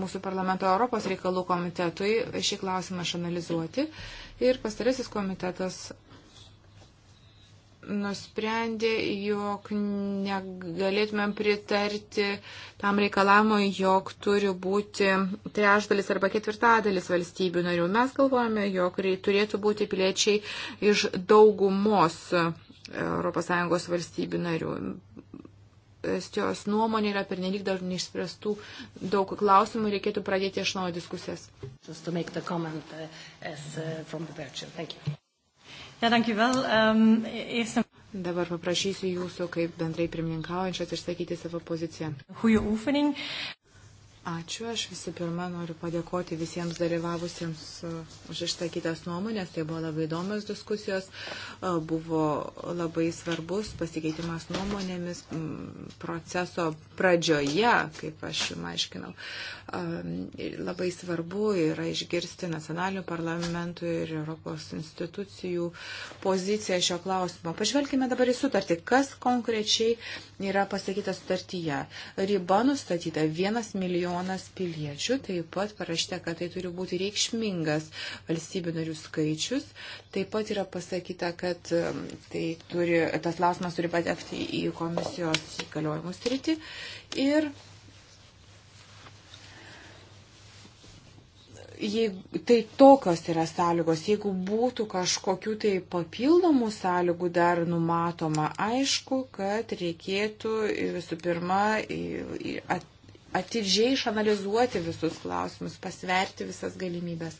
mūsų parlamento Europos reikalų komitetui šį klausimą išanalizuoti ir pastarasis komitetas nusprendė, jog negalėtumėm pritarti tam reikalavimui, jog turi būti trešdalis arba ketvirtadalis valstybių narių. Mes galvojame, jog turėtų būti piliečiai iš daugumos ES valstybių narių. Estijos nuomonė yra pernelyg dar neišspręstų daug klausimų, reikėtų pradėti iš naujo diskusijas. Comment, uh, uh ehm, Dabar paprašysiu jūsų, kaip bendrai pirmininkaujančios, išsakyti savo poziciją. Ačiū. Aš visų pirma noriu padėkoti visiems dalyvavusiems e, už išsakytas nuomonės. Tai buvo labai įdomios diskusijos. E, buvo labai svarbus pasikeitimas nuomonėmis proceso pradžioje, kaip aš jums aiškinau. E, labai svarbu yra išgirsti nacionalinių parlamentų ir Europos institucijų poziciją šio klausimo. Pažvelkime dabar į sutartį. Kas konkrečiai yra pasakyta sutartyje? Riba nustatyta 1 milijonas milijonas piliečių, taip pat parašyta, kad tai turi būti reikšmingas valstybių narių skaičius, taip pat yra pasakyta, kad um, tai turi, tas klausimas turi patekti į komisijos įgaliojimus rytį ir jeigu, tai tokios yra sąlygos. Jeigu būtų kažkokių tai papildomų sąlygų dar numatoma, aišku, kad reikėtų visų pirma atidžiai išanalizuoti visus klausimus, pasverti visas galimybės.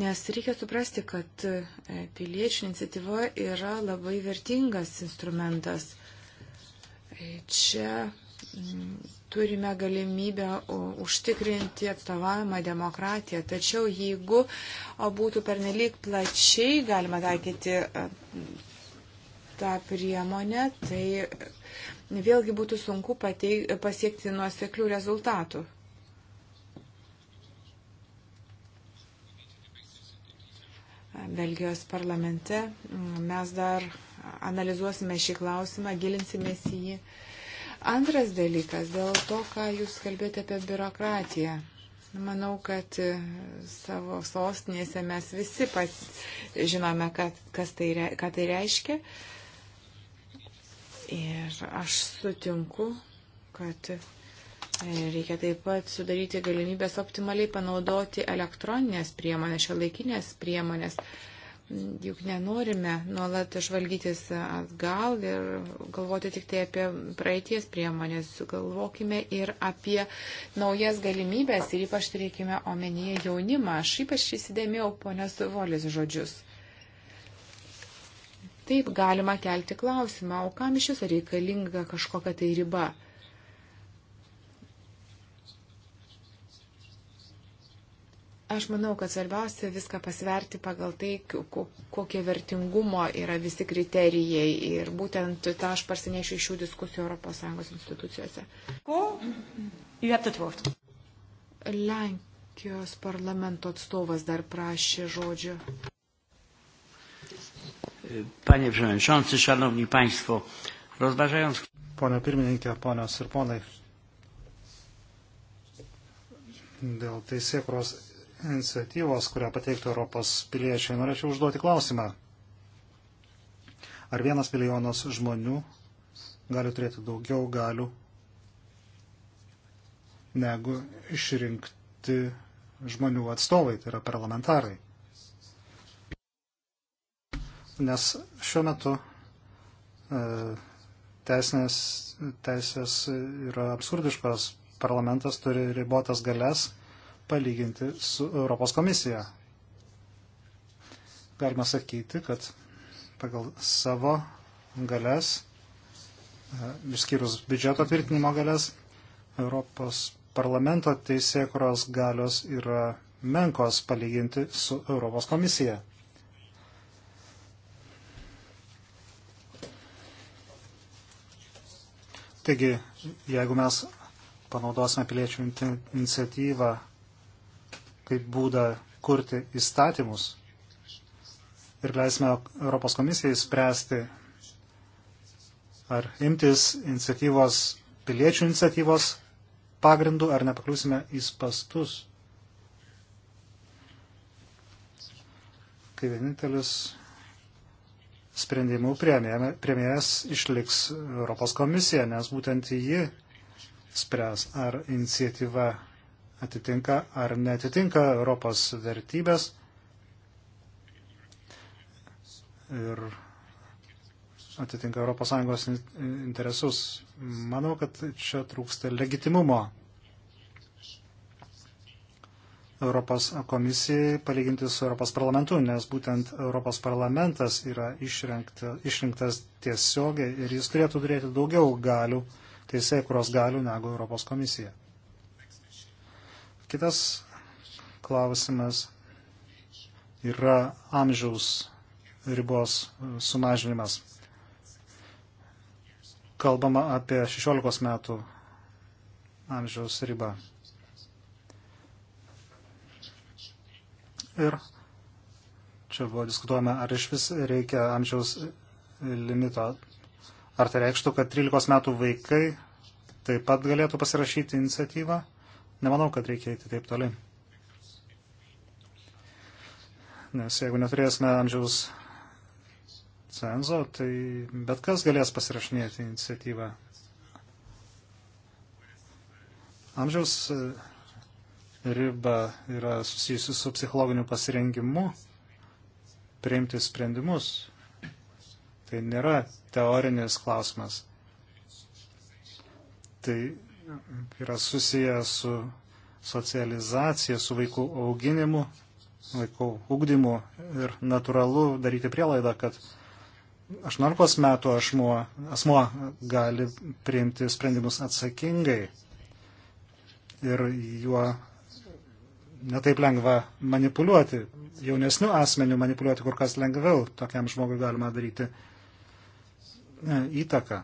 Nes reikia suprasti, kad e, piliečių iniciatyva yra labai vertingas instrumentas. E, čia turime galimybę užtikrinti atstovavimą demokratiją. Tačiau jeigu būtų pernelyg plačiai galima taikyti e, tą priemonę, tai vėlgi būtų sunku pateik, pasiekti nuoseklių rezultatų. Belgijos parlamente mes dar analizuosime šį klausimą, gilinsimės į jį. Antras dalykas, dėl to, ką jūs kalbėjote apie biurokratiją. Manau, kad savo sostinėse mes visi pats žinome, kad, tai, ką tai reiškia. Uh, Ir aš sutinku, kad e, reikia taip pat sudaryti galimybės optimaliai panaudoti elektroninės priemonės, šiolaikinės priemonės. Juk nenorime nuolat žvalgytis atgal ir galvoti tik tai apie praeities priemonės, galvokime ir apie naujas galimybės ir ypač turėkime omenyje jaunimą. Aš ypač įsidėmėjau ponios Volis žodžius. Taip galima kelti klausimą, o kam iš viso reikalinga kažkokia tai riba? Aš manau, kad svarbiausia viską pasverti pagal tai, kokie vertingumo yra visi kriterijai ir būtent tą aš parsinešiu iš šių diskusijų ES institucijose. Ko? Lenkijos parlamento atstovas dar prašė žodžio. Panie Przewodniczący, Szanowni Państwo, rozważając... Pone pirmininkė, ponios ir ponai, dėl teisėkros iniciatyvos, kurią pateiktų Europos piliečiai, norėčiau užduoti klausimą. Ar vienas milijonas žmonių gali turėti daugiau galių negu išrinkti žmonių atstovai, tai yra parlamentarai? nes šiuo metu e, teisinės, teisės yra absurdiškos. Parlamentas turi ribotas galias palyginti su Europos komisija. Galima sakyti, kad pagal savo galias, e, išskyrus biudžeto tvirtinimo galias, Europos parlamento teisėkuros galios yra menkos palyginti su Europos komisija. Taigi, jeigu mes panaudosime piliečių iniciatyvą kaip būdą kurti įstatymus ir leisime Europos komisijai spręsti, ar imtis iniciatyvos, piliečių iniciatyvos pagrindų, ar nepakliūsime į spastus, kai vienintelis sprendimų prieimėjas išliks Europos komisija, nes būtent ji spręs, ar iniciatyva atitinka ar netitinka Europos vertybės. Ir atitinka ES interesus. Manau, kad čia trūksta legitimumo Europos komisijai palyginti su Europos parlamentu, nes būtent Europos parlamentas yra išrinkta, išrinktas tiesiogiai ir jis turėtų turėti daugiau galių, teisėjai, kurios galių negu Europos komisija. Kitas klausimas yra amžiaus ribos sumažinimas. Kalbama apie 16 metų amžiaus ribą. Ir čia buvo diskutuojama, ar iš vis reikia amžiaus limito. Ar tai reikštų, kad 13 metų vaikai taip pat galėtų pasirašyti iniciatyvą? Nemanau, kad reikia eiti taip toli. Nes jeigu neturėsime amžiaus cenzo, tai bet kas galės pasirašinėti iniciatyvą. Amžiaus riba yra susijusi su psichologiniu pasirengimu priimti sprendimus. Tai nėra teorinis klausimas. Tai yra susiję su socializacija, su vaikų auginimu, vaikų ugdymu ir natūralu daryti prielaidą, kad 18 metų asmuo, asmuo gali priimti sprendimus atsakingai ir juo netaip lengva manipuliuoti, jaunesnių asmenių manipuliuoti kur kas lengviau, tokiam žmogui galima daryti e, įtaką.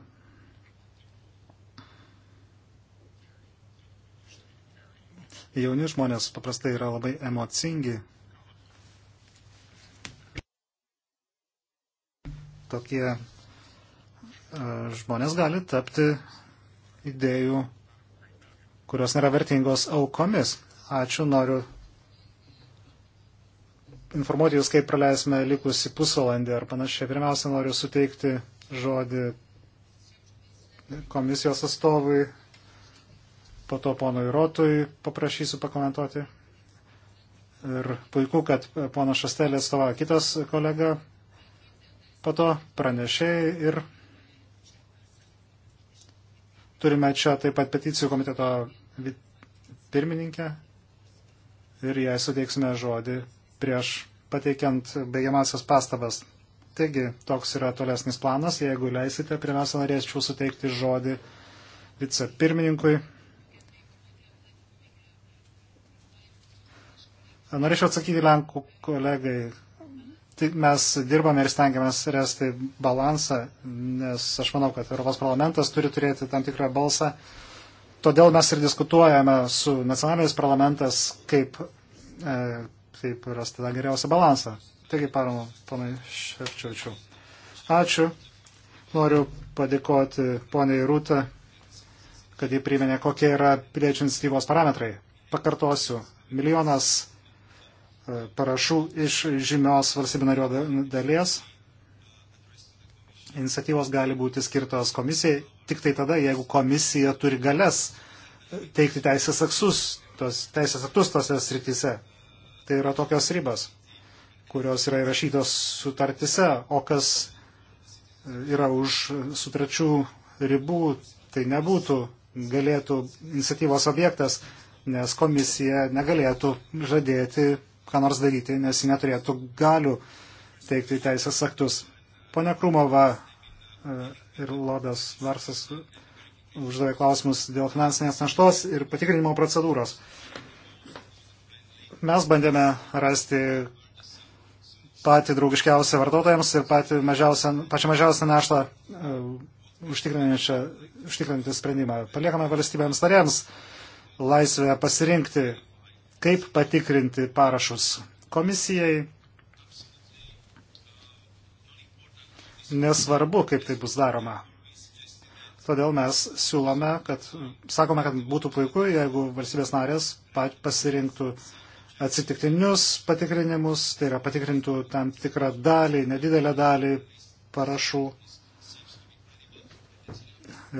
Jauni žmonės paprastai yra labai emocingi. Tokie e, žmonės gali tapti idėjų, kurios nėra vertingos aukomis. Ačiū, noriu informuoti Jūs, kaip praleisime likusi pusvalandį ar panašiai. Pirmiausia, noriu suteikti žodį komisijos atstovui, po to ponui Rotui paprašysiu pakomentuoti. Ir puiku, kad pono Šastelė atstovauja kitas kolega, po to pranešėjai ir turime čia taip pat peticijų komiteto pirmininkę ir jai suteiksime žodį prieš pateikiant baigiamasias pastabas. Taigi, toks yra tolesnis planas. Jeigu leisite, pirmiausia, norėčiau suteikti žodį vicepirmininkui. Norėčiau atsakyti Lenkų kolegai. Tik mes dirbame ir stengiamės rasti balansą, nes aš manau, kad Europos parlamentas turi turėti tam tikrą balsą Todėl mes ir diskutuojame su nacionaliniais parlamentas, kaip, e, kaip rasti tą geriausią balansą. Taigi, paramu, ponai Šepčiočiu. Ačiū. Noriu padėkoti poniai Rūtą, kad jį priminė, kokie yra piliečių iniciatyvos parametrai. Pakartosiu, milijonas e, parašų iš žymios valstybinio narių dalies, iniciatyvos gali būti skirtos komisijai tik tai tada, jeigu komisija turi galės teikti teisės aktus, tos, teisės aktus tose srityse. Tai yra tokios ribos, kurios yra įrašytos sutartise, o kas yra už sutarčių ribų, tai nebūtų, galėtų iniciatyvos objektas, nes komisija negalėtų žadėti, ką nors daryti, nes neturėtų galių teikti teisės aktus. Pone Krumova e, ir Lodas Varsas uždavė klausimus dėl finansinės naštos ir patikrinimo procedūros. Mes bandėme rasti patį draugiškiausią vartotojams ir patį mažiausią, pačią mažiausią naštą e, užtikrinantį sprendimą. Paliekame valstybėms narėms laisvę pasirinkti, kaip patikrinti parašus komisijai nesvarbu, kaip tai bus daroma. Todėl mes siūlome, kad, sakome, kad būtų puiku, jeigu valstybės narės pasirinktų atsitiktinius patikrinimus, tai yra patikrintų tam tikrą dalį, nedidelę dalį parašų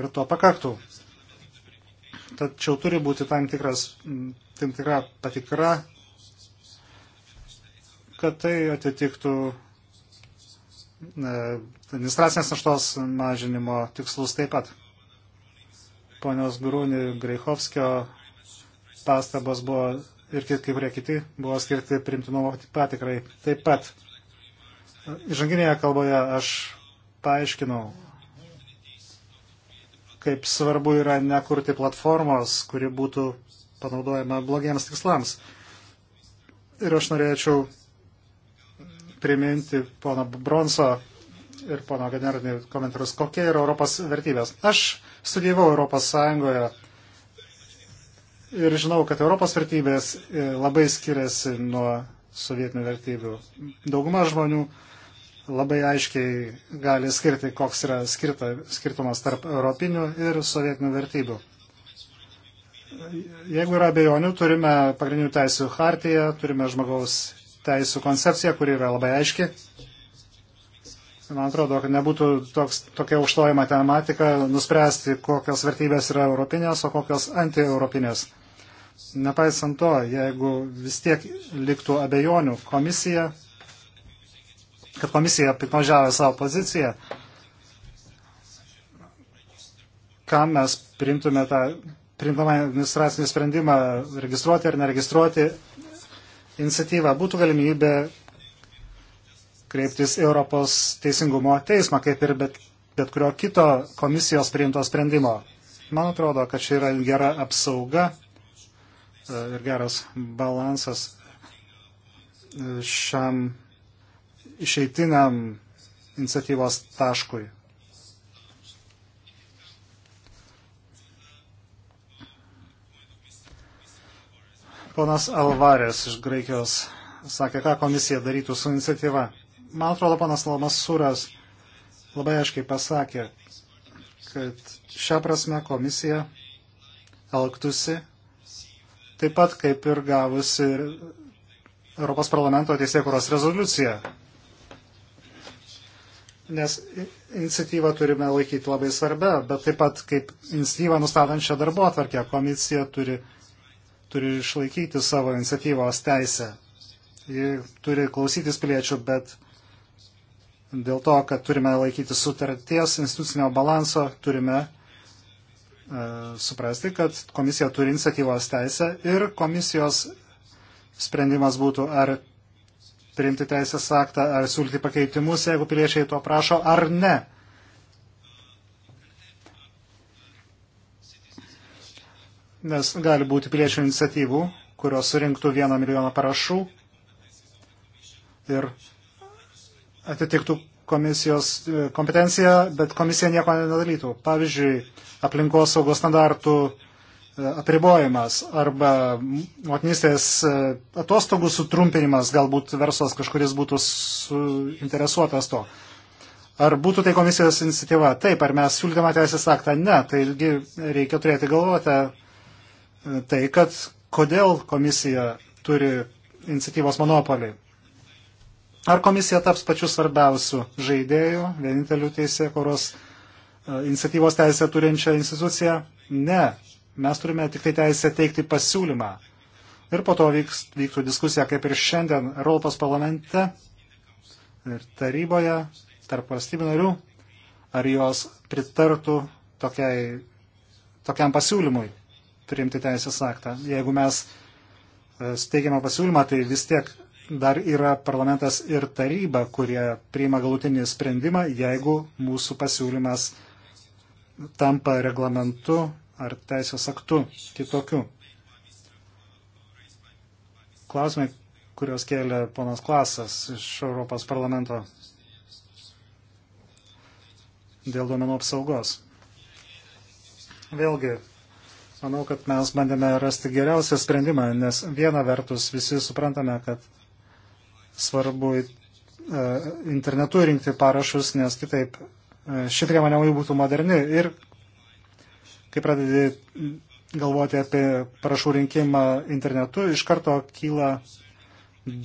ir to pakaktų. Tačiau turi būti tam, tikras, tam tikra patikra, kad tai atitiktų E, administracinės naštos mažinimo tikslus taip pat. Ponios Grūni Greichovskio pastabos buvo ir kai kurie kiti buvo skirti primtinumo patikrai. Taip pat, e, žanginėje kalboje aš paaiškinau, kaip svarbu yra nekurti platformos, kuri būtų panaudojama blogiems tikslams. Ir aš norėčiau priminti pono Bronso ir pono generalinį komentarus, kokie yra Europos vertybės. Aš studijavau Europos Sąjungoje ir žinau, kad Europos vertybės e, labai skiriasi nuo sovietinių vertybių. Dauguma žmonių labai aiškiai gali skirti, koks yra skirta, skirtumas tarp europinių ir sovietinių vertybių. Jeigu yra abejonių, turime pagrindinių teisų hartiją, turime žmogaus teisų koncepcija, kuri yra labai aiški. Man atrodo, kad nebūtų toks, tokia aukštoji matematika nuspręsti, kokios vertybės yra europinės, o kokios antieuropinės. Nepaisant to, jeigu vis tiek liktų abejonių komisija, kad komisija piknožiavė savo poziciją, kam mes priimtume tą priimdama administracinį sprendimą registruoti ar neregistruoti iniciatyva būtų galimybė kreiptis Europos teisingumo teismą, kaip ir bet, bet kurio kito komisijos priimto sprendimo. Man atrodo, kad čia yra gera apsauga e, ir geras balansas e, šiam išeitiniam iniciatyvos taškui. Ponas Alvarės iš Graikijos sakė, ką komisija darytų su iniciatyva. Man atrodo, ponas Lamasūras labai aiškiai pasakė, kad šią prasme komisija elgtųsi taip pat kaip ir gavusi Europos parlamento teisėkuros rezoliuciją. Nes iniciatyvą turime laikyti labai svarbę, bet taip pat kaip iniciatyvą nustatančią darbo atvarkę komisija turi turi išlaikyti savo iniciatyvos teisę. Ji turi klausytis piliečių, bet dėl to, kad turime laikyti sutarties institucinio balanso, turime uh, suprasti, kad komisija turi iniciatyvos teisę ir komisijos sprendimas būtų ar priimti teisės aktą, ar siūlyti pakeitimus, jeigu piliečiai to prašo, ar ne. nes gali būti piliečių iniciatyvų, kurios surinktų vieną milijoną parašų ir atitiktų komisijos e, kompetenciją, bet komisija nieko nedalytų. Pavyzdžiui, aplinkos saugos standartų e, apribojimas arba motinystės e, atostogų sutrumpinimas, galbūt verslas kažkuris būtų suinteresuotas to. Ar būtų tai komisijos iniciatyva? Taip, ar mes siūlytume teisės aktą? Ne, taigi reikia turėti galvote, tai, kad kodėl komisija turi iniciatyvos monopolį. Ar komisija taps pačiu svarbiausiu žaidėju, vieninteliu teisėkuros e, iniciatyvos teisę turinčią instituciją? Ne. Mes turime tik tai teisę teikti pasiūlymą. Ir po to vyks, vyktų diskusija, kaip ir šiandien, Europos parlamente ir taryboje tarp valstybių narių, ar jos pritartų tokiai, tokiam pasiūlymui priimti teisės aktą. Jeigu mes e, steigiamą pasiūlymą, tai vis tiek dar yra parlamentas ir taryba, kurie priima galutinį sprendimą, jeigu mūsų pasiūlymas tampa reglamentu ar teisės aktu kitokiu. Klausimai, kuriuos kėlė ponas Klasas iš Europos parlamento dėl duomenų apsaugos. Vėlgi, Manau, kad mes bandėme rasti geriausią sprendimą, nes viena vertus visi suprantame, kad svarbu e, internetu rinkti parašus, nes kitaip e, ši priemonė jau būtų moderni. Ir kai pradedi galvoti apie parašų rinkimą internetu, iš karto kyla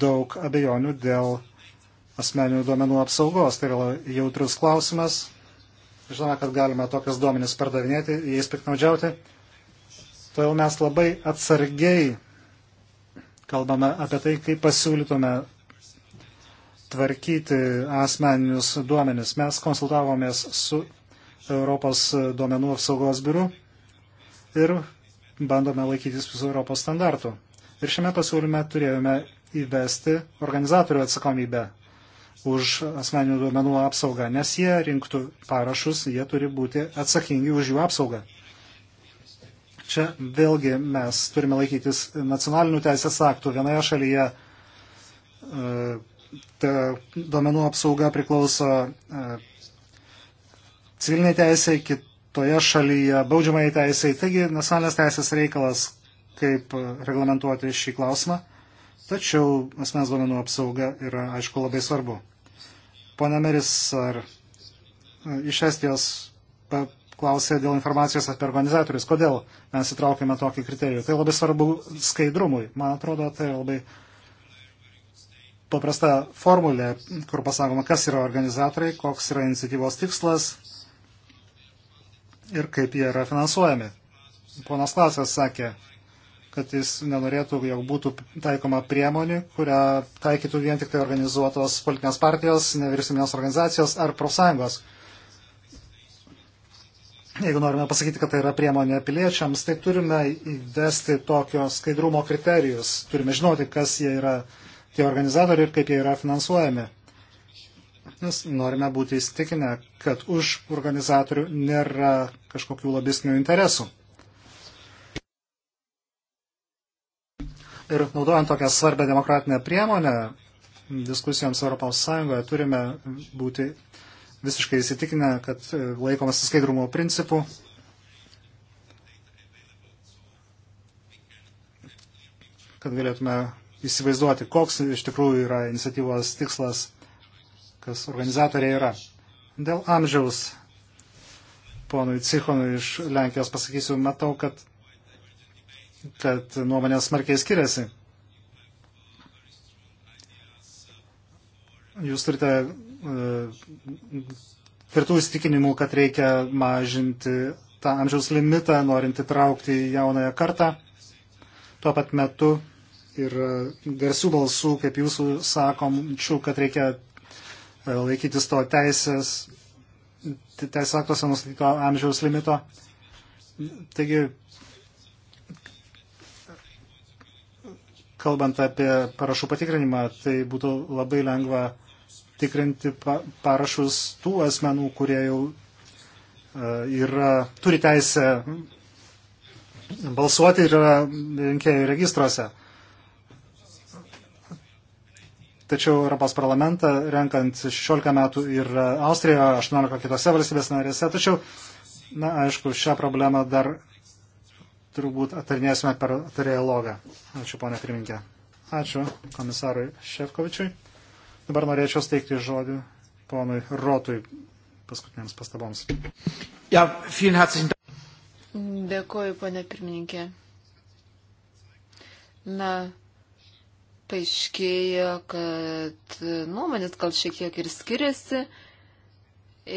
daug abejonių dėl asmeninių duomenų apsaugos. Tai yra jautrus klausimas. Žinoma, kad galima tokias duomenis pardavinėti, jais piknaudžiauti. Todėl mes labai atsargiai kalbame apie tai, kaip pasiūlytume tvarkyti asmeninius duomenis. Mes konsultavomės su Europos duomenų apsaugos biuru ir bandome laikytis visų Europos standartų. Ir šiame pasiūlyme turėjome įvesti organizatorių atsakomybę už asmeninių duomenų apsaugą, nes jie rinktų parašus, jie turi būti atsakingi už jų apsaugą. Čia vėlgi mes turime laikytis nacionalinių teisės aktų. Vienoje šalyje e, ta duomenų apsauga priklauso e, civiliniai teisėjai, kitoje šalyje baudžiamai teisėjai. Taigi nacionalinės teisės reikalas, kaip reglamentuoti šį klausimą. Tačiau asmens duomenų apsauga yra, aišku, labai svarbu. Pone Meris, ar e, iš Estijos klausė dėl informacijos apie organizatorius. Kodėl mes įtraukėme tokį kriterijų? Tai labai svarbu skaidrumui. Man atrodo, tai labai paprasta formulė, kur pasakoma, kas yra organizatoriai, koks yra iniciatyvos tikslas ir kaip jie yra finansuojami. Ponas Klasas sakė, kad jis nenorėtų, jog būtų taikoma priemonė, kurią taikytų vien tik tai organizuotos politinės partijos, nevyriausybinės organizacijos ar profsąjungos. Jeigu norime pasakyti, kad tai yra priemonė piliečiams, tai turime įvesti tokio skaidrumo kriterijus. Turime žinoti, kas jie yra tie organizatoriai ir kaip jie yra finansuojami. Nes norime būti įstikinę, kad už organizatorių nėra kažkokių lobistinių interesų. Ir naudojant tokią svarbę demokratinę priemonę diskusijoms ES turime būti visiškai įsitikinę, kad e, laikomas skaidrumo principų. kad galėtume įsivaizduoti, koks iš tikrųjų yra iniciatyvos tikslas, kas organizatoriai yra. Dėl amžiaus ponui Cichonui iš Lenkijos pasakysiu, matau, kad, kad nuomonės smarkiai skiriasi. Jūs turite E, tvirtų įstikinimų, kad reikia mažinti tą amžiaus limitą, norint įtraukti jaunąją kartą. Tuo pat metu ir garsių balsų, kaip jūsų sakomčių, kad reikia e, laikytis to teisės, teisės aktuose nustatyto amžiaus limito. Taigi, kalbant apie parašų patikrinimą, tai būtų labai lengva tikrinti parašus tų asmenų, kurie jau e, yra, turi teisę balsuoti ir yra rinkėjų registruose. Tačiau Europos parlamentą renkant 16 metų ir Austrijoje, 18 kitose valstybės narėse. Tačiau, na, aišku, šią problemą dar turbūt aptarnėsime per trialogą. Ačiū, ponė pirminkė. Ačiū komisarui Šefkovičiui. Dabar norėčiau steigti žodį ponui Rotui paskutiniams pastaboms. Ja, Dėkuoju, ponė pirmininkė. Na, paaiškėjo, kad nuomonės gal šiek tiek ir skiriasi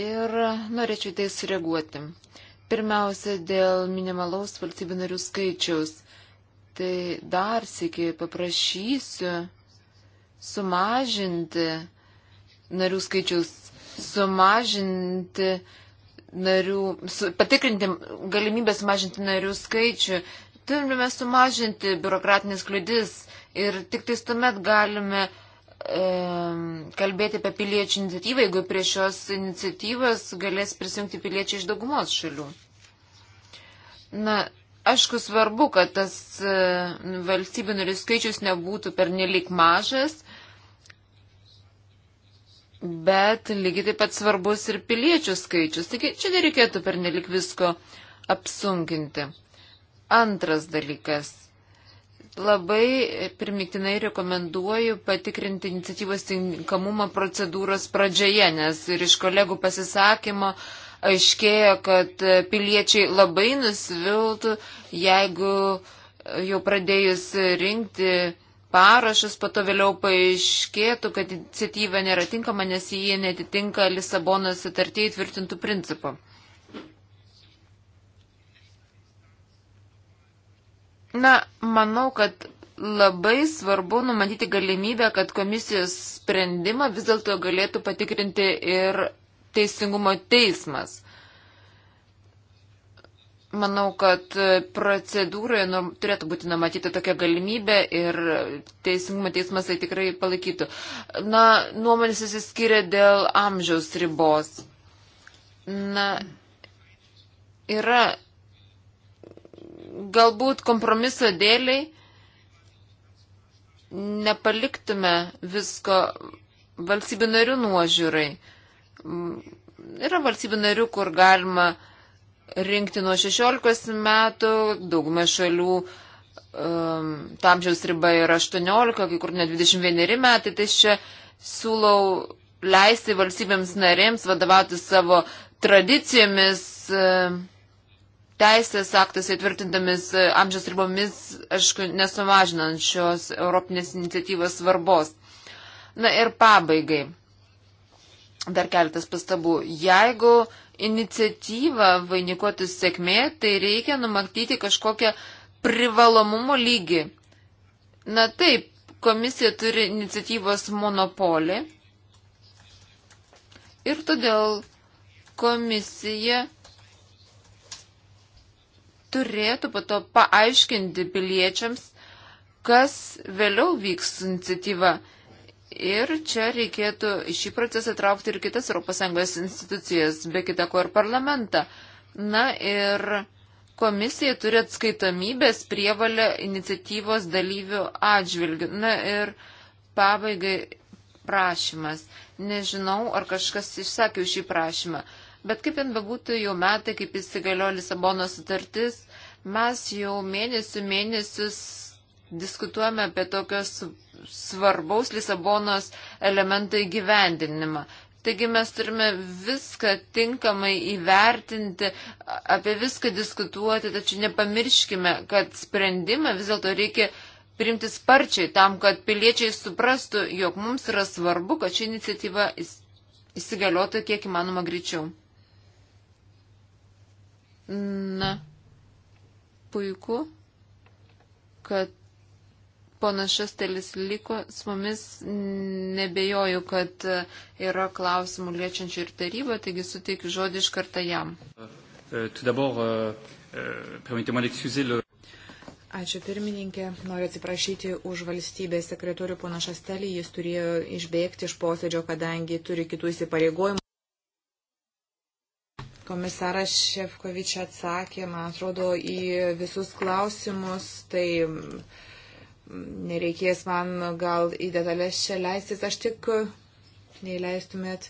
ir norėčiau tai sureaguoti. Pirmiausia, dėl minimalaus valstybių narių skaičiaus. Tai dar sėkiai paprašysiu sumažinti narių skaičius, sumažinti narių, su, patikrinti galimybę sumažinti narių skaičių, turime sumažinti biurokratinės kliūdis ir tik tais tuomet galime e, kalbėti apie piliečių iniciatyvą, jeigu prie šios iniciatyvos galės prisijungti piliečiai iš daugumos šalių. Na, aišku, svarbu, kad tas valstybių narių skaičius nebūtų pernelik mažas, bet lygiai taip pat svarbus ir piliečių skaičius. Taigi čia nereikėtų pernelik visko apsunkinti. Antras dalykas. Labai primiktinai rekomenduoju patikrinti iniciatyvos tinkamumą procedūros pradžioje, nes ir iš kolegų pasisakymo aiškėjo, kad piliečiai labai nusiviltų, jeigu jau pradėjus rinkti parašus, po to vėliau paaiškėtų, kad iniciatyva nėra tinkama, nes jie netitinka Lisabono sutartį įtvirtintų principų. Na, manau, kad labai svarbu numatyti galimybę, kad komisijos sprendimą vis dėlto galėtų patikrinti ir teisingumo teismas. Manau, kad procedūroje nu, turėtų būti numatyta tokia galimybė ir teisingumo teismas tai tikrai palaikytų. Na, nuomonės įsiskiria dėl amžiaus ribos. Na, yra galbūt kompromiso dėliai nepaliktume visko valstybių narių nuožiūrai. Yra valstybių narių, kur galima uh, rinkti nuo 16 metų, daugumą šalių um, tamžiaus riba yra 18, kai kur net 21 metai, tai čia siūlau leisti valstybėms narėms vadovauti savo tradicijomis, um, teisės aktais įtvirtintamis uh, amžiaus ribomis, aišku, nesumažinant šios Europinės iniciatyvos svarbos. Na ir pabaigai. Dar keletas pastabų. Jeigu uh, iniciatyvą vainikuotų sėkmė, tai reikia numatyti kažkokią privalomumo lygį. Na taip, komisija turi iniciatyvos monopolį ir todėl komisija turėtų pato paaiškinti piliečiams, kas vėliau vyks su iniciatyva. Ir čia reikėtų šį procesą traukti ir kitas ES institucijas, be kita ko ir parlamentą. Na ir komisija turi atskaitomybės prievalę iniciatyvos dalyvių atžvilgių. Na ir pabaigai prašymas. Nežinau, ar kažkas išsakė šį prašymą. Bet kaip ten bebūtų jau metai, kaip įsigalio Lisabono sutartis, mes jau mėnesių mėnesius diskutuojame apie tokios svarbaus Lisabonos elemento įgyvendinimą. Taigi mes turime viską tinkamai įvertinti, apie viską diskutuoti, tačiau nepamirškime, kad sprendimą vis dėlto reikia priimti sparčiai tam, kad piliečiai suprastų, jog mums yra svarbu, kad ši iniciatyva įsigaliotų kiek įmanoma greičiau. Na, puiku, kad panašas telis liko su mumis, nebejoju, kad yra klausimų liečiančių ir tarybą, taigi suteikiu žodį iš kartą jam. Euh, euh, euh, Ačiū pirmininkė, noriu atsiprašyti už valstybės sekretorių panašas telį, jis turėjo išbėgti iš posėdžio, kadangi turi kitų įsipareigojimų. Komisaras Šefkovič atsakė, man atrodo, į visus klausimus, tai uh, nereikės man gal į detalės čia leistis, aš tik, e, jei leistumėt,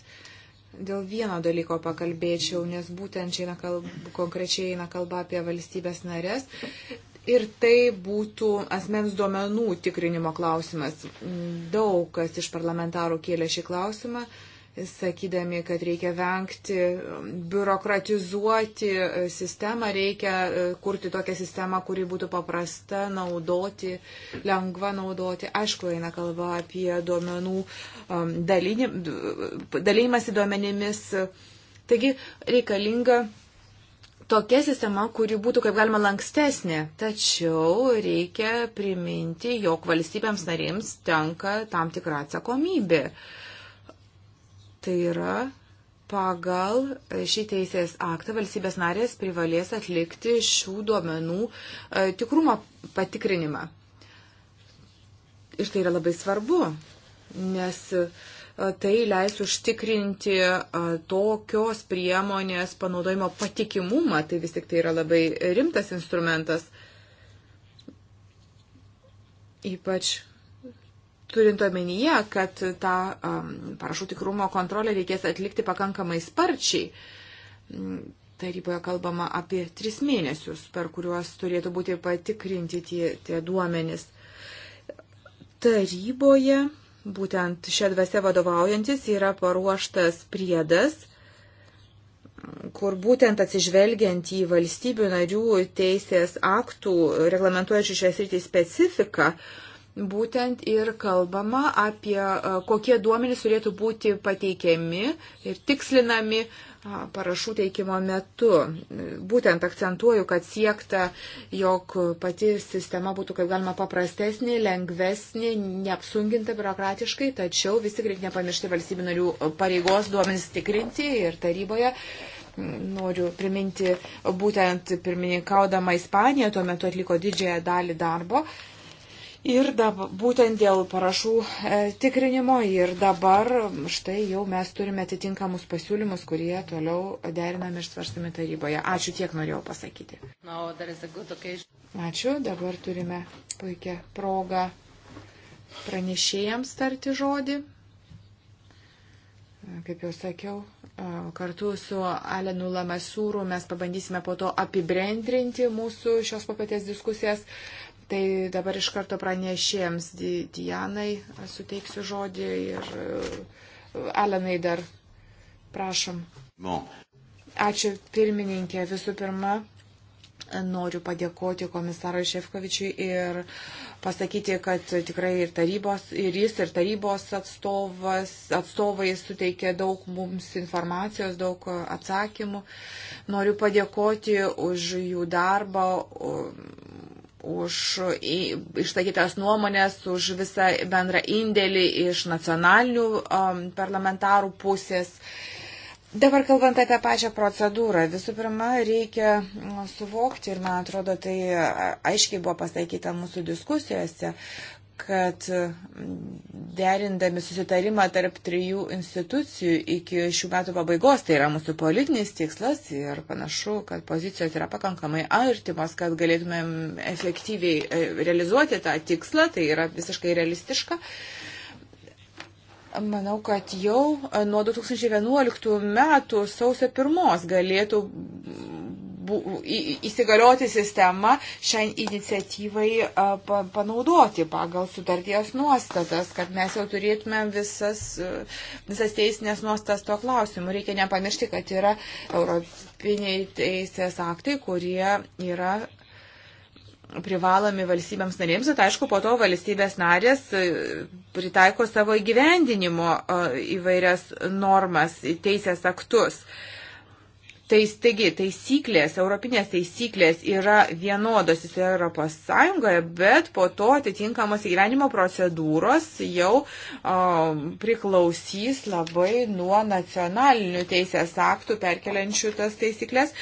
dėl vieno dalyko pakalbėčiau, nes būtent čia eina kalba, konkrečiai eina kalba apie valstybės narės. Ir tai būtų asmens duomenų tikrinimo klausimas. Daug kas iš parlamentarų kėlė šį klausimą. Uh, sakydami, kad reikia vengti, biurokratizuoti sistemą, reikia e, kurti tokią sistemą, kuri būtų paprasta naudoti, lengva naudoti. Aišku, eina kalba apie duomenų um, dalinį, dalymasi duomenimis. Taigi reikalinga tokia sistema, kuri būtų kaip galima lankstesnė. Tačiau reikia priminti, jog valstybėms narėms tenka tam tikra atsakomybė. Uh, Tai yra, pagal šį teisės aktą valstybės narės privalės atlikti šių duomenų e, tikrumo patikrinimą. Ir tai yra labai svarbu, nes e, tai leis užtikrinti e, tokios priemonės panaudojimo patikimumą. Tai vis tik tai yra labai rimtas instrumentas. Ypač turint omenyje, kad tą um, parašų tikrumo kontrolę reikės atlikti pakankamai sparčiai. Mm, taryboje kalbama apie tris mėnesius, per kuriuos turėtų būti patikrinti tie, tie duomenys. Taryboje, būtent šią dvasę vadovaujantis, yra paruoštas priedas, kur būtent atsižvelgiant į valstybių narių teisės aktų reglamentuojančių šią sritį specifiką, uh, būtent ir kalbama apie e, kokie duomenys turėtų būti pateikiami ir tikslinami e, parašų teikimo metu. Būtent akcentuoju, kad siekta, jog pati sistema būtų kaip galima paprastesnė, lengvesnė, neapsunginta biurokratiškai, tačiau vis tik reikia nepamiršti valstybių narių pareigos duomenys tikrinti ir taryboje noriu priminti, būtent pirmininkaudama Ispanija tuo metu atliko didžiąją dalį darbo Ir dabar, būtent dėl parašų e, tikrinimo ir dabar štai jau mes turime atitinkamus pasiūlymus, kurie toliau derinami ir svarstami taryboje. Ačiū tiek norėjau pasakyti. No, Ačiū, dabar turime puikią progą pranešėjams tarti žodį. E, kaip jau sakiau, e, kartu su Alenu Lamasūru mes pabandysime po to apibendrinti mūsų šios papėtės diskusijas. Tai dabar iš karto pranešėjams Dianai suteiksiu žodį ir e, Alanai dar prašom. Bon. Ačiū pirmininkė. Visų pirma, noriu padėkoti komisarui Šefkovičiui ir pasakyti, kad tikrai ir, tarybos, ir jis, ir tarybos atstovas, atstovai suteikė daug mums informacijos, daug atsakymų. Noriu padėkoti už jų darbą, už išsakytas nuomonės, už visą bendrą indėlį iš nacionalinių um, parlamentarų pusės. Dabar kalbant apie pačią procedūrą, visų pirma, reikia mm, suvokti ir, man atrodo, tai aiškiai buvo pasakyta mūsų diskusijose, kad mm, derindami susitarimą tarp trijų institucijų iki šių metų pabaigos, tai yra mūsų politinis tikslas ir panašu, kad pozicijos yra pakankamai artimos, kad galėtumėm efektyviai e, realizuoti tą tikslą, tai yra visiškai realistiška. Manau, kad jau e, nuo 2011 metų sausio pirmos galėtų įsigalioti sistema šiai iniciatyvai panaudoti pagal sutarties nuostatas, kad mes jau turėtume visas, visas teisinės nuostatas to klausimu. Reikia nepamiršti, kad yra europiniai teisės aktai, kurie yra privalomi valstybėms narėms, bet aišku, po to valstybės narės pritaiko savo įgyvendinimo įvairias normas, teisės aktus. Uh, Tai taigi, taisyklės, europinės taisyklės yra vienodos visoje Europos Sąjungoje, bet po to atitinkamos įgyvenimo procedūros jau um, priklausys labai nuo nacionalinių teisės aktų perkeliančių tas taisyklės,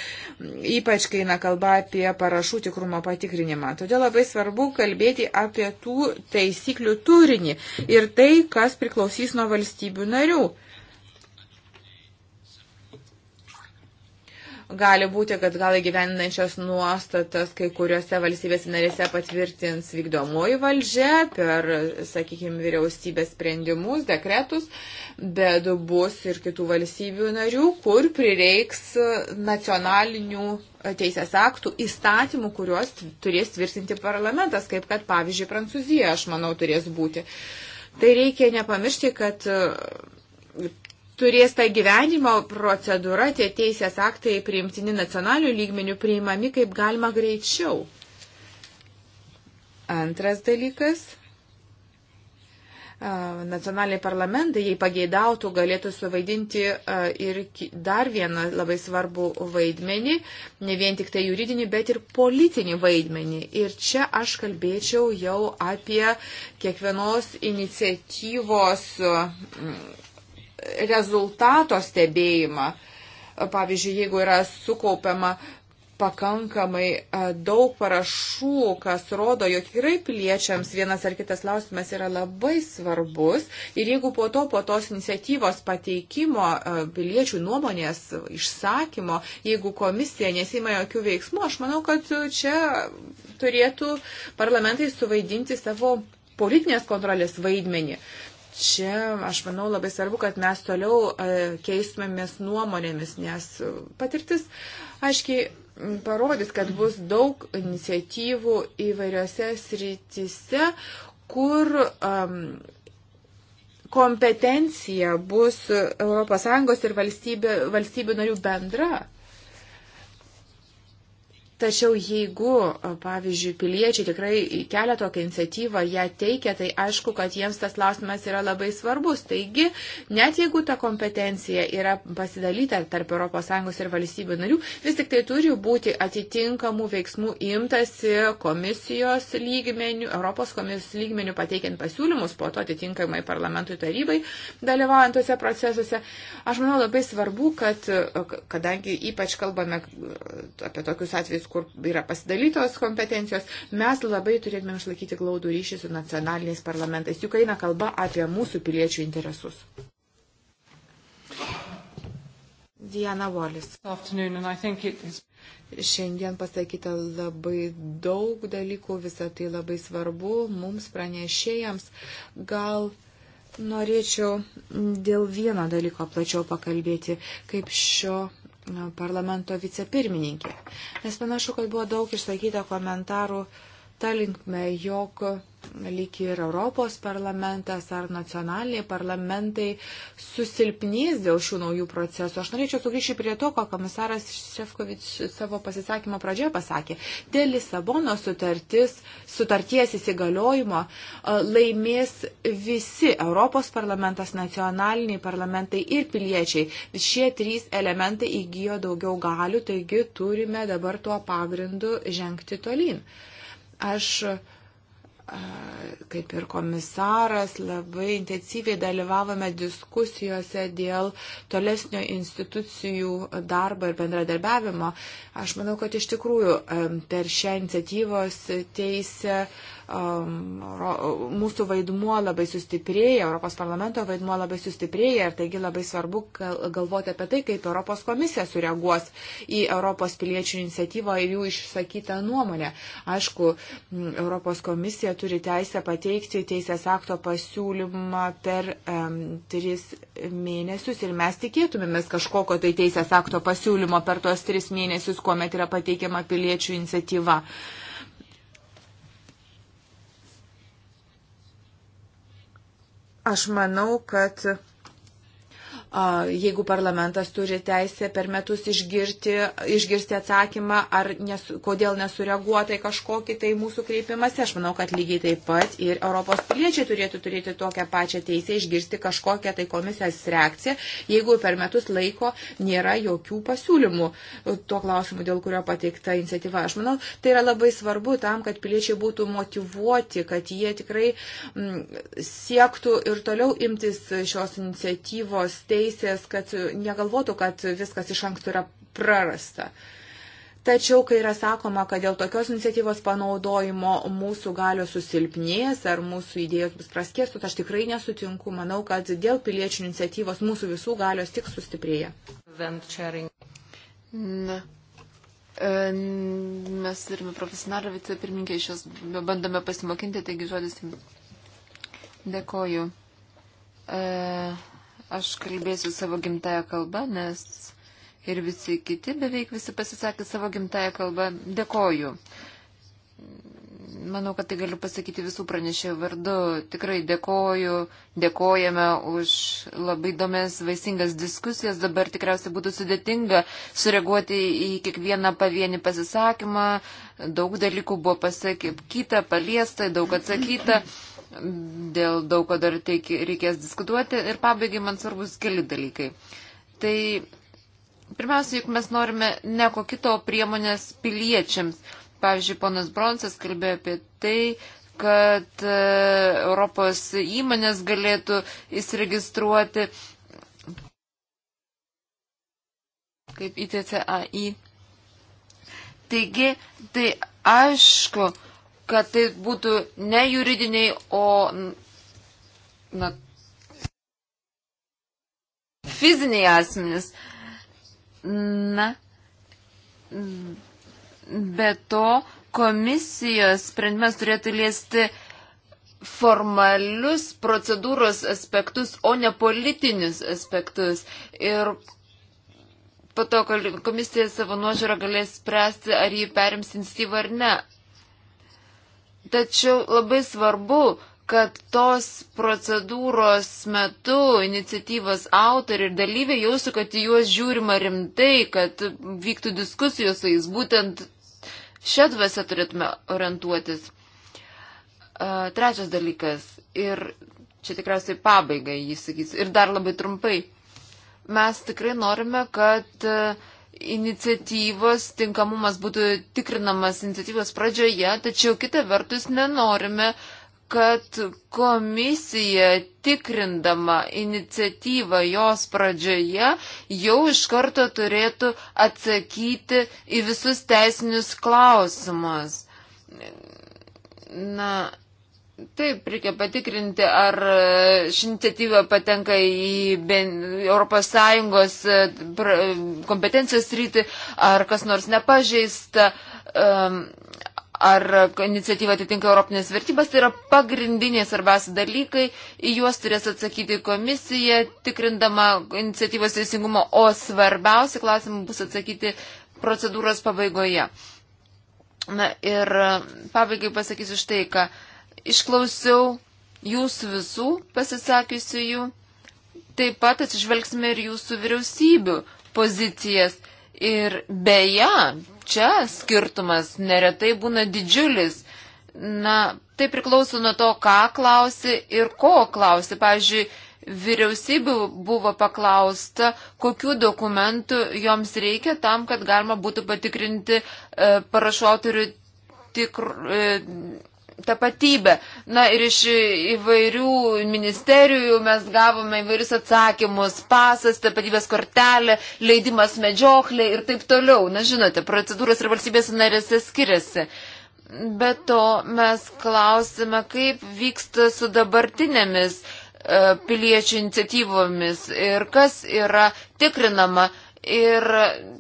ypač kai eina kalba apie parašų tikrumo patikrinimą. Todėl labai svarbu kalbėti apie tų taisyklių turinį ir tai, kas priklausys nuo valstybių narių. Gali būti, kad gal įgyvendinančios nuostatas kai kuriuose valstybės narėse patvirtins vykdomoji valdžia per, sakykime, vyriausybės sprendimus, dekretus, bet bus ir kitų valstybių narių, kur prireiks nacionalinių teisės aktų, įstatymų, kuriuos turės tvirtinti parlamentas, kaip kad, pavyzdžiui, Prancūzija, aš manau, turės būti. Tai reikia nepamiršti, kad turės tą gyvenimo procedūrą, tie teisės aktai priimtini nacionalių lygmenių priimami kaip galima greičiau. Antras dalykas nacionaliniai parlamentai, jei pageidautų, galėtų suvaidinti ir dar vieną labai svarbų vaidmenį, ne vien tik tai juridinį, bet ir politinį vaidmenį. Ir čia aš kalbėčiau jau apie kiekvienos iniciatyvos rezultato stebėjimą. Pavyzdžiui, jeigu yra sukaupiama pakankamai e, daug parašų, kas rodo, jog tikrai piliečiams vienas ar kitas klausimas yra labai svarbus. Ir jeigu po to, po tos iniciatyvos pateikimo, e, piliečių nuomonės išsakymo, jeigu komisija nesima jokių veiksmų, aš manau, kad čia turėtų parlamentai suvaidinti savo politinės kontrolės vaidmenį. Uh, čia, aš manau, labai svarbu, kad mes toliau e, keistumėmės nuomonėmis, nes patirtis, aiškiai, parodys, kad bus daug iniciatyvų įvairiose srityse, kur um, kompetencija bus ES ir valstybė, valstybių narių bendra. Tačiau jeigu, pavyzdžiui, piliečiai tikrai kelia tokią iniciatyvą, ją teikia, tai aišku, kad jiems tas klausimas yra labai svarbus. Taigi, net jeigu ta kompetencija yra pasidalyta tarp ES ir valstybių narių, vis tik tai turi būti atitinkamų veiksmų imtasi komisijos lygmenių, Europos komisijos lygmenių pateikiant pasiūlymus, po to atitinkamai parlamentui tarybai dalyvaujant tuose procesuose. Aš manau labai svarbu, kad, kadangi ypač kalbame apie tokius atvejus, kur yra pasidalytos kompetencijos, mes labai turėtume išlaikyti glaudų ryšį su nacionaliniais parlamentais. Juk eina kalba apie mūsų piliečių interesus. Diana Wallis. Šiandien pasakyta labai daug dalykų, visą tai labai svarbu mums pranešėjams. Gal norėčiau dėl vieno dalyko plačiau pakalbėti, kaip šio parlamento vicepirmininkė. Nes panašu, kad buvo daug išsakyta komentarų uh, ta linkme, jog lyg ir Europos parlamentas ar nacionaliniai parlamentai susilpnys dėl šių naujų procesų. Aš norėčiau sugrįžti prie to, ko komisaras Šefkovič savo pasisakymo pradžioje pasakė. Dėl Lisabono sutartis, sutarties įsigaliojimo e, laimės visi Europos parlamentas, nacionaliniai parlamentai ir piliečiai. Šie trys elementai įgyjo daugiau galių, taigi turime dabar tuo pagrindu žengti tolyn. Aš kaip ir komisaras, labai intensyviai dalyvavome diskusijose dėl tolesnio institucijų darbo ir bendradarbiavimo. Aš manau, kad iš tikrųjų per šią iniciatyvos teisę Um, mūsų vaidmuo labai sustiprėja, Europos parlamento vaidmuo labai sustiprėja ir taigi labai svarbu galvoti apie tai, kaip Europos komisija sureaguos į Europos piliečių iniciatyvą ir jų išsakytą nuomonę. Aišku, Europos komisija turi teisę pateikti teisės akto pasiūlymą per um, tris mėnesius ir mes tikėtumėmės kažkokio tai teisės akto pasiūlymo per tuos tris mėnesius, kuomet yra pateikiama piliečių iniciatyva. Uh, Aš manau, kad jeigu parlamentas turi teisę per metus išgirti, išgirsti atsakymą, ar nes, kodėl nesureaguota į kažkokį tai mūsų kreipimąsi. Aš manau, kad lygiai taip pat ir Europos piliečiai turėtų turėti tokią pačią teisę išgirsti kažkokią tai komisijos reakciją, jeigu per metus laiko nėra jokių pasiūlymų tuo klausimu, dėl kurio pateikta iniciatyva. Aš manau, tai yra labai svarbu tam, kad piliečiai būtų motivuoti, kad jie tikrai m, mm, siektų ir toliau imtis šios iniciatyvos. Tai teisės, kad negalvotų, kad viskas iš anksto yra prarasta. Tačiau, kai yra sakoma, kad dėl tokios iniciatyvos panaudojimo mūsų galios susilpnės ar mūsų idėjos bus praskėstos, aš tikrai nesutinku. Manau, kad dėl piliečių iniciatyvos mūsų visų galios tik sustiprėja. Na. E, mes turime profesionalą vicepirmininkę, iš jos bandome pasimokinti, taigi žodis. Dėkoju. Uh Aš kalbėsiu savo gimtają kalbą, nes ir visi kiti beveik visi pasisakė savo gimtają kalbą. Dėkoju. Manau, kad tai galiu pasakyti visų pranešėjų vardu. Tikrai dėkoju, dėkojame už labai įdomias, vaisingas diskusijas. Dabar tikriausiai būtų sudėtinga sureaguoti į kiekvieną pavienį pasisakymą. Daug dalykų buvo pasakyta, paliesta, daug atsakyta. Dėl daug ko dar teiki, reikės diskutuoti ir pabaigai man svarbus keli dalykai. Tai pirmiausia, juk mes norime neko kito priemonės piliečiams. Pavyzdžiui, ponas Bronsas kalbėjo apie tai, kad e, Europos įmonės galėtų įsiregistruoti kaip ITCAI. Taigi, tai aišku, kad tai būtų ne juridiniai, o na, fiziniai asmenys. Na, be to, komisijos sprendimas turėtų liesti formalius procedūros aspektus, o ne politinius aspektus. Ir po to komisija savo nuožiūrą galės spręsti, ar jį perims instyvą ar ne. Tačiau labai svarbu, kad tos procedūros metu iniciatyvos autoriai ir dalyviai jausų, kad į juos žiūrima rimtai, kad vyktų diskusijos su jais. Būtent šią dvasę turėtume orientuotis. Trečias dalykas, ir čia tikriausiai pabaigai jis sakys, ir dar labai trumpai. Mes tikrai norime, kad uh, iniciatyvos tinkamumas būtų tikrinamas iniciatyvos pradžioje, tačiau kita vertus nenorime, kad komisija tikrindama iniciatyvą jos pradžioje jau iš karto turėtų atsakyti į visus teisinius klausimus. Na, Taip, reikia patikrinti, ar ši iniciatyva patenka į ES e, kompetencijos rytį, ar kas nors nepažeista, ar iniciatyva atitinka Europinės vertybės. Tai yra pagrindiniai svarbiausi dalykai, į juos turės atsakyti komisija, tikrindama iniciatyvos teisingumo, o svarbiausi klausimai bus atsakyti procedūros pabaigoje. Na ir e, pabaigai pasakysiu štai, ką. Ka išklausiau jūsų visų pasisakiusiųjų. Taip pat atsižvelgsime ir jūsų vyriausybių pozicijas. Ir beje, čia skirtumas neretai būna didžiulis. Na, tai priklauso nuo to, ką klausi ir ko klausi. Pavyzdžiui, vyriausybių buvo paklausta, kokiu dokumentu joms reikia tam, kad galima būtų patikrinti e, parašų autorių tikr, e, tapatybę. Na ir iš įvairių ministerijų mes gavome įvairius atsakymus - pasas, tapatybės kortelė, leidimas medžioklė ir taip toliau. Na žinote, procedūros ir valstybės narėse skiriasi. Be to mes klausime, kaip vyksta su dabartinėmis e, piliečių iniciatyvomis ir kas yra tikrinama Ir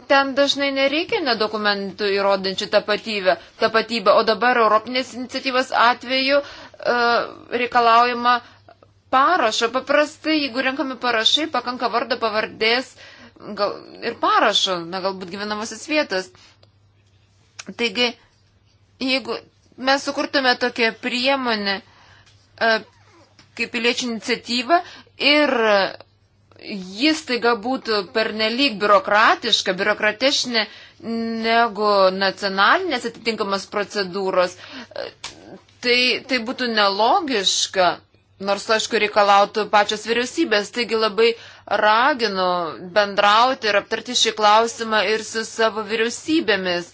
ten dažnai nereikia nedokumentų įrodančių tapatybę, tapatybę. O dabar Europinės iniciatyvos atveju uh, reikalaujama parašo. Paprastai, jeigu renkami parašai, pakanka vardo pavardės gal, ir parašo, na galbūt gyvenamasis vietas. Taigi, jeigu mes sukurtume tokią priemonę uh, kaip piliečių iniciatyvą ir uh, jis taiga būtų pernelyg biurokratiška, biurokratišinė negu nacionalinės atitinkamas procedūros, tai, tai būtų nelogiška, nors aišku reikalautų pačios vyriausybės. Taigi labai raginu bendrauti ir aptarti šį klausimą ir su savo vyriausybėmis.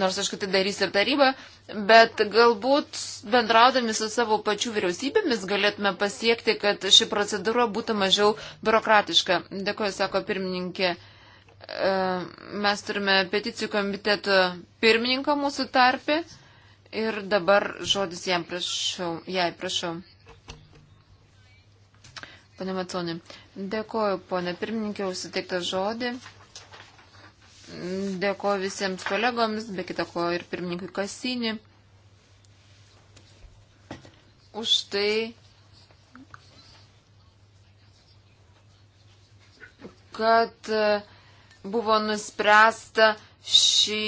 Nors aišku, tai darys ir taryba. Uh, Bet galbūt bendraudami su savo pačių vyriausybėmis galėtume pasiekti, kad ši procedūra būtų mažiau biurokratiška. Dėkuoju, sako pirmininkė. E, mes turime peticijų komiteto pirmininką mūsų tarpį ir dabar žodis jam prašau, jai prašau. Pane Matsoni, dėkuoju, ponė pirmininkė, užsiteiktą žodį. Dėkoju visiems kolegoms, be kitako ir pirmininkui Kasinį, už tai, kad e, buvo nuspręsta šį,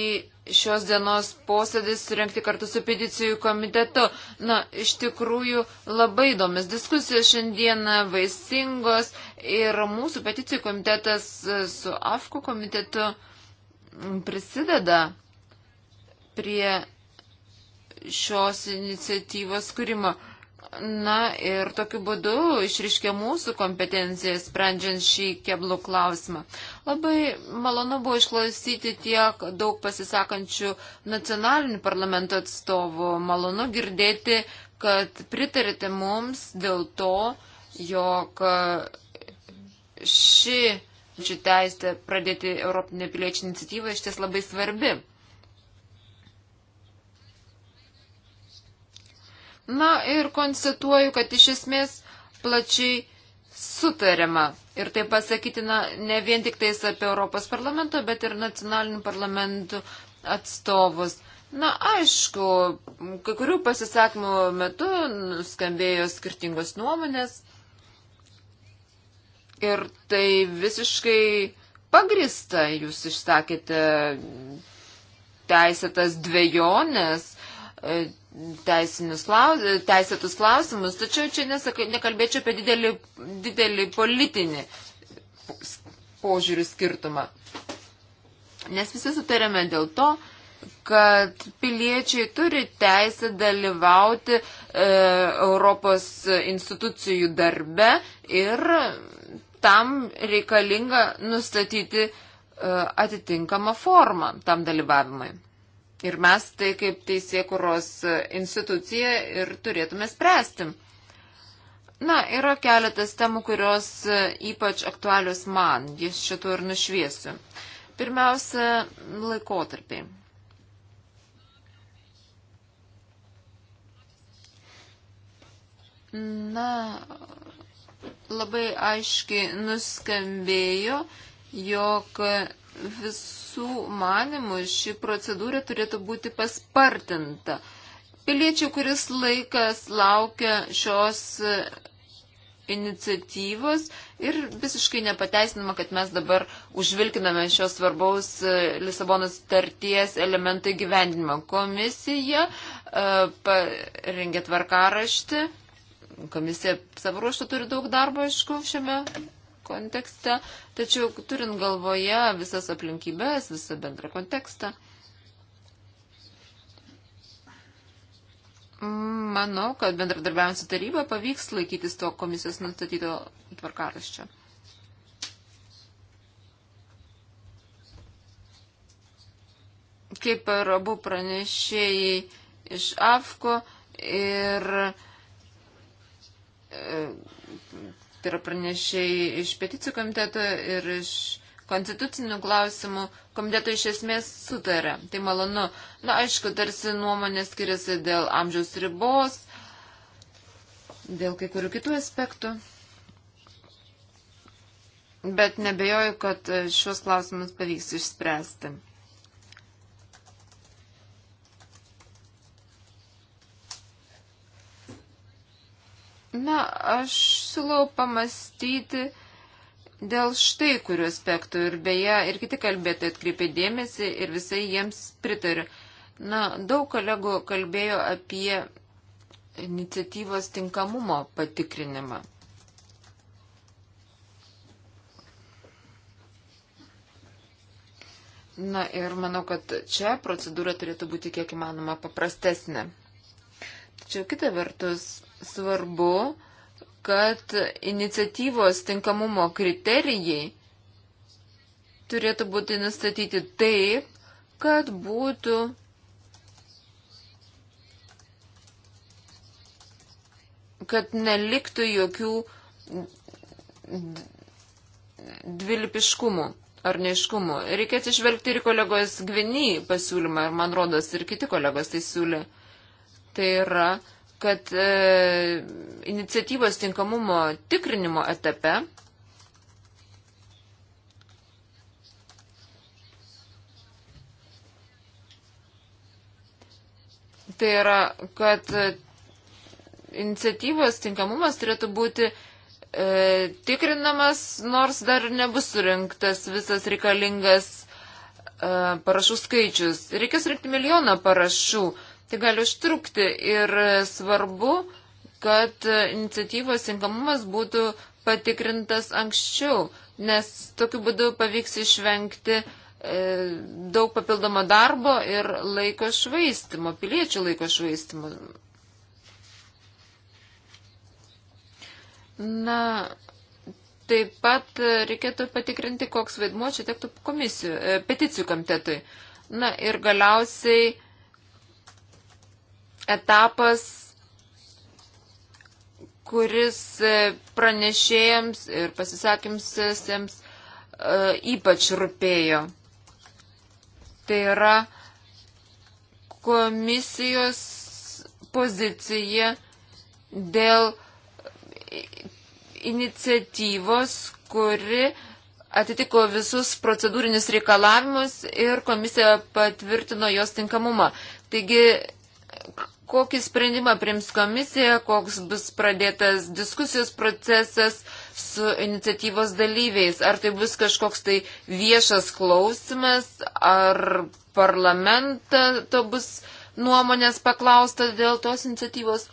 šios dienos posėdį surenkti kartu su peticijų komitetu. Na, iš tikrųjų labai įdomis diskusijos šiandieną, vaisingos ir mūsų peticijų komitetas e, su AFKO komitetu prisideda prie šios iniciatyvos skūrimo. Na ir tokiu būdu išriškė mūsų kompetenciją sprendžiant šį keblų klausimą. Labai malonu buvo išklausyti tiek daug pasisakančių nacionalinių parlamento atstovų. Malonu girdėti, kad pritarėte mums dėl to, jog ši piliečių teisę pradėti Europinę piliečių iniciatyvą iš ties labai svarbi. Na ir konstatuoju, kad iš esmės plačiai sutariama. Ir tai pasakytina ne vien tik tais apie Europos parlamento, bet ir nacionalinių parlamentų atstovus. Na, aišku, kai kurių pasisakymų metu skambėjo skirtingos nuomonės. Ir tai visiškai pagrista, jūs išsakėte teisėtas dvejonės, e, klaus, teisėtus klausimus, tačiau čia nesak, nekalbėčiau apie didelį, didelį politinį požiūrių skirtumą. Nes visi sutarėme dėl to, kad piliečiai turi teisę dalyvauti e, Europos institucijų darbe ir tam reikalinga nustatyti e, atitinkamą formą tam dalyvavimui. Ir mes tai kaip teisėkuros institucija ir turėtume spręsti. Na, yra keletas temų, kurios e, ypač aktualius man, jis šitų ir nušviesiu. Pirmiausia, laikotarpiai. Na, labai aiškiai nuskambėjo, jog visų manimų ši procedūra turėtų būti paspartinta. Piliečių, kuris laikas laukia šios iniciatyvos ir visiškai nepateisinama, kad mes dabar užvilkiname šios svarbaus e, Lisabonos tarties elementai gyvendinimą. Komisija e, parengė tvarkaraštį Komisija savo ruoštų turi daug darbo, aišku, šiame kontekste, tačiau turint galvoje visas aplinkybės, visą bendrą kontekstą. Manau, kad bendradarbiavant su taryba pavyks laikytis to komisijos nustatyto tvarkaraščio. Kaip ir abu pranešėjai iš AFKO ir E, tai yra pranešiai iš peticijų komiteto ir iš konstitucinių klausimų komiteto iš esmės sutarė. Tai malonu. Na, aišku, tarsi nuomonės skiriasi dėl amžiaus ribos, dėl kai kurių kitų aspektų. Bet nebejoju, kad šios klausimus pavyks išspręsti. Na, aš siūlau pamastyti dėl štai kurių aspektų ir beje, ir kiti kalbėtojai atkreipė dėmesį ir visai jiems pritariu. Na, daug kolegų kalbėjo apie iniciatyvos tinkamumo patikrinimą. Na ir manau, kad čia procedūra turėtų būti kiek įmanoma paprastesnė. Tačiau kita vertus, svarbu, kad iniciatyvos tinkamumo kriterijai turėtų būti nustatyti taip, kad būtų kad neliktų jokių dvilipiškumų ar neiškumų. Reikia atsižvelgti ir kolegos Gviny pasiūlymą, ir man rodos, ir kiti kolegos tai siūlė. Tai yra, kad e, iniciatyvos tinkamumo tikrinimo etape tai yra, kad iniciatyvos tinkamumas turėtų būti e, tikrinamas, nors dar nebus surinktas visas reikalingas e, parašų skaičius. Reikės rinkti milijoną parašų. E, tai gali užtrukti ir svarbu, kad iniciatyvos tinkamumas būtų patikrintas anksčiau, nes tokiu būdu pavyks išvengti e, daug papildomo darbo ir laiko švaistimo, piliečių laiko švaistimo. Na, taip pat reikėtų patikrinti, koks vaidmuo čia tektų komisijų, e, peticijų komitetui. Na ir galiausiai etapas, kuris e, pranešėjams ir pasisakymsiems e, ypač rūpėjo. Tai yra komisijos pozicija dėl iniciatyvos, kuri atitiko visus procedūrinius reikalavimus ir komisija patvirtino jos tinkamumą. Taigi kokį sprendimą prims komisija, koks bus pradėtas diskusijos procesas su iniciatyvos dalyviais. Ar tai bus kažkoks tai viešas klausimas, ar parlamentą to bus nuomonės paklausta dėl tos iniciatyvos.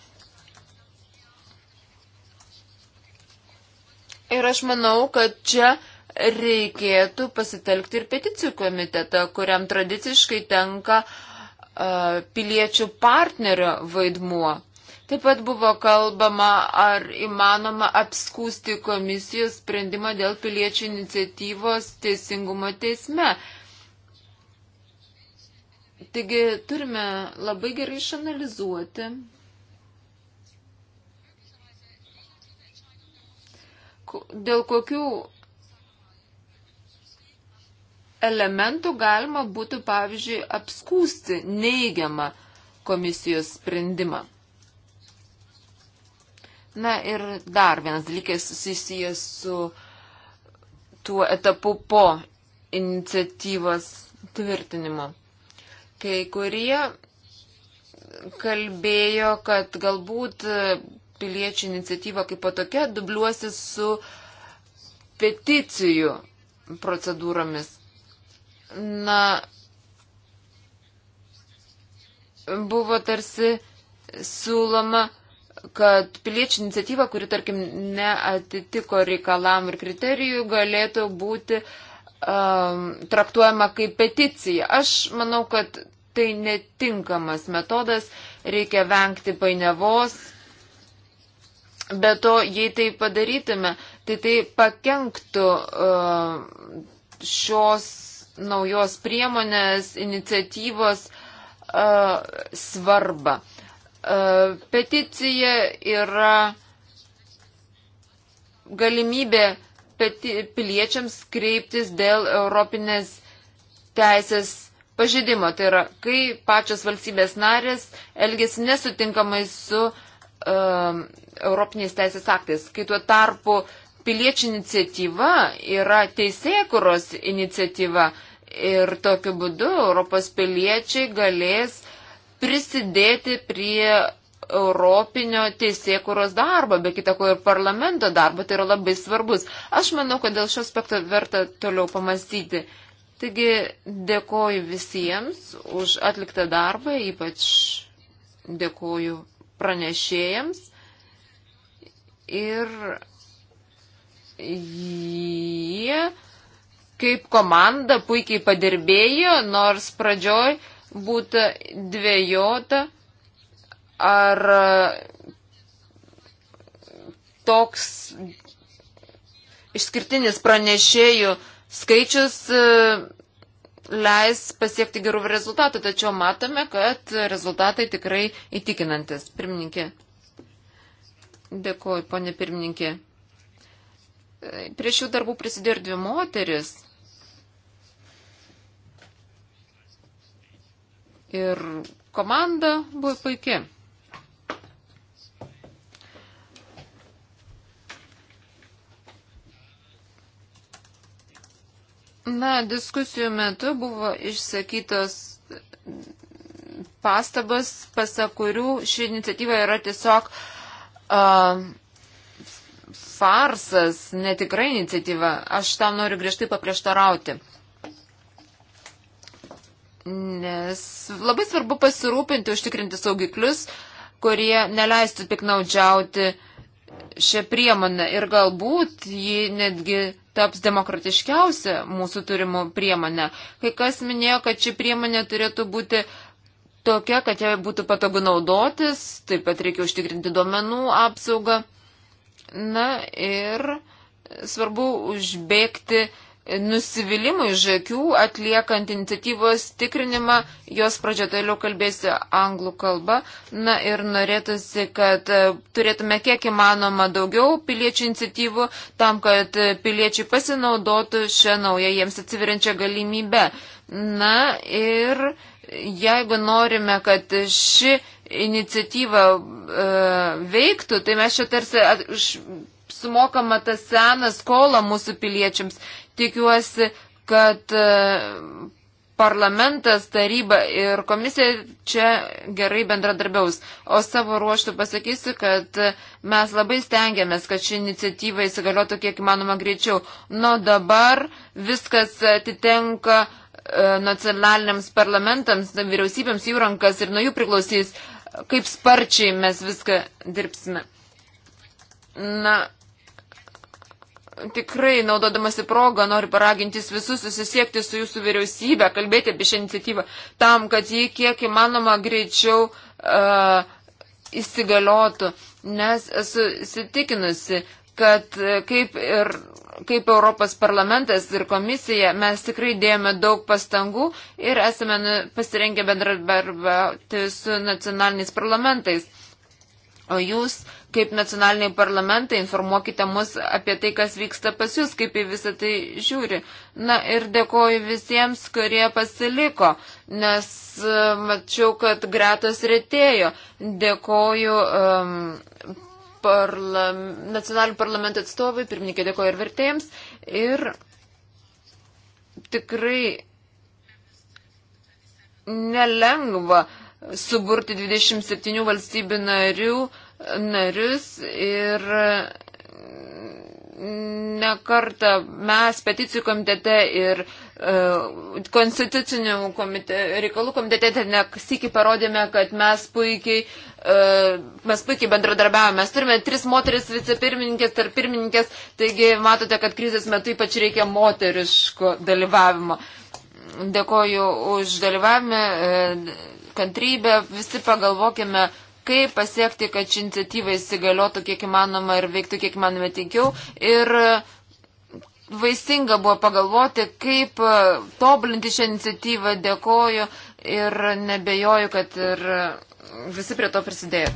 Ir aš manau, kad čia reikėtų pasitelkti ir peticijų komitetą, kuriam tradiciškai tenka uh, piliečių partnerio vaidmuo. Taip pat buvo kalbama, ar įmanoma apskūsti komisijos sprendimą dėl piliečių iniciatyvos teisingumo teisme. Taigi turime labai gerai išanalizuoti, dėl kokių elementų galima būtų, pavyzdžiui, apskūsti neigiamą komisijos sprendimą. Na ir dar vienas dalykas susijęs su tuo etapu po iniciatyvos tvirtinimo. Kai kurie kalbėjo, kad galbūt piliečių iniciatyva kaip po tokia dubliuosi su peticijų procedūromis na, buvo tarsi siūloma, kad piliečių iniciatyva, kuri, tarkim, neatitiko reikalam ir kriterijų, galėtų būti um, traktuojama kaip peticija. Aš manau, kad tai netinkamas metodas, reikia vengti painiavos. Be to, jei tai padarytume, tai tai pakenktų uh, šios naujos priemonės, iniciatyvos uh, svarbą. Uh, peticija yra galimybė peti, piliečiams kreiptis dėl Europinės teisės pažydimo. Tai yra, kai pačios valstybės narės elgesi nesutinkamai su um, e, Europinės teisės aktais, kai tuo tarpu piliečių iniciatyva yra teisėkuros iniciatyva, Ir tokiu būdu Europos piliečiai galės prisidėti prie europinio teisėkuros darbo, be kitako ir parlamento darbo, tai yra labai svarbus. Aš manau, kad dėl šio aspekto verta toliau pamastyti. Taigi dėkoju visiems už atliktą darbą, ypač dėkoju pranešėjams ir jie kaip komanda puikiai padirbėjo, nors pradžioj būtų dviejota, ar toks išskirtinis pranešėjų skaičius e, leis pasiekti gerų rezultatų, tačiau matome, kad rezultatai tikrai įtikinantis. Pirmininkė. Dėkuoju, ponė pirmininkė. E, prie šių darbų prisidėjo ir dvi moteris. ir komanda buvo puikia. Na, diskusijų metu buvo išsakytos pastabas, pasak kurių ši iniciatyva yra tiesiog uh, farsas, netikra iniciatyva. Aš tam noriu griežtai paprieštarauti nes labai svarbu pasirūpinti, užtikrinti saugiklius, kurie neleistų piknaudžiauti šią priemonę ir galbūt ji netgi taps demokratiškiausia mūsų turimų priemonė. Kai kas minėjo, kad ši priemonė turėtų būti tokia, kad ją būtų patogu naudotis, taip pat reikia užtikrinti duomenų apsaugą. Na ir svarbu užbėgti nusivylimų iš akių atliekant iniciatyvos tikrinimą, jos pradžio toliau kalbėsiu anglų kalbą. Na ir norėtųsi, kad e, turėtume kiek įmanoma daugiau piliečių iniciatyvų tam, kad e, piliečiai pasinaudotų šią naują jiems atsiveriančią galimybę. Na ir jeigu norime, kad ši iniciatyva e, veiktų, tai mes čia tarsi sumokama tą seną skolą mūsų piliečiams. Tikiuosi, kad e, parlamentas, taryba ir komisija čia gerai bendradarbiaus. O savo ruoštų pasakysiu, kad e, mes labai stengiamės, kad ši iniciatyva įsigaliotų kiek įmanoma greičiau. Nuo dabar viskas atitenka e, nacionaliniams parlamentams, vyriausybėms jų rankas ir nuo jų priklausys, kaip sparčiai mes viską dirbsime. Na, tikrai, naudodamasi progą, noriu paragintis visus susisiekti su jūsų vyriausybė, kalbėti apie šią iniciatyvą, tam, kad jį kiek įmanoma greičiau uh, įsigaliotų, nes esu sitikinusi, kad e, kaip ir kaip Europos parlamentas ir komisija, mes tikrai dėjome daug pastangų ir esame nu, pasirengę bendradarbiauti su nacionaliniais parlamentais. O jūs kaip nacionaliniai parlamentai, informuokite mus apie tai, kas vyksta pas jūs, kaip į visą tai žiūri. Na ir dėkoju visiems, kurie pasiliko, nes e, mačiau, kad gretos retėjo. Dėkoju um, parlam, nacionalinių parlamentų atstovui, pirmininkė dėkoju ir vertėjams. Ir tikrai nelengva suburti 27 valstybių narių narius ir nekartą mes peticijų komitete ir uh, konstitucinių komite, reikalų komitete nesikį parodėme, kad mes puikiai, uh, mes puikiai bendradarbiavome. Mes turime tris moteris vicepirmininkės, tarp pirmininkės, taigi matote, kad krizės metu ypač reikia moteriško dalyvavimo. Dėkoju už dalyvavimą, uh, kantrybę, visi pagalvokime, uh, kaip pasiekti, kad ši iniciatyva įsigaliotų kiek įmanoma ir veiktų kiek įmanoma tikiau. Ir vaisinga buvo pagalvoti, kaip tobulinti šią iniciatyvą. Dėkoju ir nebejoju, kad ir visi prie to prisidėjo.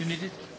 Yes.